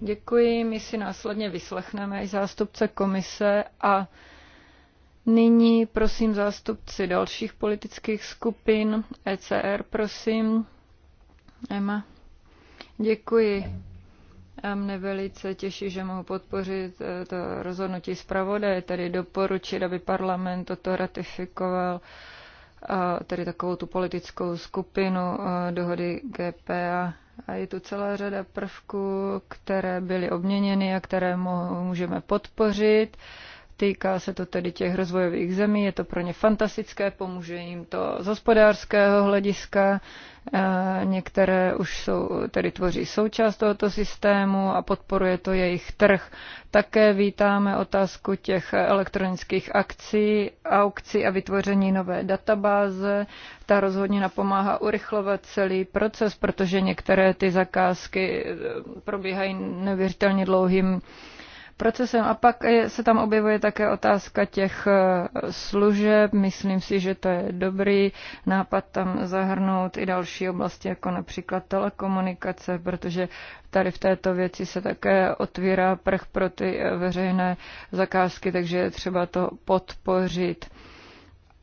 Děkuji, my si následně vyslechneme i zástupce komise a Nyní prosím zástupci dalších politických skupin. ECR, prosím. Emma. Děkuji. A mne velice těší, že mohu podpořit e, to rozhodnutí zpravodaje, tedy doporučit, aby parlament toto ratifikoval, tedy takovou tu politickou skupinu e, dohody GPA. A je tu celá řada prvků, které byly obměněny a které můžeme podpořit. Týká se to tedy těch rozvojových zemí, je to pro ně fantastické, pomůže jim to z hospodářského hlediska. Eh, některé už jsou, tedy tvoří součást tohoto systému a podporuje to jejich trh. Také vítáme otázku těch elektronických akcí, aukcí a vytvoření nové databáze. Ta rozhodně napomáhá urychlovat celý proces, protože některé ty zakázky eh, probíhají neuvěřitelně dlouhým procesem. A pak se tam objevuje také otázka těch eh, služeb. Myslím si, že to je dobrý nápad tam zahrnout i další oblasti, jako například telekomunikace, protože tady v této věci se také otvírá prch pro ty eh, veřejné zakázky, takže je třeba to podpořit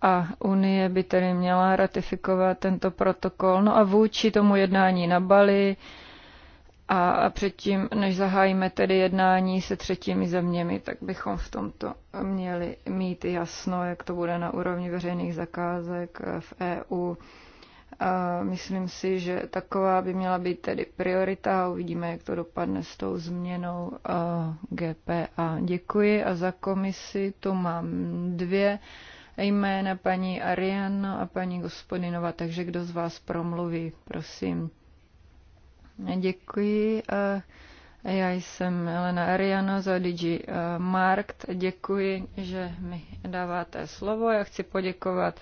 a Unie by tedy měla ratifikovat tento protokol. No a vůči tomu jednání na Bali a předtím, než zahájíme tedy jednání se třetími zeměmi, tak bychom v tomto měli mít jasno, jak to bude na úrovni veřejných zakázek v EU. A myslím si, že taková by měla být tedy priorita a uvidíme, jak to dopadne s tou změnou GPA. Děkuji a za komisi tu mám dvě jména paní Ariano a paní Gospodinova, takže kdo z vás promluví, prosím. Děkuji. Eh, já jsem Elena Ariano za DG eh, Markt. Děkuji, že mi dáváte slovo. Já chci poděkovat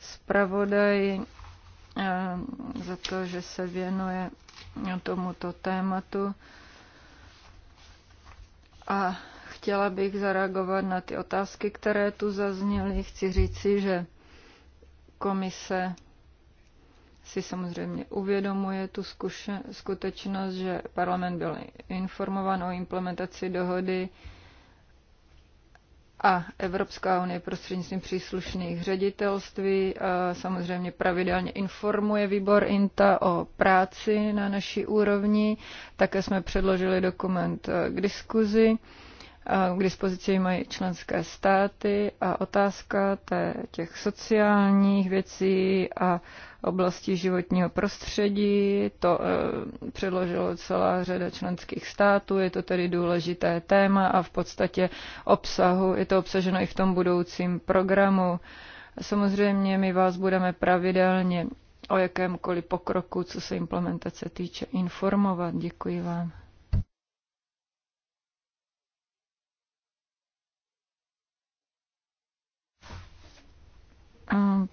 zpravodaji eh, za to, že se věnuje tomuto tématu. A chtěla bych zareagovat na ty otázky, které tu zazněly. Chci říci, že komise si samozřejmě uvědomuje tu zkušen, skutečnost, že parlament byl informován o implementaci dohody a Evropská unie prostřednictvím příslušných ředitelství eh, samozřejmě pravidelně informuje výbor INTA o práci na naší úrovni. Také jsme předložili dokument eh, k diskuzi k dispozici mají členské státy a otázka té, těch sociálních věcí a oblasti životního prostředí. To e, předložilo celá řada členských států, je to tedy důležité téma a v podstatě obsahu, je to obsaženo i v tom budoucím programu. Samozřejmě my vás budeme pravidelně o jakémkoliv pokroku, co se implementace týče, informovat. Děkuji vám.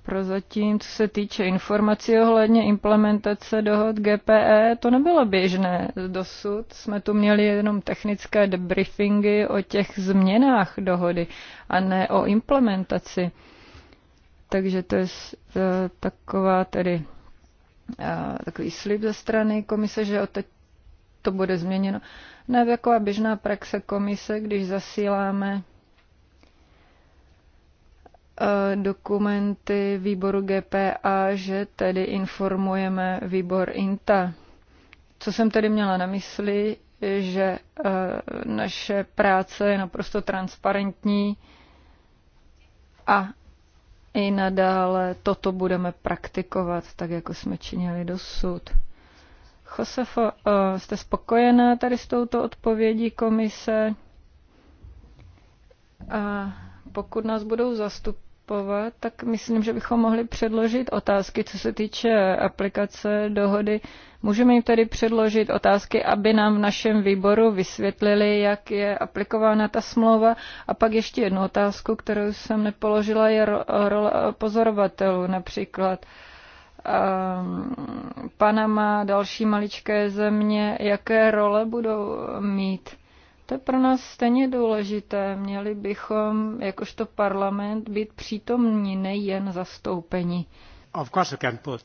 Prozatím, co se týče informací ohledně implementace dohod GPE, to nebylo běžné dosud. Jsme tu měli jenom technické debriefingy o těch změnách dohody a ne o implementaci. Takže to je e, taková tedy e, takový slib ze strany komise, že teď to bude změněno. Ne, taková běžná praxe komise, když zasíláme Eh, dokumenty výboru GPA, že tedy informujeme výbor INTA. Co jsem tedy měla na mysli, že eh, naše práce je naprosto transparentní a i nadále toto budeme praktikovat, tak jako jsme činili dosud. Josefo, eh, jste spokojená tady s touto odpovědí komise? A pokud nás budou zastupovat, tak myslím, že bychom mohli předložit otázky, co se týče aplikace dohody. Můžeme jim tedy předložit otázky, aby nám v našem výboru vysvětlili, jak je aplikována ta smlouva. A pak ještě jednu otázku, kterou jsem nepoložila, je role pozorovatelů například. Ehm, Panama, další maličké země, jaké role budou mít. To je pro nás stejně důležité. Měli bychom, jakožto parlament, být přítomní, nejen zastoupení. Of course can put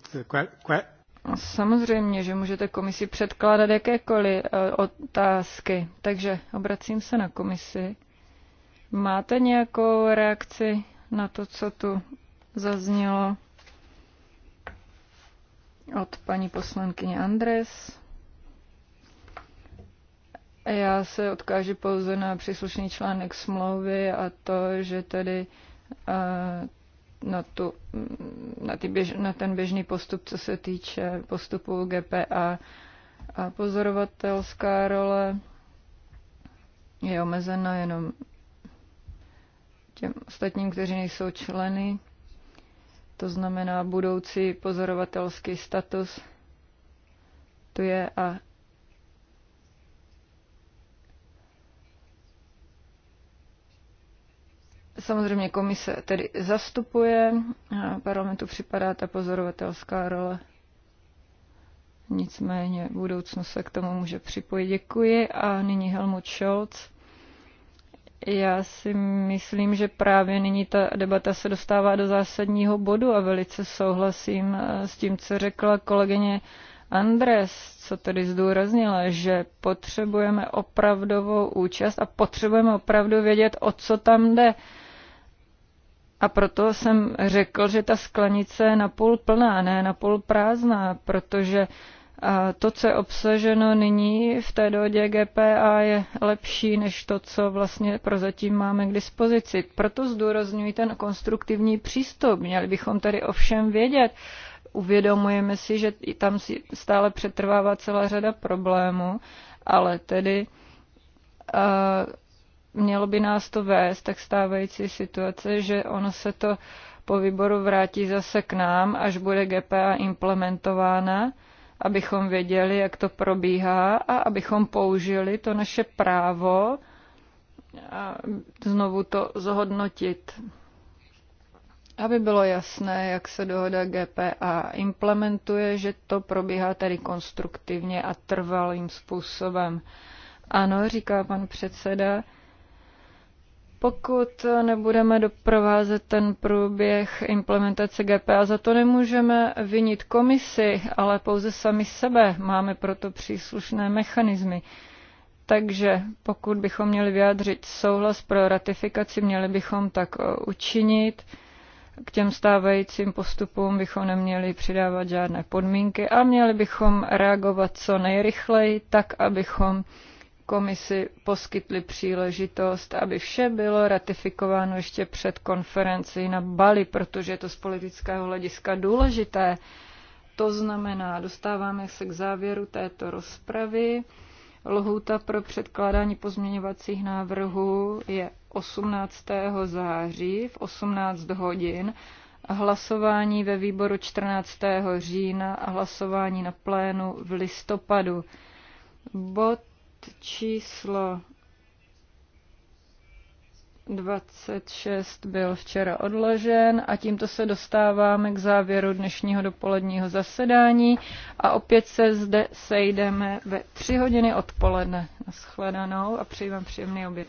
Samozřejmě, že můžete komisi předkládat jakékoliv eh, otázky. Takže obracím se na komisi. Máte nějakou reakci na to, co tu zaznělo od paní poslankyně Andres? Já se odkážu pouze na příslušný článek smlouvy a to, že tedy na, tu, na, ty běž, na ten běžný postup, co se týče postupu GPA a pozorovatelská role je omezena jenom těm ostatním, kteří nejsou členy. To znamená budoucí pozorovatelský status. To je a Samozřejmě komise tedy zastupuje, eh, parlamentu připadá ta pozorovatelská role. Nicméně v budoucnu se k tomu může připojit. Děkuji. A nyní Helmut Scholz. Já si myslím, že právě nyní ta debata se dostává do zásadního bodu a velice souhlasím eh, s tím, co řekla kolegyně Andres, co tedy zdůraznila, že potřebujeme opravdovou účast a potřebujeme opravdu vědět, o co tam jde. A proto jsem řekl, že ta sklenice je napůl plná, ne napůl prázdná, protože to, co je obsaženo nyní v té dohodě GPA, je lepší než to, co vlastně prozatím máme k dispozici. Proto zdůrazňuji ten konstruktivní přístup. Měli bychom tady ovšem vědět. Uvědomujeme si, že i tam stále přetrvává celá řada problémů, ale tedy mělo by nás to vést, tak stávající situace, že ono se to po výboru vrátí zase k nám, až bude GPA implementována, abychom věděli, jak to probíhá a abychom použili to naše právo a znovu to zhodnotit. Aby bylo jasné, jak se dohoda GPA implementuje, že to probíhá tedy konstruktivně a trvalým způsobem. Ano, říká pan předseda, pokud nebudeme doprovázet ten průběh implementace GPA, za to nemůžeme vinit komisi, ale pouze sami sebe. Máme proto příslušné mechanismy. Takže pokud bychom měli vyjádřit souhlas pro ratifikaci, měli bychom tak eh, učinit. K těm stávajícím postupům bychom neměli přidávat žádné podmínky a měli bychom reagovat co nejrychleji, tak abychom komisi poskytli příležitost, aby vše bylo ratifikováno ještě před konferenci na Bali, protože je to z politického hlediska důležité. To znamená, dostáváme se k závěru této rozpravy. Lhůta pro předkládání pozměňovacích návrhů je 18. září v 18 hodin, hlasování ve výboru 14. října a hlasování na plénu v listopadu. Bod číslo 26 byl včera odložen a tímto se dostáváme k závěru dnešního dopoledního zasedání a opět se zde sejdeme ve 3 hodiny odpoledne. Naschledanou a přeji vám příjemný oběd.